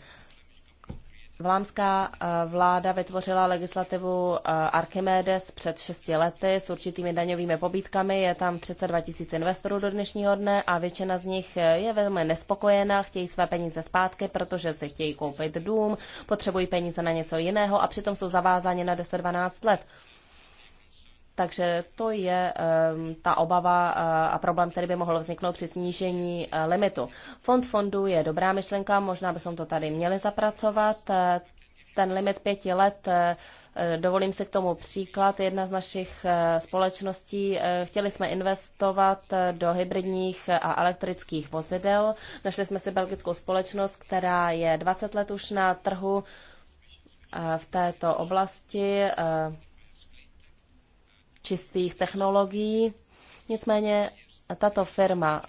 Vlámská eh, vláda vytvořila legislativu eh, Archimedes před 6 lety s určitými daňovými pobítkami. Je tam 32 tisíc investorů do dnešního dne a většina z nich eh, je velmi nespokojená, chtějí své peníze zpátky, protože si chtějí koupit dům, potřebují peníze na něco jiného a přitom jsou zavázáni na 10-12 let. Takže to je ta obava eh, a problém, který by mohl vzniknout při snížení eh, limitu. Fond fondu je dobrá myšlenka, možná bychom to tady měli zapracovat. Eh, ten limit pěti let, dovolím si k tomu příklad, jedna z našich společností, chtěli jsme investovat do hybridních a elektrických vozidel. Našli jsme si belgickou společnost, která je 20 let už na trhu v této oblasti čistých technologií. Nicméně tato firma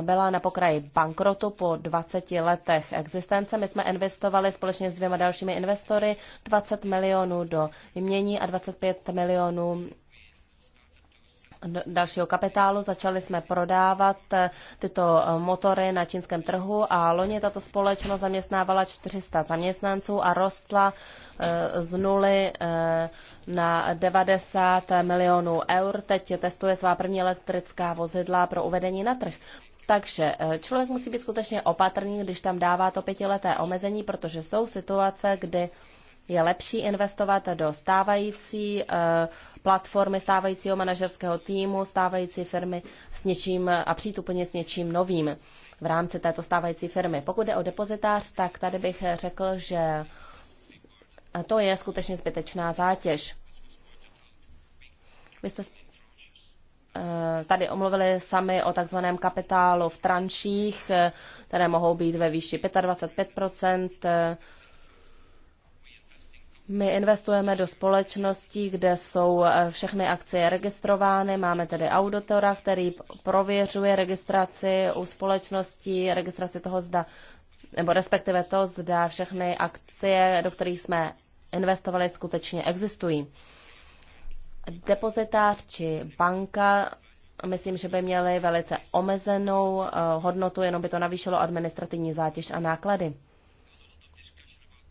byla na pokraji bankrotu po 20 letech existence. My jsme investovali společně s dvěma dalšími investory 20 milionů do jmění a 25 milionů dalšího kapitálu. Začali jsme prodávat eh, tyto eh, motory na čínském trhu a loni tato společnost zaměstnávala 400 zaměstnanců a rostla eh, z nuly na 90 milionů eur. Teď testuje svá první elektrická vozidla pro uvedení na trh. Takže eh, člověk musí být skutečně opatrný, když tam dává to pětileté omezení, protože jsou situace, kdy je lepší investovat do stávající eh, platformy, stávajícího manažerského týmu, stávající firmy s něčím eh, a přijít úplně s něčím novým v rámci této stávající firmy. Pokud jde o depozitář, tak tady bych řekl, že to je skutečně zbytečná zátěž. Vy jste eh, tady omluvili sami o takzvaném kapitálu v tranších, eh, které mohou být ve výši 25 eh, my investujeme do společností, kde jsou všechny akcie registrovány. Máme tedy auditora, který prověřuje registraci u společností, registraci toho zda, nebo respektive to, zda všechny akcie, do kterých jsme investovali, skutečně existují. Depozitář či banka myslím, že by měly velice omezenou eh, hodnotu, jenom by to navýšilo administrativní zátěž a náklady.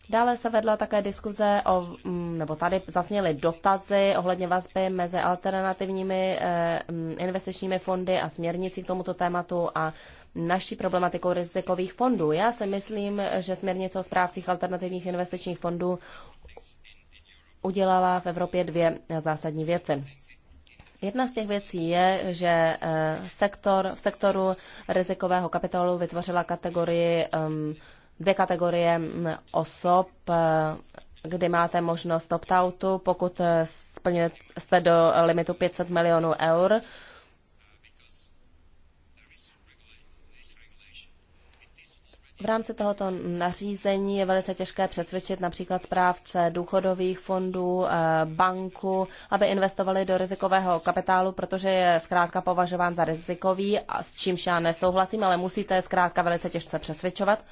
Dále se vedla také diskuze o, mm, nebo tady zazněly dotazy ohledně vazby mezi alternativními eh, mm, investičními fondy a směrnicí k tomuto tématu a naší problematikou rizikových fondů. Já si myslím, že směrnice o správcích alternativních investičních fondů udělala v Evropě dvě zásadní věci. Jedna z těch věcí je, že eh, sektor, v sektoru rizikového kapitálu vytvořila kategorii, ehm, dvě kategorie mm, osob, eh, kdy máte možnost opt-outu, pokud eh, jste do limitu 500 milionů eur, V rámci tohoto nařízení je velice těžké přesvědčit například správce důchodových fondů, eh, banku, aby investovali do rizikového kapitálu, protože je zkrátka považován za rizikový, a s čímž já nesouhlasím, ale musíte zkrátka velice těžce přesvědčovat.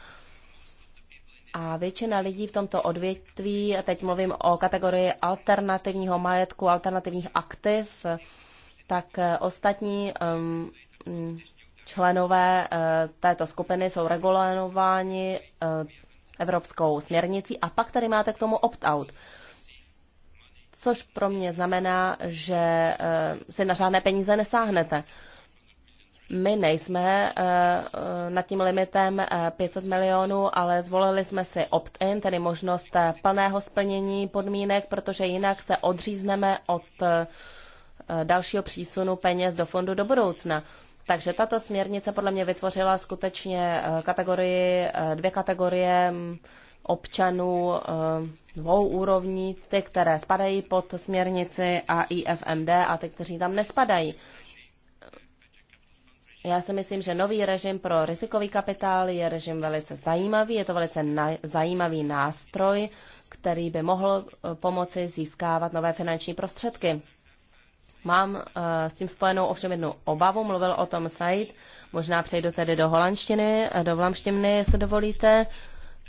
A většina lidí v tomto odvětví, teď mluvím o kategorii alternativního majetku, alternativních aktiv, tak eh, ostatní um, členové eh, této skupiny jsou regulováni eh, evropskou směrnicí a pak tady máte k tomu opt-out. Což pro mě znamená, že eh, si na žádné peníze nesáhnete. My nejsme nad tím limitem 500 milionů, ale zvolili jsme si opt-in, tedy možnost plného splnění podmínek, protože jinak se odřízneme od dalšího přísunu peněz do fondu do budoucna. Takže tato směrnice podle mě vytvořila skutečně eh, kategorii, eh, dvě kategorie mm, občanů eh, dvou úrovní, ty, které spadají pod směrnici a IFMD a ty, kteří tam nespadají. Já si myslím, že nový režim pro rizikový kapitál je režim velice zajímavý, je to velice na, zajímavý nástroj, který by mohl pomoci získávat nové finanční prostředky. Mám eh, s tím spojenou ovšem jednu obavu, mluvil o tom Said. Možná přejdu tedy do holandštiny, eh, do vlamštiny, jestli dovolíte.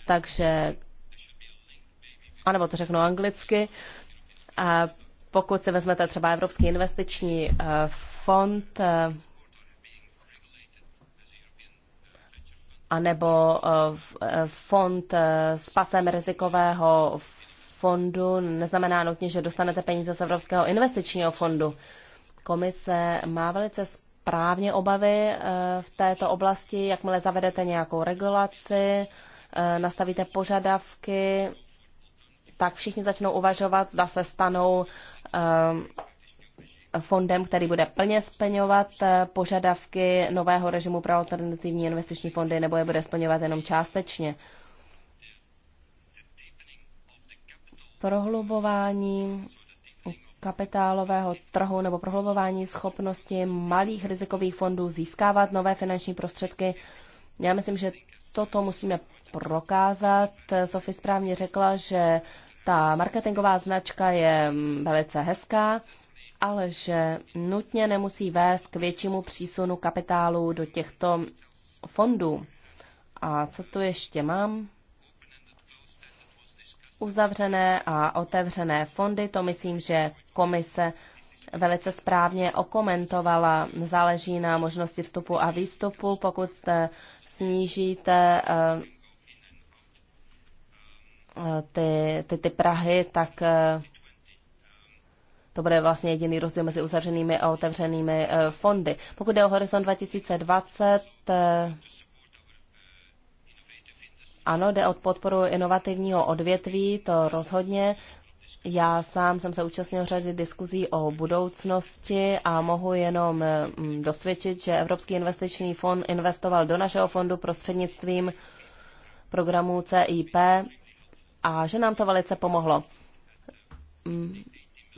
Takže, anebo to řeknu anglicky. A pokud si vezmete třeba Evropský investiční eh, fond, anebo fond s pasem rizikového fondu neznamená nutně, že dostanete peníze z Evropského investičního fondu. Komise má velice správně obavy eh, v této oblasti, jakmile zavedete nějakou regulaci, eh, nastavíte požadavky, tak všichni začnou uvažovat, zda se stanou eh, fondem, který bude plně splňovat požadavky nového režimu pro alternativní investiční fondy, nebo je bude splňovat jenom částečně. prohlubování kapitálového trhu nebo prohlubování schopnosti malých rizikových fondů získávat nové finanční prostředky. Já myslím, že toto musíme prokázat. Sofie správně řekla, že ta marketingová značka je velice hezká, ale že nutně nemusí vést k většímu přísunu kapitálu do těchto fondů. A co tu ještě mám? uzavřené a otevřené fondy. To myslím, že komise velice správně okomentovala. Záleží na možnosti vstupu a výstupu. Pokud snížíte eh, eh, ty, ty, ty Prahy, tak eh, to bude vlastně jediný rozdíl mezi uzavřenými a otevřenými fondy. Pokud je o Horizon 2020, ano, jde o podporu inovativního odvětví, to rozhodně. Já sám jsem se účastnil řady diskuzí o budoucnosti a mohu jenom mm, dosvědčit, že Evropský investiční fond investoval do našeho fondu prostřednictvím programu CIP a že nám to velice pomohlo. Mm,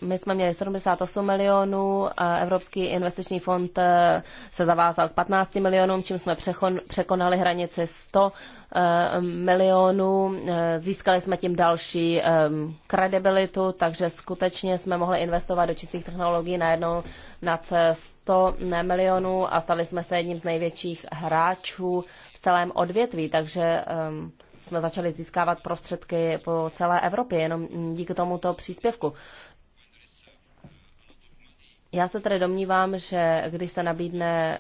my jsme měli 78 milionů, a Evropský investiční fond eh, se zavázal k 15 milionům, čím jsme překonali hranici 100 Eh, milionů. Eh, získali jsme tím další eh, kredibilitu, takže skutečně jsme mohli investovat do čistých technologií najednou nad 100 milionů a stali jsme se jedním z největších hráčů v celém odvětví, takže jsme začali získávat prostředky po celé Evropě jenom díky tomuto příspěvku. Já se tedy domnívám, že když se nabídne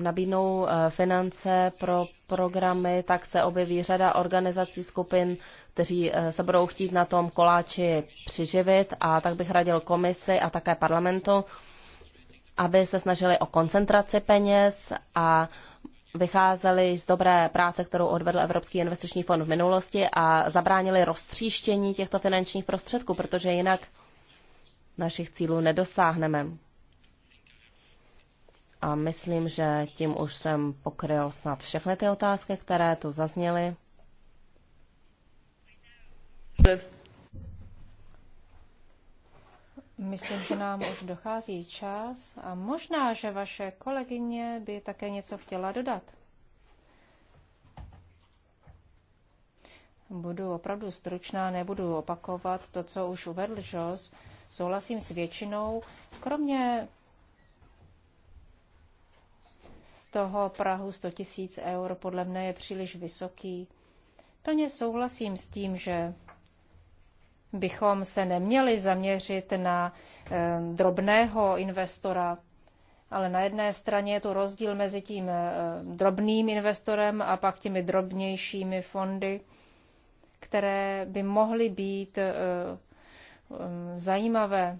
nabídnou eh, finance pro programy, tak se objeví řada organizací, skupin, kteří eh, se budou chtít na tom koláči přiživit a tak bych radil komisi a také parlamentu, aby se snažili o koncentraci peněz a vycházeli z dobré práce, kterou odvedl Evropský investiční fond v minulosti a zabránili roztříštění těchto finančních prostředků, protože jinak našich cílů nedosáhneme. A myslím, že tím už jsem pokryl snad všechny ty otázky, které tu zazněly. Myslím, že nám už dochází čas a možná, že vaše kolegyně by také něco chtěla dodat. Budu opravdu stručná, nebudu opakovat to, co už uvedl Jos. Souhlasím s většinou, kromě toho Prahu 100 tisíc eur podle mne je příliš vysoký. Plně souhlasím s tím, že bychom se neměli zaměřit na eh, drobného investora, ale na jedné straně je tu rozdíl mezi tím eh, drobným investorem a pak těmi drobnějšími fondy, které by mohly být eh, zajímavé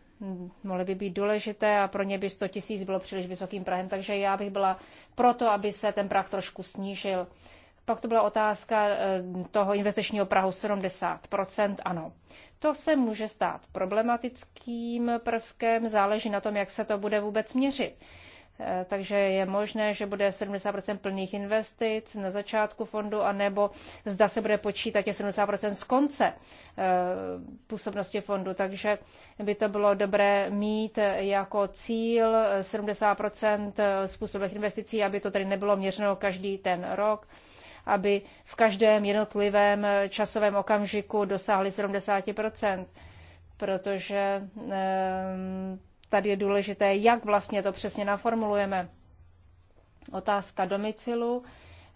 mohly by být důležité a pro ně by 100 tisíc bylo příliš vysokým prahem, takže já bych byla proto, aby se ten prah trošku snížil. Pak to byla otázka eh, toho investičního prahu 70%, ano. To se může stát problematickým prvkem, záleží na tom, jak se to bude vůbec měřit. Eh, takže je možné, že bude 70% plných investic na začátku fondu, anebo zda se bude počítat 70% z konce eh, působnosti fondu. Takže by to bylo dobré mít jako cíl 70% eh, způsobech investicí, aby to tedy nebylo měřeno každý ten rok aby v každém jednotlivém časovém okamžiku dosáhli 70 protože ehm, tady je důležité, jak vlastně to přesně naformulujeme. Otázka domicilu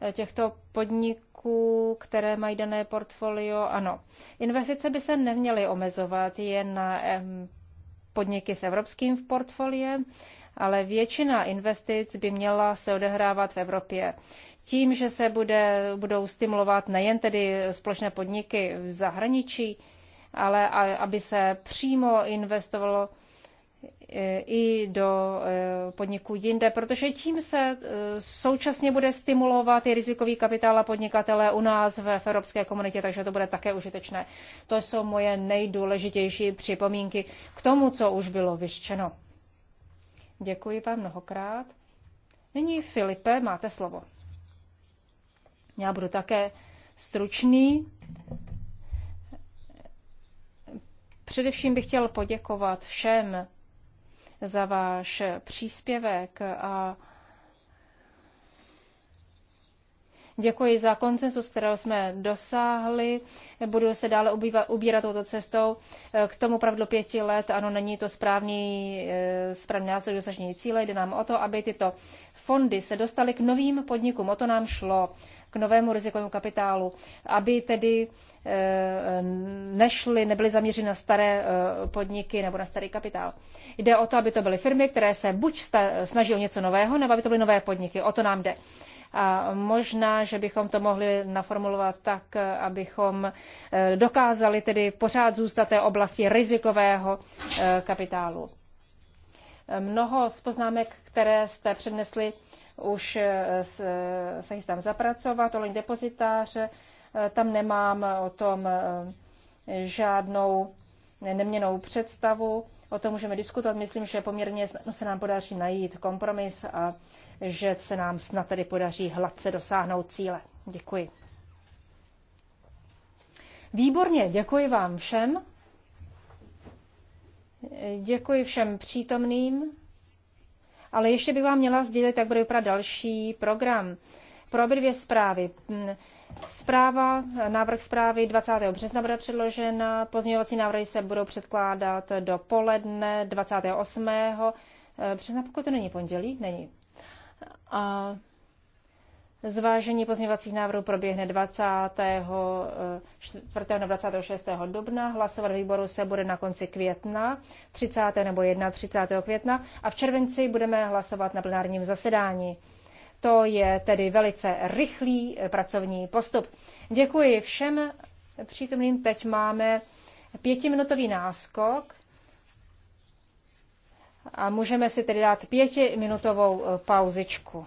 eh, těchto podniků, které mají dané portfolio. Ano, investice by se neměly omezovat jen na podniky s evropským portfolie, ale většina investic by měla se odehrávat v Evropě. Tím, že se bude, budou stimulovat nejen tedy společné podniky v zahraničí, ale aby se přímo investovalo E, i do e, podniků jinde, protože tím se e, současně bude stimulovat i rizikový kapitál a podnikatele u nás v evropské komunitě, takže to bude také užitečné. To jsou moje nejdůležitější připomínky k tomu, co už bylo vyščeno. Děkuji vám mnohokrát. Nyní Filipe, máte slovo. Já budu také stručný. Především bych chtěl poděkovat všem, za váš příspěvek a Děkuji za koncensus, kterého jsme dosáhli. Budu se dále ubírat touto cestou k tomu pravdu pěti let. Ano, není to správný, eh, správný nástroj dosažení cíle. Jde nám o to, aby tyto fondy se dostaly k novým podnikům. O to nám šlo k novému rizikovému kapitálu, aby tedy eh, nešly, nebyly zaměřeny na staré eh, podniky nebo na starý kapitál. Jde o to, aby to byly firmy, které se buď snaží o něco nového, nebo aby to byly nové podniky. O to nám jde. A možná, že bychom to mohli naformulovat tak, abychom eh, dokázali tedy pořád zůstat té oblasti rizikového kapitálu. Mnoho z poznámek, které jste přednesli, už eh, eh, se chystám zapracovat, oleň depozitář, eh, tam nemám o tom žádnou neměnou představu. O tom můžeme diskutovat. Myslím, že poměrně no, se nám podaří najít kompromis a že se nám snad tedy podaří hladce dosáhnout cíle. Děkuji. Výborně, děkuji vám všem. Děkuji všem přítomným. Ale ještě bych vám měla sdělit, jak bude vypadat další program. Pro obě dvě zprávy. Hmm, zpráva, návrh zprávy 20. března bude předložena, pozměňovací návrhy se budou předkládat do poledne 28. března, pokud to není pondělí, není. A Zvážení pozměňovacích návrhů proběhne 24. Eh, nebo 26. dubna, hlasovat výboru se bude na konci května, 30. nebo 31. května a v červenci budeme hlasovat na plenárním zasedání. To je tedy velice rychlý eh, pracovní postup. Děkuji všem přítomným. Teď máme pětiminutový náskok a můžeme si tedy dát pětiminutovou eh, pauzičku.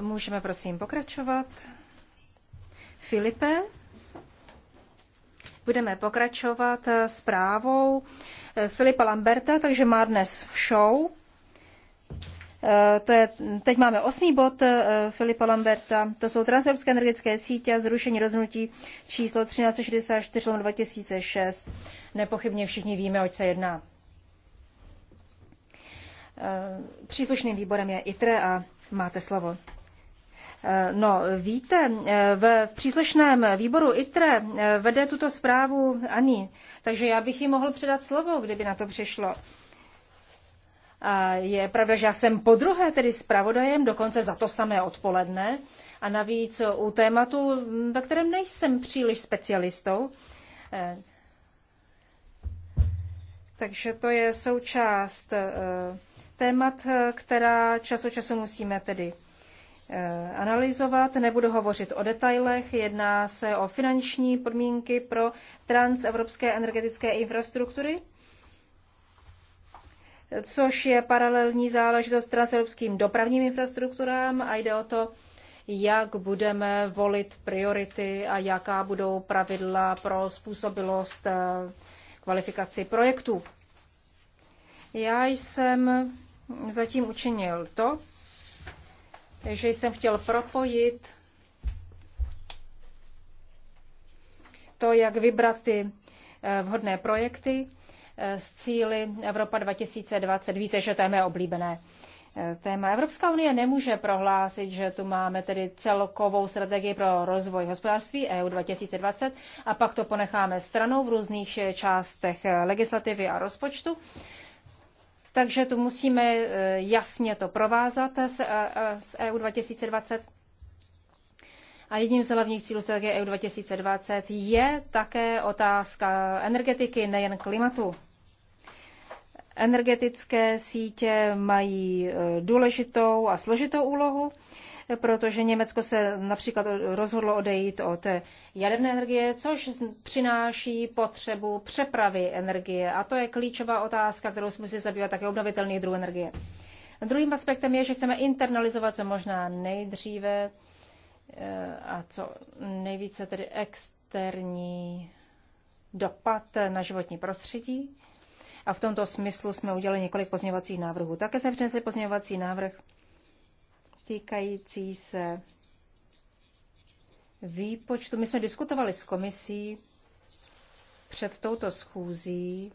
Můžeme prosím pokračovat. Filipe, budeme pokračovat eh, s právou eh, Filipa Lamberta, takže má dnes show. Eh, to je, teď máme osmý bod Filipa Lamberta. To jsou transevropské energetické sítě a zrušení rozhodnutí číslo 1364 2006. Nepochybně všichni víme, oč se jedná. Eh, příslušným výborem je ITRE a máte slovo. Eh, no, víte, eh, v, příslušném výboru ITRE vede tuto zprávu Ani, takže já bych jí mohl předat slovo, kdyby na to přišlo. A je pravda, že já jsem po druhé tedy zpravodajem, dokonce za to samé odpoledne a navíc u tématu, mm, ve kterém nejsem příliš specialistou. Takže to je součást témat, eh, která čas od času musíme tedy eh, analyzovat. Nebudu hovořit o detailech, jedná se o finanční podmínky pro transevropské energetické infrastruktury, což je paralelní záležitost transevropským dopravním infrastrukturám a jde o to, jak budeme volit priority a jaká budou pravidla pro způsobilost eh, kvalifikaci projektů. Já jsem zatím učinil to, že jsem chtěl propojit to, jak vybrat ty eh, vhodné projekty z eh, cíly Evropa 2020. Víte, že to je mé oblíbené eh, téma. Evropská unie nemůže prohlásit, že tu máme tedy celkovou strategii pro rozvoj hospodářství EU 2020 a pak to ponecháme stranou v různých částech legislativy a rozpočtu. Takže tu musíme eh, jasně to provázat eh, s EU eh, e 2020. A jedním z hlavních cílů strategie EU 2020 je také otázka energetiky, nejen klimatu. Energetické sítě mají důležitou a složitou úlohu protože Německo se například rozhodlo odejít od jaderné energie, což přináší potřebu přepravy energie. A to je klíčová otázka, kterou jsme si zabývat také obnovitelný druh energie. Druhým aspektem je, že chceme internalizovat co možná nejdříve eh, a co nejvíce tedy externí dopad na životní prostředí. A v tomto smyslu jsme udělali několik pozměňovacích návrhů. Také jsme přinesli pozměňovací návrh týkající se výpočtu. My jsme diskutovali s komisí před touto schůzí,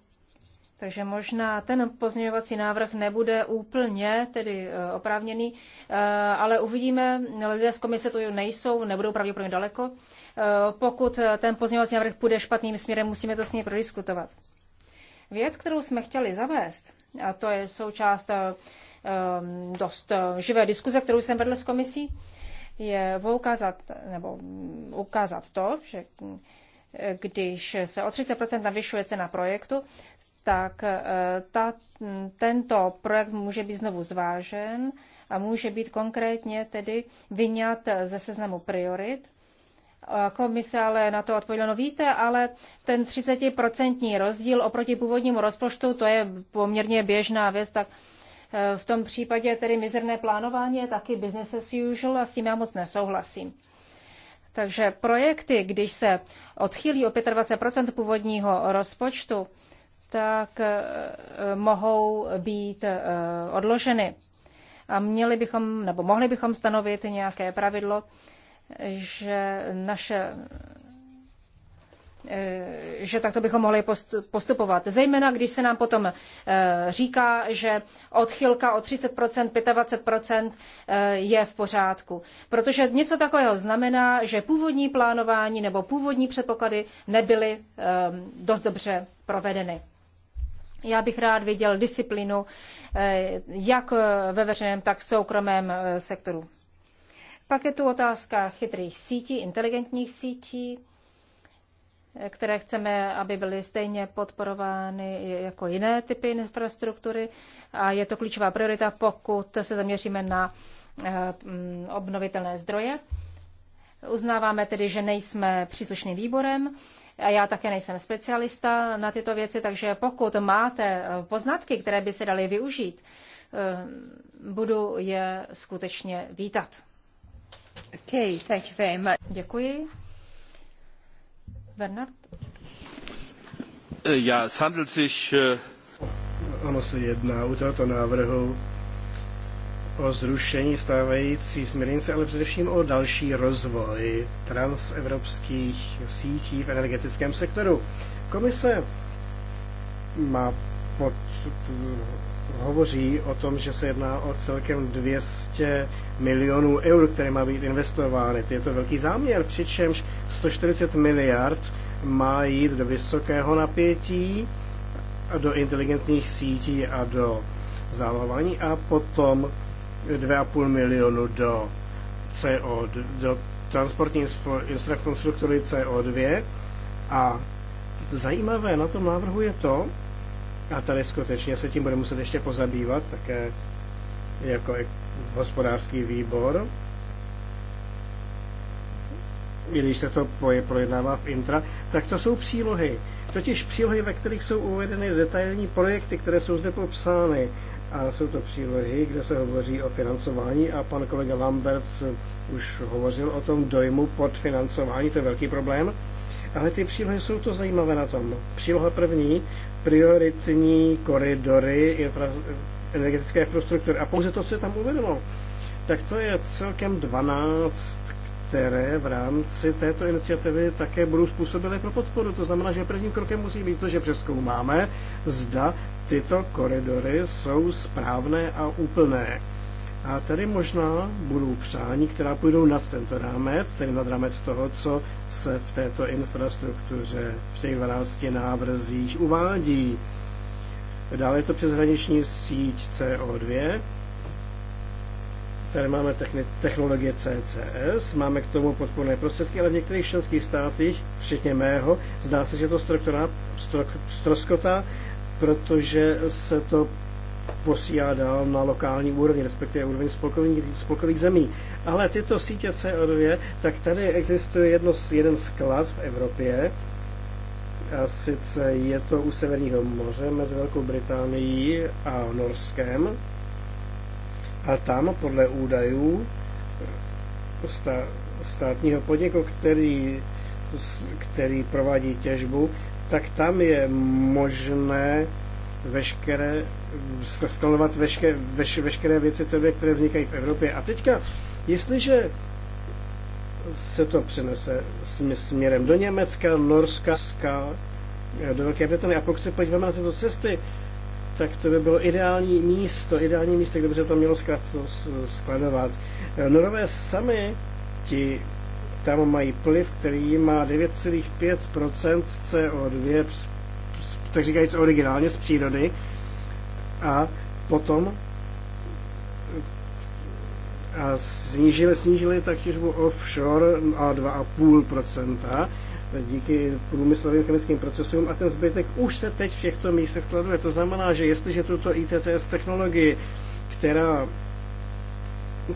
takže možná ten pozměňovací návrh nebude úplně tedy eh, oprávněný, eh, ale uvidíme, lidé z komise to nejsou, nebudou pravděpodobně daleko. Eh, pokud ten pozměňovací návrh půjde špatným směrem, musíme to s nimi prodiskutovat. Věc, kterou jsme chtěli zavést, a to je součást Um, dost um, živé diskuze, kterou jsem vedl s komisí, je ukázat nebo mm, ukázat to, že mm, když se o 30 navyšuje cena projektu, tak uh, ta, mm, tento projekt může být znovu zvážen a může být konkrétně tedy vyňat ze seznamu priorit. Komise ale na to odpověděla, no víte, ale ten 30% rozdíl oproti původnímu rozpočtu, to je poměrně běžná věc, tak v tom případě tedy mizerné plánování je taky business as usual a s tím já moc nesouhlasím. Takže projekty, když se odchýlí o 25 původního rozpočtu, tak eh, mohou být eh, odloženy. A měli bychom, nebo mohli bychom stanovit nějaké pravidlo, že naše Eh, že takto bychom mohli postupovat. Zejména, když se nám potom eh, říká, že odchylka o 30%, 25% eh, je v pořádku. Protože něco takového znamená, že původní plánování nebo původní předpoklady nebyly dost dobře provedeny. Já bych rád viděl disciplínu jak ve veřejném, tak v soukromém sektoru. Pak je tu otázka chytrých sítí, inteligentních sítí které chceme, aby byly stejně podporovány jako jiné typy infrastruktury. A je to klíčová priorita, pokud se zaměříme na eh, mm, obnovitelné zdroje. Uznáváme tedy, že nejsme příslušným výborem. A já také nejsem specialista na tyto věci, takže pokud máte eh, poznatky, které by se daly využít, eh, budu je skutečně vítat. Okay, thank you very much. Děkuji. Bernard? Eh, eh, ono se jedná u tohoto návrhu o zrušení stávající směrnice, ale především o další rozvoj transevropských sítí v energetickém sektoru. Komise má pod, hovoří o tom, že se jedná o celkem 200 milionů eur, které má být investovány. Je to velký záměr, přičemž 140 miliard má jít do vysokého napětí, do inteligentních sítí a do zálohování a potom 2,5 milionu do CO, do transportní infrastruktury CO2 a zajímavé na tom návrhu je to, a tady skutečně se tím bude muset ještě pozabývat, také jako hospodářský výbor, i když se to projednává v intra, tak to jsou přílohy. Totiž přílohy, ve kterých jsou uvedeny detailní projekty, které jsou zde popsány. A jsou to přílohy, kde se hovoří o financování a pan kolega Lamberts už hovořil o tom dojmu podfinancování, to je velký problém. Ale ty přílohy jsou to zajímavé na tom. Příloha první, prioritní koridory infra, energetické infrastruktury. A pouze to, co je tam uvedeno, tak to je celkem 12, které v rámci této iniciativy také budou způsobily pro podporu. To znamená, že prvním krokem musí být to, že přeskoumáme, zda tyto koridory jsou správné a úplné. A tady možná budou přání, která půjdou nad tento rámec, tedy nad rámec toho, co se v této infrastruktuře v těch 12 návrzích uvádí. Dále je to přeshraniční síť CO2. Tady máme technologie CCS, máme k tomu podporné prostředky, ale v některých členských státech, včetně mého, zdá se, že to struktura stroskota, protože se to posílá dál na lokální úrovni, respektive úroveň spolkových, spolkových zemí. Ale tyto sítě CO2, tak tady existuje jedno, jeden sklad v Evropě, a sice je to u Severního moře mezi Velkou Británií a Norskem. A tam podle údajů státního podniku, který, který provádí těžbu, tak tam je možné veškeré, skladovat veškeré, veš, veškeré věci, které vznikají v Evropě. A teďka, jestliže se to přenese směrem do Německa, Norska, eh, do Velké Británie. A pokud se podíváme na tyto cesty, tak to by bylo ideální místo, ideální místo, kde by se to mělo skladovat. Eh, Norové sami ti tam mají pliv, který má 9,5% CO2, tak říkajíc originálně z přírody, a potom a snížili, snížili tak těžbu offshore a 2,5% eh, díky průmyslovým chemickým procesům a ten zbytek už se teď v těchto místech kladuje. To znamená, že jestliže tuto ITCS technologii, která,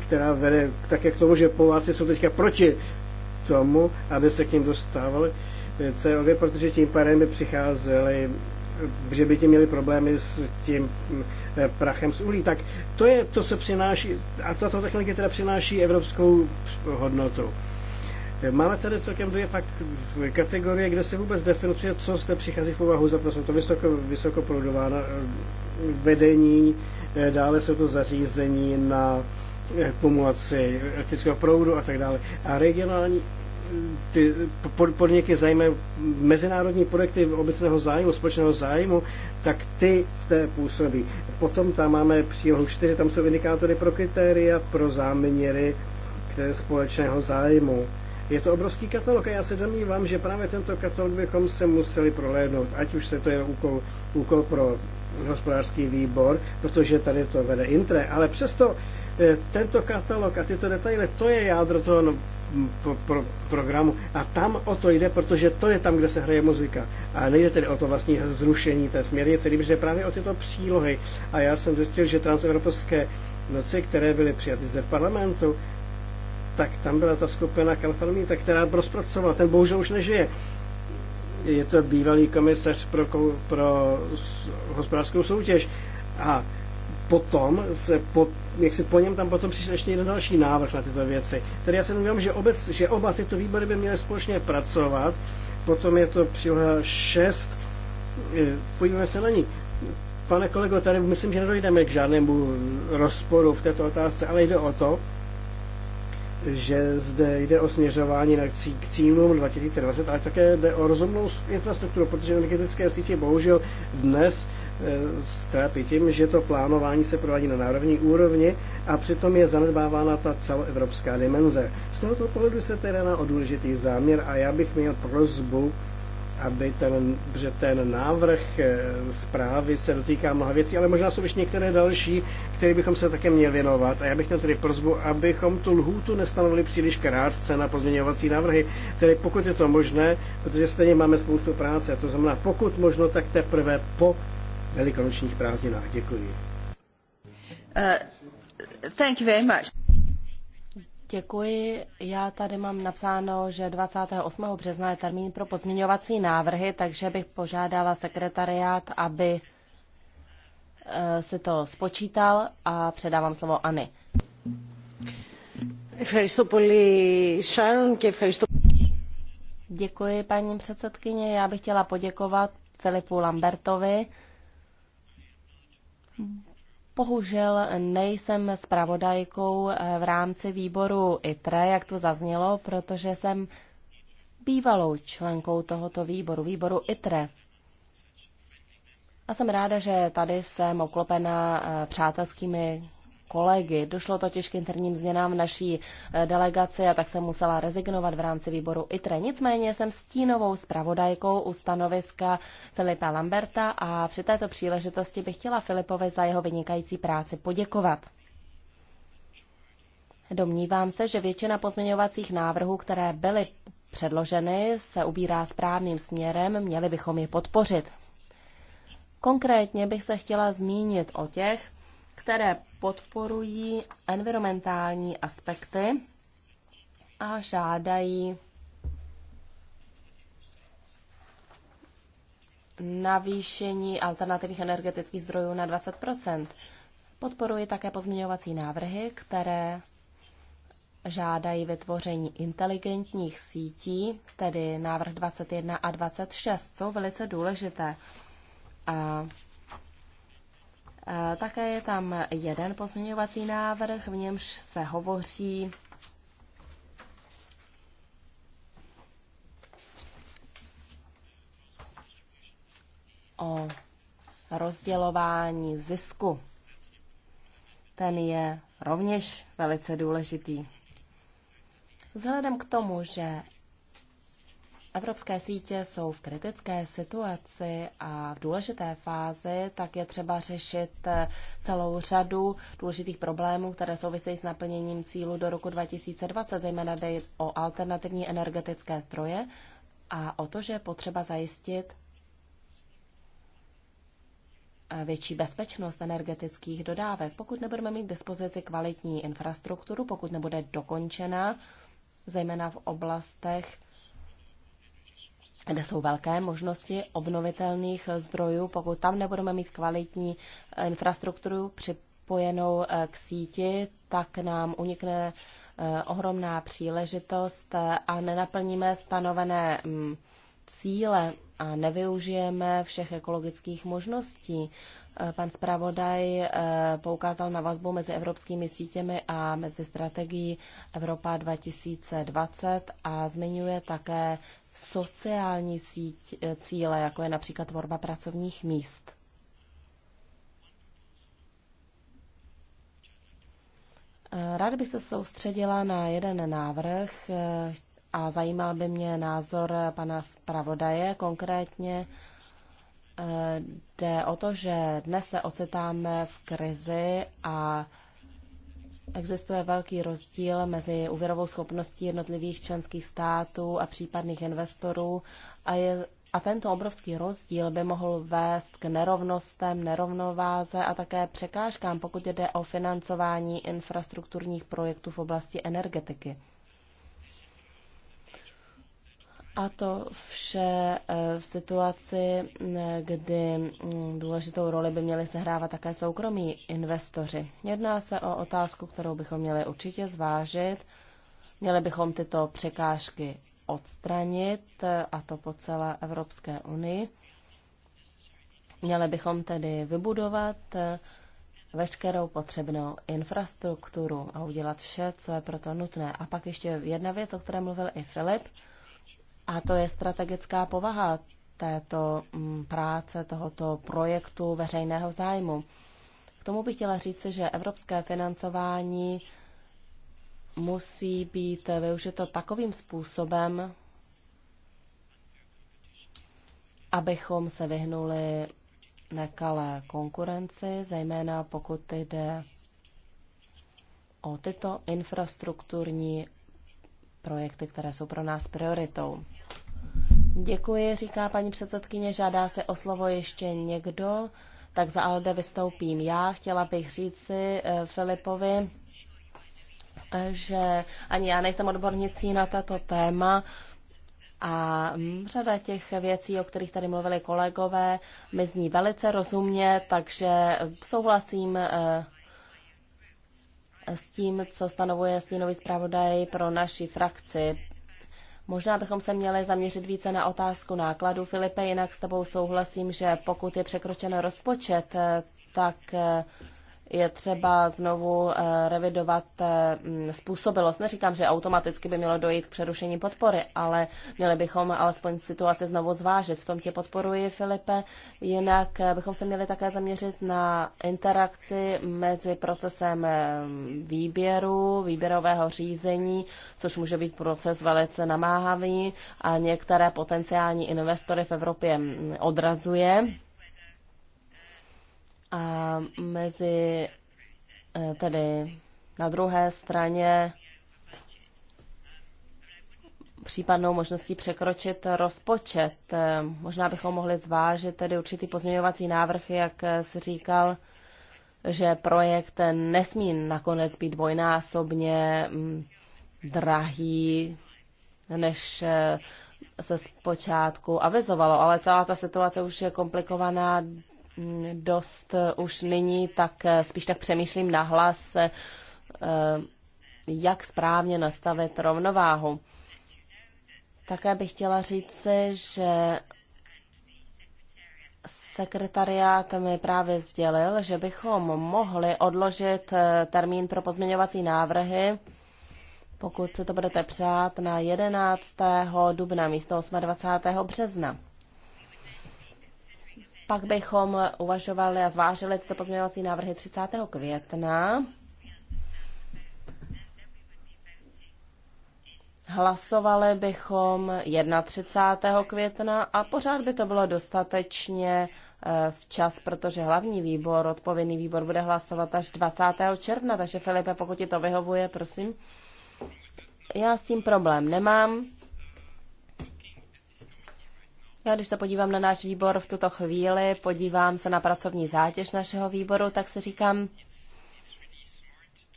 která vede také k tomu, že Poláci jsou teďka proti tomu, aby se k ním dostávali eh, CO2, protože tím pádem by přicházely že by ti měli problémy s tím mm, eh, prachem z uhlí, tak to je to, co přináší, a tato technologie teda přináší evropskou hodnotu. Máme tady celkem dvě fakt kategorie, kde se vůbec definuje, co zde přichází v úvahu. Za to to vysoko, vysokoproudová eh, vedení, eh, dále jsou to zařízení na kumulaci elektrického proudu a tak dále. A regionální ty podniky zajímají mezinárodní projekty obecného zájmu, společného zájmu, tak ty v té působí. Potom tam máme přílohu 4, tam jsou indikátory pro kritéria, pro záměry které společného zájmu. Je to obrovský katalog a já se domnívám, že právě tento katalog bychom se museli prohlédnout, ať už se to je úkol, úkol pro hospodářský výbor, protože tady to vede intre, ale přesto E, tento katalog a tyto detaily, to je jádro toho no, pro, pro, programu a tam o to jde, protože to je tam, kde se hraje muzika. A nejde tedy o to vlastní zrušení té směrnice, jde právě o tyto přílohy. A já jsem zjistil, že transevropské noci, které byly přijaty zde v parlamentu, tak tam byla ta skupina Kalfarmita, která rozpracovala. Ten bohužel už nežije. Je to bývalý komisař pro, pro hospodářskou soutěž. A potom se po, jak se po něm tam potom přišel ještě jeden další návrh na tyto věci. Tedy já se domnívám, že, obec, že oba tyto výbory by měly společně pracovat. Potom je to příloha 6. Podívejme se na ní. Pane kolego, tady myslím, že nedojdeme k žádnému rozporu v této otázce, ale jde o to, že zde jde o směřování na cí, k cílům 2020, ale také jde o rozumnou infrastrukturu, protože energetické sítě bohužel dnes Eh, zkrátit tím, že to plánování se provádí na národní úrovni a přitom je zanedbávána ta celoevropská dimenze. Z tohoto pohledu se teda na odůležitý záměr a já bych měl prozbu, aby ten, že ten návrh eh, zprávy se dotýká mnoha věcí, ale možná jsou ještě některé další, které bychom se také měli věnovat. A já bych měl tedy prozbu, abychom tu lhůtu nestanovili příliš krátce na pozměňovací návrhy, tedy pokud je to možné, protože stejně máme spoustu práce, to znamená pokud možno, tak teprve po velikonočních prázdninách. Děkuji. Uh, thank you very much. Děkuji. Já tady mám napsáno, že 28. března je termín pro pozměňovací návrhy, takže bych požádala sekretariát, aby eh, se to spočítal a předávám slovo Ani. Děkuji, paní předsedkyně. Já bych chtěla poděkovat Filipu Lambertovi Bohužel nejsem zpravodajkou eh, v rámci výboru ITRE, jak to zaznělo, protože jsem bývalou členkou tohoto výboru, výboru ITRE. A jsem ráda, že tady jsem oklopena eh, přátelskými kolegy. Došlo totiž k interním změnám v naší eh, delegaci a tak jsem musela rezignovat v rámci výboru ITRE. Nicméně jsem stínovou zpravodajkou u stanoviska Filipa Lamberta a při této příležitosti bych chtěla Filipovi za jeho vynikající práci poděkovat. Domnívám se, že většina pozměňovacích návrhů, které byly předloženy, se ubírá správným směrem, měli bychom je podpořit. Konkrétně bych se chtěla zmínit o těch, které podporují environmentální aspekty a žádají navýšení alternativních energetických zdrojů na 20 Podporuji také pozměňovací návrhy, které žádají vytvoření inteligentních sítí, tedy návrh 21 a 26, jsou velice důležité. A také je tam jeden pozměňovací návrh, v němž se hovoří o rozdělování zisku. Ten je rovněž velice důležitý. Vzhledem k tomu, že evropské sítě jsou v kritické situaci a v důležité fázi, tak je třeba řešit eh, celou řadu důležitých problémů, které souvisejí s naplněním cílu do roku 2020, zejména jde o alternativní energetické zdroje a o to, že je potřeba zajistit eh, větší bezpečnost energetických dodávek. Pokud nebudeme mít k dispozici kvalitní infrastrukturu, pokud nebude dokončena, zejména v oblastech, kde jsou velké možnosti obnovitelných zdrojů. Pokud tam nebudeme mít kvalitní eh, infrastrukturu připojenou eh, k síti, tak nám unikne eh, ohromná příležitost a nenaplníme stanovené mm, cíle a nevyužijeme všech ekologických možností. Pan zpravodaj poukázal na vazbu mezi evropskými sítěmi a mezi strategií Evropa 2020 a zmiňuje také sociální síť, e, cíle, jako je například tvorba pracovních míst. E, rád by se soustředila na jeden návrh e, a zajímal by mě názor pana zpravodaje. Konkrétně jde o to, že dnes se ocitáme v krizi a Existuje velký rozdíl mezi úvěrovou schopností jednotlivých členských států a případných investorů a, je, a tento obrovský rozdíl by mohl vést k nerovnostem, nerovnováze a také překážkám, pokud jde o financování infrastrukturních projektů v oblasti energetiky. A to vše eh, v situaci, eh, kdy mm, důležitou roli by měli sehrávat také soukromí investoři. Jedná se o otázku, kterou bychom měli určitě zvážit. Měli bychom tyto překážky odstranit, eh, a to po celé Evropské unii. Měli bychom tedy vybudovat veškerou potřebnou infrastrukturu a udělat vše, co je proto nutné. A pak ještě jedna věc, o které mluvil i Filip. A to je strategická povaha této mm, práce, tohoto projektu veřejného zájmu. K tomu bych chtěla říct, že evropské financování musí být využito takovým způsobem, abychom se vyhnuli nekalé konkurenci, zejména pokud jde o tyto infrastrukturní projekty, které jsou pro nás prioritou. Děkuji, říká paní předsedkyně, žádá se o slovo ještě někdo, tak za Alde vystoupím já. Chtěla bych říci eh, Filipovi, že ani já nejsem odbornicí na tato téma, a mm, řada těch věcí, o kterých tady mluvili kolegové, mi zní velice rozumně, takže souhlasím eh, s tím, co stanovuje stínový zpravodaj pro naši frakci. Možná bychom se měli zaměřit více na otázku nákladů. Filipe, jinak s tebou souhlasím, že pokud je překročen rozpočet, tak je třeba znovu eh, revidovat eh, způsobilost. Neříkám, že automaticky by mělo dojít k přerušení podpory, ale měli bychom alespoň situaci znovu zvážit. V tom tě podporuji, Filipe. Jinak eh, bychom se měli také zaměřit na interakci mezi procesem výběru, výběrového řízení, což může být proces velice namáhavý a některé potenciální investory v Evropě mm, odrazuje a mezi eh, tedy na druhé straně případnou možností překročit rozpočet. Eh, možná bychom mohli zvážit tedy určitý pozměňovací návrh, jak eh, se říkal, že projekt nesmí nakonec být dvojnásobně mm, drahý, než se zpočátku avizovalo, ale celá ta situace už je komplikovaná dost už nyní, tak eh, spíš tak přemýšlím nahlas, eh, jak správně nastavit rovnováhu. Také bych chtěla říct, že sekretariát mi právě sdělil, že bychom mohli odložit eh, termín pro pozměňovací návrhy, pokud se to budete přát, na 11. dubna místo 28. března. Pak bychom uvažovali a zvážili tyto pozměňovací návrhy 30. května. Hlasovali bychom 31. května a pořád by to bylo dostatečně eh, včas, protože hlavní výbor, odpovědný výbor bude hlasovat až 20. června, takže Filipe, pokud ti to vyhovuje, prosím. Já s tím problém nemám. Já když se podívám na náš výbor v tuto chvíli, podívám se na pracovní zátěž našeho výboru, tak si říkám,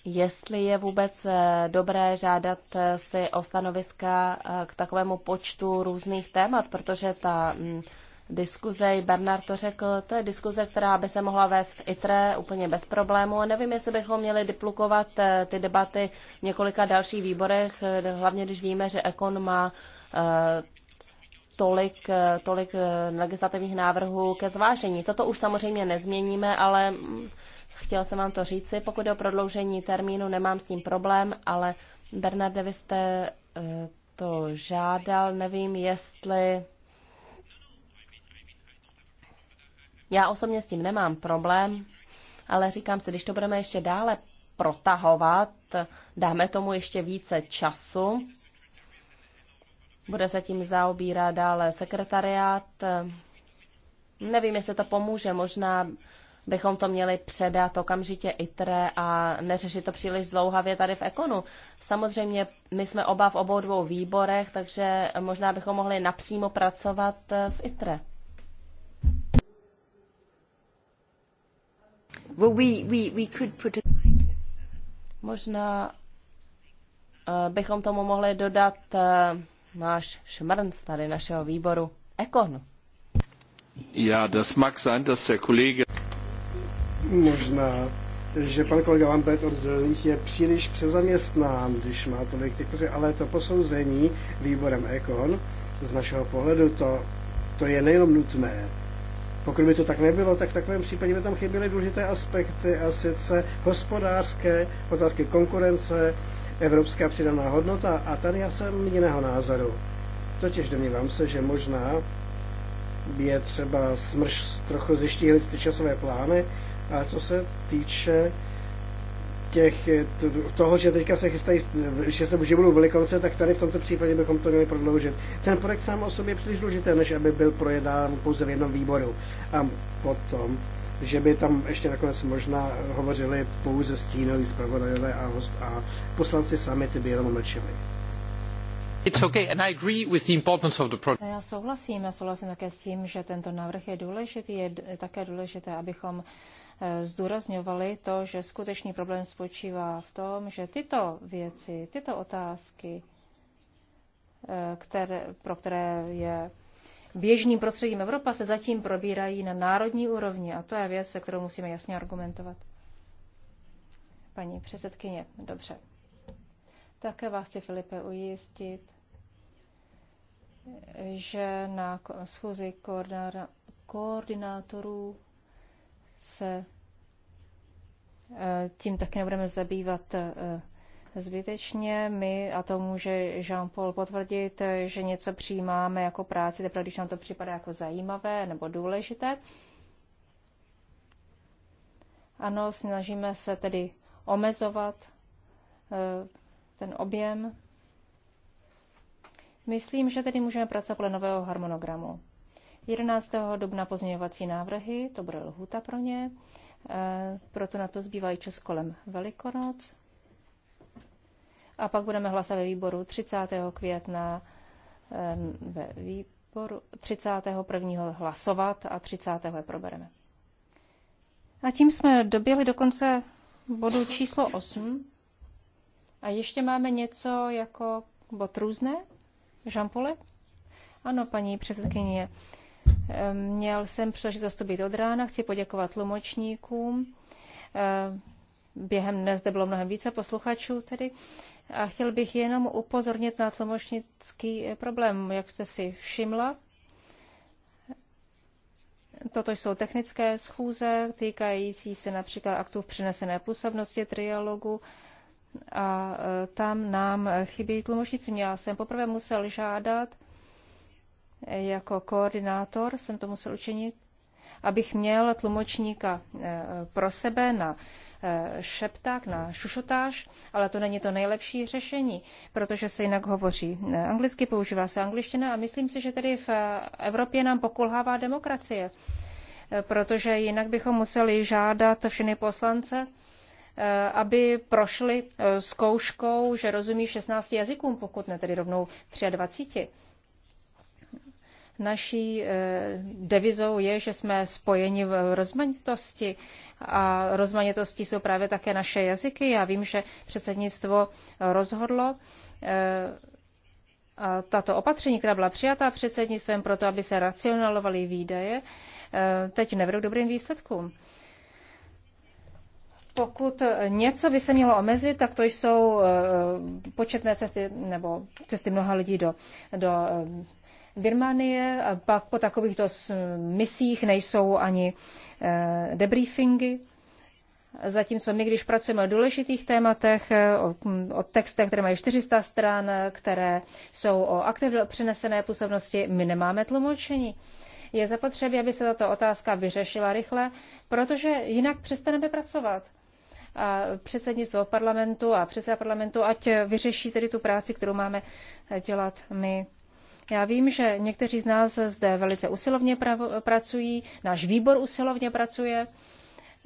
jestli je vůbec eh, dobré žádat eh, si o stanoviska eh, k takovému počtu různých témat, protože ta mm, diskuze, Bernard to řekl, to je diskuze, která by se mohla vést v ITRE úplně bez problému. A nevím, jestli bychom měli diplukovat ty debaty v několika dalších výborech, hlavně když víme, že Ekon má tolik, tolik eh, legislativních návrhů ke zvážení. Toto už samozřejmě nezměníme, ale mm, chtěl jsem vám to říci. Pokud je o prodloužení termínu, nemám s tím problém, ale Bernarde, vy jste eh, to žádal, nevím, jestli... Já osobně s tím nemám problém, ale říkám si, když to budeme ještě dále protahovat, dáme tomu ještě více času, bude se tím zaobírat dále sekretariát. Nevím, jestli to pomůže, možná bychom to měli předat okamžitě ITRE a neřešit to příliš zlouhavě tady v Ekonu. Samozřejmě my jsme oba v obou dvou výborech, takže možná bychom mohli napřímo pracovat eh, v ITRE. Well, we, we, we could put... Možná eh, bychom tomu mohli dodat eh, náš šmrnc tady našeho výboru Ekon. Ja, das mag sein, dass der Kollege... Možná, že pan kolega Lambert od Zelených je příliš přezaměstnán, když má tolik těch, ale to posouzení výborem Ekon, z našeho pohledu, to, to je nejenom nutné, pokud by to tak nebylo, tak v takovém případě by tam chyběly důležité aspekty, a sice hospodářské, otázky konkurence, evropská přidaná hodnota a tady já jsem jiného názoru. Totiž domnívám se, že možná je třeba smrš trochu zeštíhlit ty časové plány, a co se týče těch, toho, že teďka se chystají, že se že budou velikonce, tak tady v tomto případě bychom to měli prodloužit. Ten projekt sám o sobě je příliš důležitý, než aby byl projednán pouze v jednom výboru. A potom že by tam ještě nakonec možná hovořili pouze stínoví zpravodajové a, a poslanci sami ty by jenom It's Okay já souhlasím, já souhlasím také s tím, že tento návrh je důležitý. Je také důležité, abychom eh, zdůrazňovali to, že skutečný problém spočívá v tom, že tyto věci, tyto otázky, eh, které, pro které je běžným prostředím Evropa se zatím probírají na národní úrovni a to je věc, se kterou musíme jasně argumentovat. Paní předsedkyně, dobře. Také vás chci, Filipe, ujistit, že na schůzi koordinátorů se eh, tím také nebudeme zabývat eh, zbytečně. My, a to může Jean-Paul potvrdit, že něco přijímáme jako práci, teprve když nám to připadá jako zajímavé nebo důležité. Ano, snažíme se tedy omezovat eh, ten objem. Myslím, že tedy můžeme pracovat podle nového harmonogramu. 11. dubna pozměňovací návrhy, to bude lhuta pro ně, eh, proto na to zbývají čas kolem Velikonoc a pak budeme hlasovat ve výboru 30. května ve výboru 31. hlasovat a 30. je probereme. A tím jsme dobili do konce bodu číslo 8. A ještě máme něco jako bod různé? jean -Paule? Ano, paní předsedkyně. Měl jsem příležitost být od rána, chci poděkovat tlumočníkům. Během dnes zde bylo mnohem více posluchačů tedy. A chtěl bych jenom upozornit na tlumočnický problém, jak jste si všimla. Toto jsou technické schůze týkající se například aktů v přenesené působnosti, trialogu a e, tam nám chybí tlumočníci. Já jsem poprvé musel žádat e, jako koordinátor, jsem to musel učinit, abych měl tlumočníka e, pro sebe na Eh, šepták, na šušotáž, ale to není to nejlepší řešení, protože se jinak hovoří eh, anglicky, používá se angličtina a myslím si, že tedy v eh, Evropě nám pokulhává demokracie, protože jinak bychom museli žádat všechny poslance, aby prošli zkouškou, že rozumí 16 jazykům, pokud ne tedy rovnou 23. Naší eh, devizou je, že jsme spojeni v rozmanitosti a rozmanitosti jsou právě také naše jazyky. Já vím, že předsednictvo rozhodlo eh, a tato opatření, která byla přijatá předsednictvem proto, aby se racionalovaly výdaje, eh, teď nevedou k dobrým výsledkům. Pokud něco by se mělo omezit, tak to jsou početné cesty nebo cesty mnoha lidí do, do Birmanie a pak po takovýchto misích nejsou ani eh, debriefingy. Zatímco my, když pracujeme o důležitých tématech, eh, o, o textech, které mají 400 stran, které jsou o aktiv přenesené působnosti, my nemáme tlumočení. Je zapotřebí, aby se tato otázka vyřešila rychle, protože jinak přestaneme pracovat. A předsednictvo parlamentu a předseda parlamentu, ať vyřeší tedy tu práci, kterou máme dělat my. Já vím, že někteří z nás zde velice usilovně pracují, náš výbor usilovně pracuje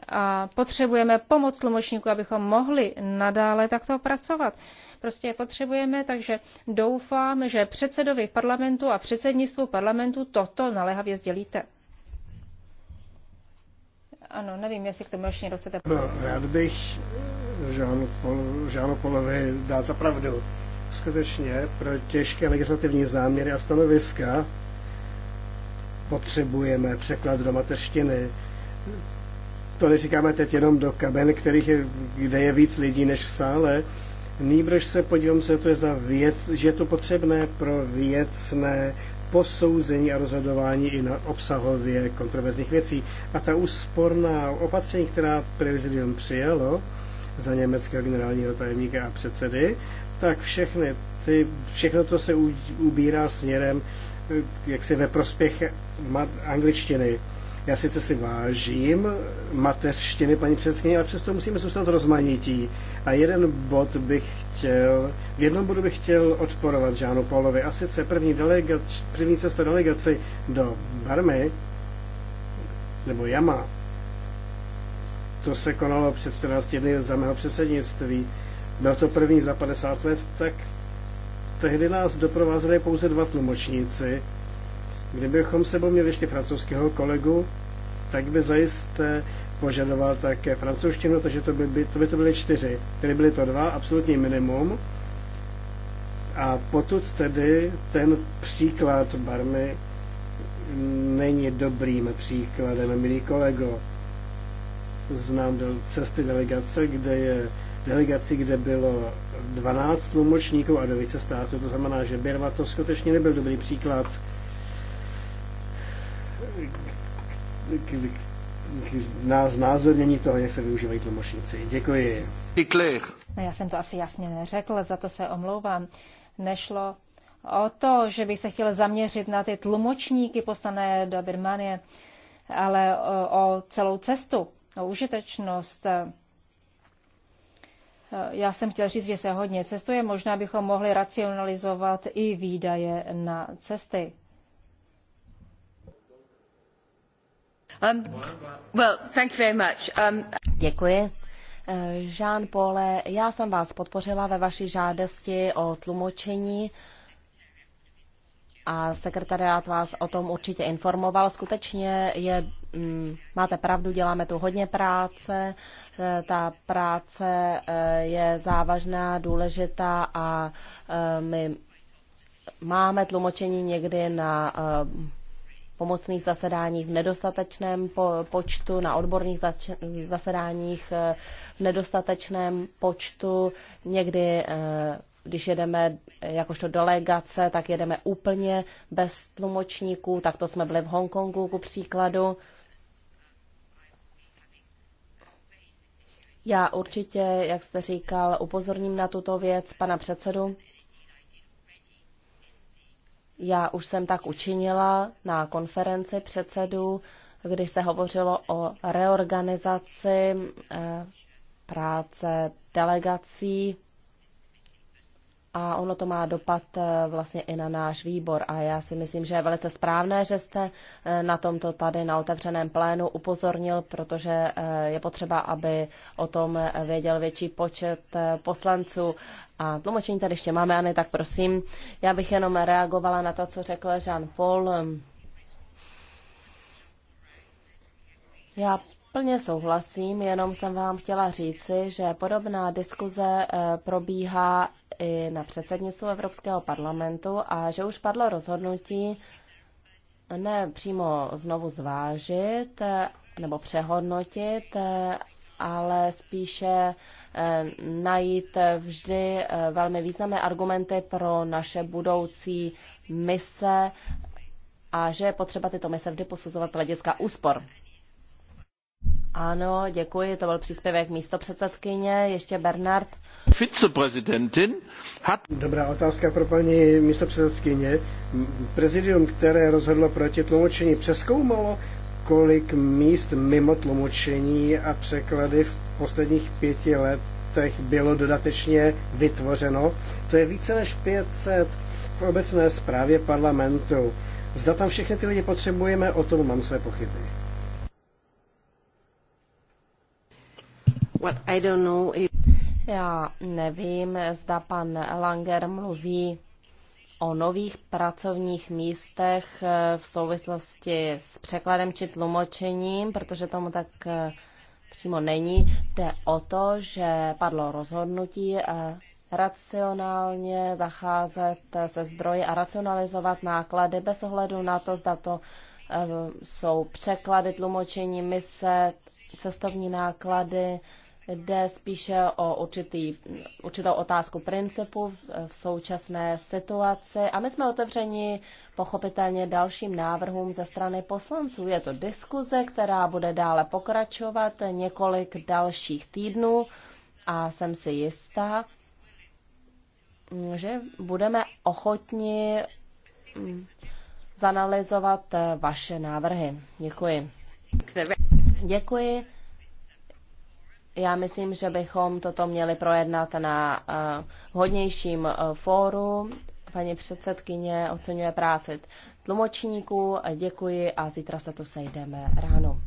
a potřebujeme pomoc tlumočníků, abychom mohli nadále takto pracovat. Prostě potřebujeme, takže doufám, že předsedovi parlamentu a předsednictvu parlamentu toto naléhavě sdělíte. Ano, nevím, jestli k tomu ještě někdo chcete. No, rád bych Žánu Polovi dát za pravdu skutečně pro těžké legislativní záměry a stanoviska potřebujeme překlad do mateřštiny. To neříkáme teď jenom do kaben, kterých je, kde je víc lidí než v sále. Nýbrž se podívám, co to je za věc, že je to potřebné pro věcné posouzení a rozhodování i na obsahově kontroverzních věcí. A ta úsporná opatření, která prezidium přijalo za německého generálního tajemníka a předsedy, tak všechny ty, všechno to se u, ubírá směrem eh, jaksi ve prospěch mat, angličtiny. Já sice si vážím mateřštiny, paní předsedkyně, ale přesto musíme zůstat rozmanití. A jeden bod bych chtěl, v jednom bodu bych chtěl odporovat Žánu Paulovi. A sice první, delegac, první cesta delegaci do Barmy, nebo Jama, to se konalo před 14 dny za mého předsednictví, byl to první za 50 let, tak tehdy nás doprovázeli pouze dva tlumočníci. Kdybychom sebou měli ještě francouzského kolegu, tak by zajisté požadoval také francouzštinu, takže to by, to by to byly čtyři. Tedy byly to dva, absolutní minimum. A potud tedy ten příklad Barmy není dobrým příkladem, milý kolego. Znám cesty delegace, kde je delegaci, kde bylo 12 tlumočníků a do více států. To znamená, že Birma to skutečně nebyl dobrý příklad, k, k, k, na znázornění toho, jak se využívají tlumočníci. Děkuji. No, já jsem to asi jasně neřekl, za to se omlouvám. Nešlo o to, že bych se chtěl zaměřit na ty tlumočníky poslané do Birmanie, ale o, o celou cestu, o užitečnost Eh, já jsem chtěl říct, že se hodně cestuje, možná bychom mohli racionalizovat i výdaje na cesty. Um, well, thank you very much. Um... Děkuji. Eh, Jean Paul, já jsem vás podpořila ve vaší žádosti o tlumočení a sekretariát vás o tom určitě informoval. Skutečně je, mm, máte pravdu, děláme tu hodně práce ta práce eh, je závažná, důležitá a eh, my máme tlumočení někdy na eh, pomocných zasedáních v nedostatečném počtu, na odborných zasedáních v nedostatečném počtu, někdy když jedeme jakožto delegace, tak jedeme úplně bez tlumočníků, tak to jsme byli v Hongkongu ku příkladu. Já určitě, jak jste říkal, upozorním na tuto věc pana předsedu. Já už jsem tak učinila na konferenci předsedů, když se hovořilo o reorganizaci eh, práce delegací a ono to má dopad eh, vlastně i na náš výbor. A já si myslím, že je velice správné, že jste eh, na tomto tady na otevřeném plénu upozornil, protože eh, je potřeba, aby o tom věděl větší počet poslanců. A tlumočení tady ještě máme, Ani, tak prosím. Já bych jenom reagovala na to, co řekl Jean-Paul. Já Plně souhlasím, jenom jsem vám chtěla říci, že podobná diskuze eh, probíhá i na předsednictvu Evropského parlamentu a že už padlo rozhodnutí ne přímo znovu zvážit eh, nebo přehodnotit, eh, ale spíše najít vždy velmi významné argumenty pro naše budoucí mise a že je potřeba tyto mise vždy posuzovat hlediska úspor. Ano, děkuji, to byl příspěvek místo předsedkyně, ještě Bernard. Viceprezidentin hat... Dobrá otázka pro paní místo předsedkyně. Prezidium, které rozhodlo proti tlumočení, přeskoumalo, kolik míst mimo tlumočení a překlady v posledních pěti letech bylo dodatečně vytvořeno. To je více než 500 v obecné zprávě parlamentu. Zda tam všechny ty lidi potřebujeme, o tom mám své pochyby. Já nevím, zda pan Langer mluví o nových pracovních místech eh, v souvislosti s překladem či tlumočením, protože tomu tak eh, přímo není. Jde o to, že padlo rozhodnutí eh, racionálně zacházet se zdroji a racionalizovat náklady bez ohledu na to, zda to jsou překlady, tlumočení, mise, cestovní náklady, Jde spíše o určitý, určitou otázku principu v, v současné situaci a my jsme otevřeni pochopitelně dalším návrhům ze strany poslanců. Je to diskuze, která bude dále pokračovat několik dalších týdnů a jsem si jistá, že budeme ochotni mm, zanalizovat eh, vaše návrhy. Děkuji. Děkuji. Já myslím, že bychom toto měli projednat na eh, hodnějším eh, fóru. Paní předsedkyně oceňuje práci tlumočníků. Děkuji a zítra se tu sejdeme ráno.